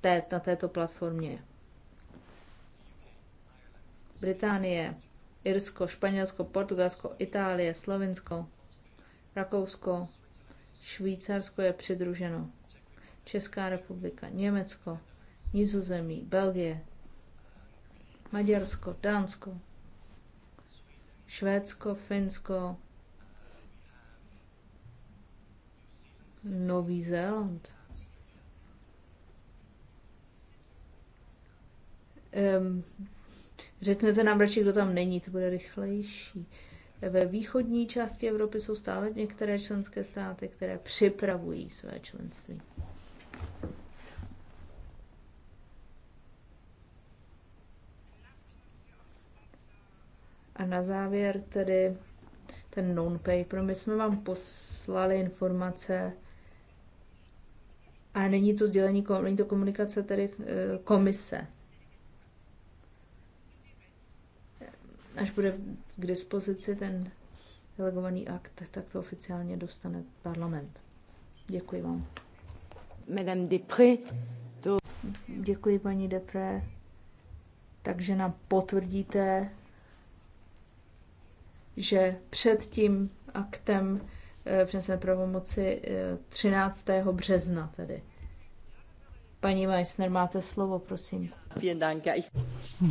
té, na této platformě. Británie, Irsko, Španělsko, Portugalsko, Itálie, Slovinsko, Rakousko, Švýcarsko je přidruženo. Česká republika, Německo, Nizozemí, Belgie, Maďarsko, Dánsko, Švédsko, Finsko, Nový Zéland. Um, Řeknete nám radši, kdo tam není, to bude rychlejší. Ve východní části Evropy jsou stále některé členské státy, které připravují své členství. A na závěr tedy ten non-paper. My jsme vám poslali informace a není to sdělení, není to komunikace tedy eh, komise. až bude k dispozici ten delegovaný akt, tak to oficiálně dostane parlament. Děkuji vám. Madame Depré. To... Děkuji, paní Depré. Takže nám potvrdíte, že před tím aktem eh, přeneseme pravomoci 13. Eh, března tedy. Paní Meissner, máte slovo, prosím.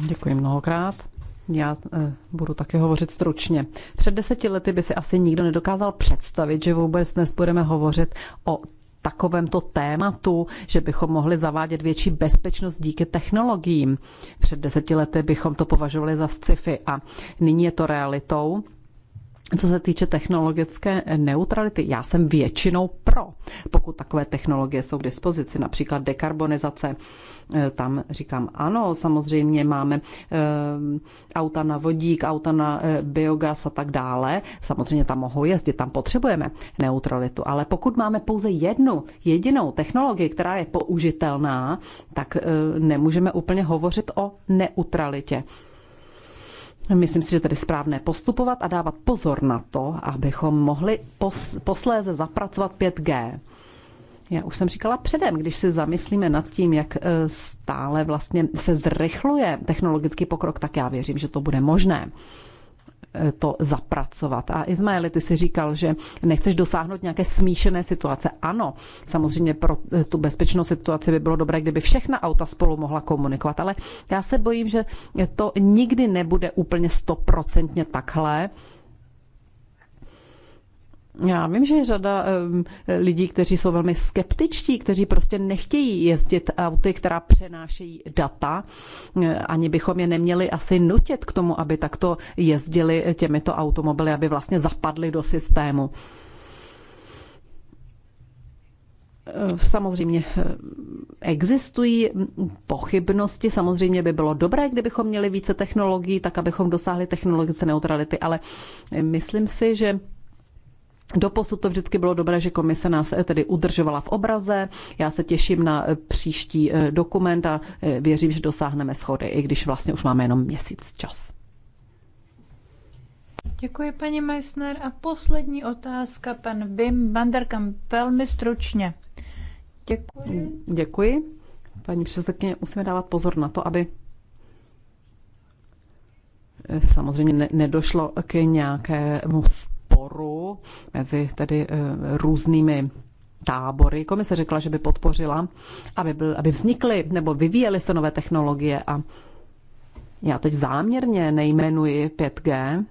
Děkuji mnohokrát. Já eh, budu také hovořit stručně. Před deseti lety by si asi nikdo nedokázal představit, že vůbec dnes budeme hovořit o takovémto tématu, že bychom mohli zavádět větší bezpečnost díky technologiím. Před deseti lety bychom to považovali za sci-fi a nyní je to realitou. Co se týče technologické neutrality, já jsem většinou pro, pokud takové technologie jsou k dispozici, například dekarbonizace. Eh, tam říkám ano, samozřejmě máme eh, auta na vodík, auta na eh, biogas a tak dále. Samozřejmě tam mohou jezdit, tam potřebujeme neutralitu. Ale pokud máme pouze jednu jedinou technologii, která je použitelná, tak nemůžeme úplně hovořit o neutralitě. Myslím si, že tady správné postupovat a dávat pozor na to, abychom mohli pos- posléze zapracovat 5G. Já už jsem říkala předem, když si zamyslíme nad tím, jak e, stále vlastně se zrychluje technologický pokrok, tak já věřím, že to bude možné. Eh, to zapracovat. A Izmaeli, ty si říkal, že nechceš dosáhnout nějaké smíšené situace. Ano, samozřejmě pro eh, tu bezpečnou situaci by bylo dobré, kdyby všechna auta spolu mohla komunikovat, ale já se bojím, že to nikdy nebude úplně stoprocentně takhle já vím, že je řada lidí, kteří jsou velmi skeptičtí, kteří prostě nechtějí jezdit auty, která přenášejí data. Eh, ani bychom je neměli asi nutit k tomu, aby takto jezdili těmito automobily, aby vlastně zapadli do systému. Eh, samozřejmě eh, existují pochybnosti, samozřejmě by bylo dobré, kdybychom měli více technologií, tak abychom dosáhli technologice neutrality, ale myslím si, že Doposud to vždycky bylo dobré, že komise nás eh, tedy udržovala v obraze. Já se těším na eh, příští eh, dokument a věřím, že dosáhneme schody, i když vlastně už máme jenom měsíc čas. Děkuji, paní Meissner. A poslední otázka, pan Bim Banderkam, velmi stručně. Děkuji. Děkuji. Paní předsedkyně, musíme dávat pozor na to, aby samozřejmě nedošlo k nějakému sporu mezi tedy eh, různými tábory. Komise řekla, že by podpořila, aby, byl, aby vznikly nebo vyvíjely se nové technologie a já teď záměrně nejmenuji 5G,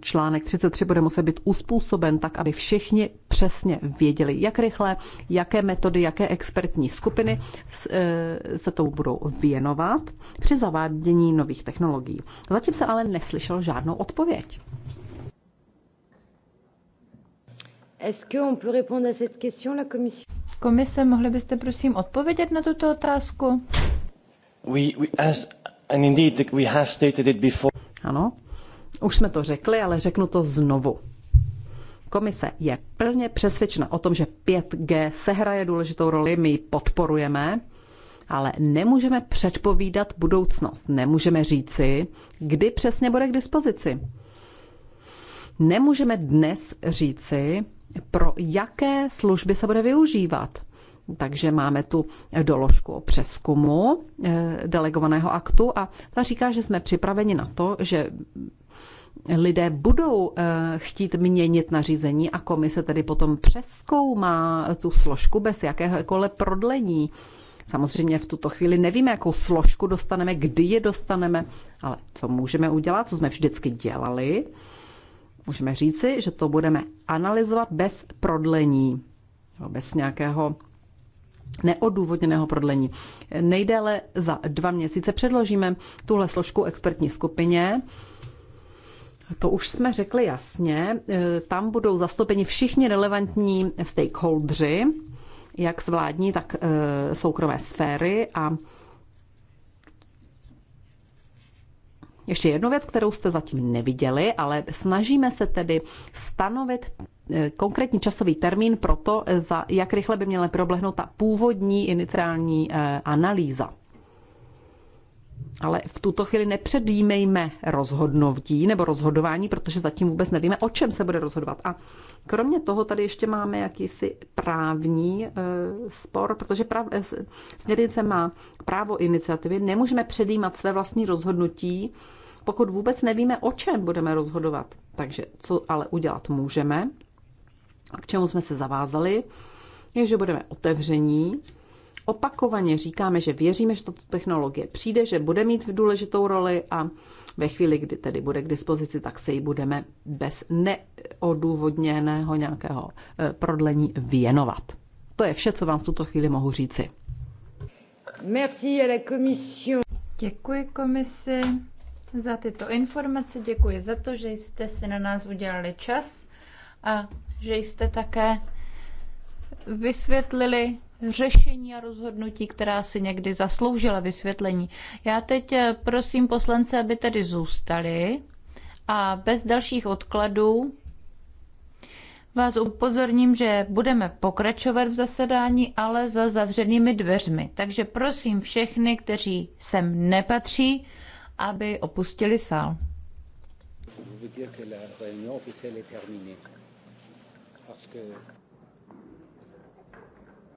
Článek 33 bude muset být uspůsoben tak, aby všichni přesně věděli, jak rychle, jaké metody, jaké expertní skupiny e, se tou budou věnovat při zavádění nových technologií. Zatím se ale neslyšel žádnou odpověď. Komise, mohli byste prosím odpovědět na tuto otázku? Ano, už jsme to řekli, ale řeknu to znovu. Komise je plně přesvědčena o tom, že 5G sehraje důležitou roli, my ji podporujeme, ale nemůžeme předpovídat budoucnost. Nemůžeme říci, kdy přesně bude k dispozici. Nemůžeme dnes říci, pro jaké služby se bude využívat. Takže máme tu doložku o přeskumu eh, delegovaného aktu a ta říká, že jsme připraveni na to, že lidé budou eh, chtít měnit nařízení a komise tedy potom přeskoumá tu složku bez jakéhokoliv prodlení. Samozřejmě v tuto chvíli nevíme, jakou složku dostaneme, kdy je dostaneme, ale co můžeme udělat, co jsme vždycky dělali, můžeme říci, že to budeme analyzovat bez prodlení, bez nějakého neodůvodněného prodlení. Nejdéle za dva měsíce předložíme tuhle složku expertní skupině, to už jsme řekli jasně. E, tam budou zastoupeni všichni relevantní stakeholdři, jak z vládní, tak e, soukromé sféry a Ještě jednu věc, kterou jste zatím neviděli, ale snažíme se tedy stanovit e, konkrétní časový termín pro to, za jak rychle by měla proběhnout ta původní iniciální analýza ale v tuto chvíli nepředjímejme rozhodnutí nebo rozhodování, protože zatím vůbec nevíme, o čem se bude rozhodovat. A kromě toho tady ještě máme jakýsi právní e, spor, protože prav, e, směrnice má právo iniciativy, nemůžeme předjímat své vlastní rozhodnutí, pokud vůbec nevíme, o čem budeme rozhodovat. Takže co ale udělat můžeme, k čemu jsme se zavázali, je, že budeme otevření opakovaně říkáme, že věříme, že tato technologie přijde, že bude mít důležitou roli a ve chvíli, kdy tedy bude k dispozici, tak se ji budeme bez neodůvodněného nějakého eh, prodlení věnovat. To je vše, co vám v tuto chvíli mohu říci. Merci à la commission. Děkuji komisi za tyto informace, děkuji za to, že jste si na nás udělali čas a že jste také vysvětlili řešení a rozhodnutí, která si někdy zasloužila vysvětlení. Já teď eh, prosím poslance, aby tedy zůstali a bez dalších odkladů vás upozorním, že budeme pokračovat v zasedání, ale za zavřenými dveřmi. Takže prosím všechny, kteří sem nepatří, aby opustili sál. Vous dire que la réunion officielle est terminée. Parce que...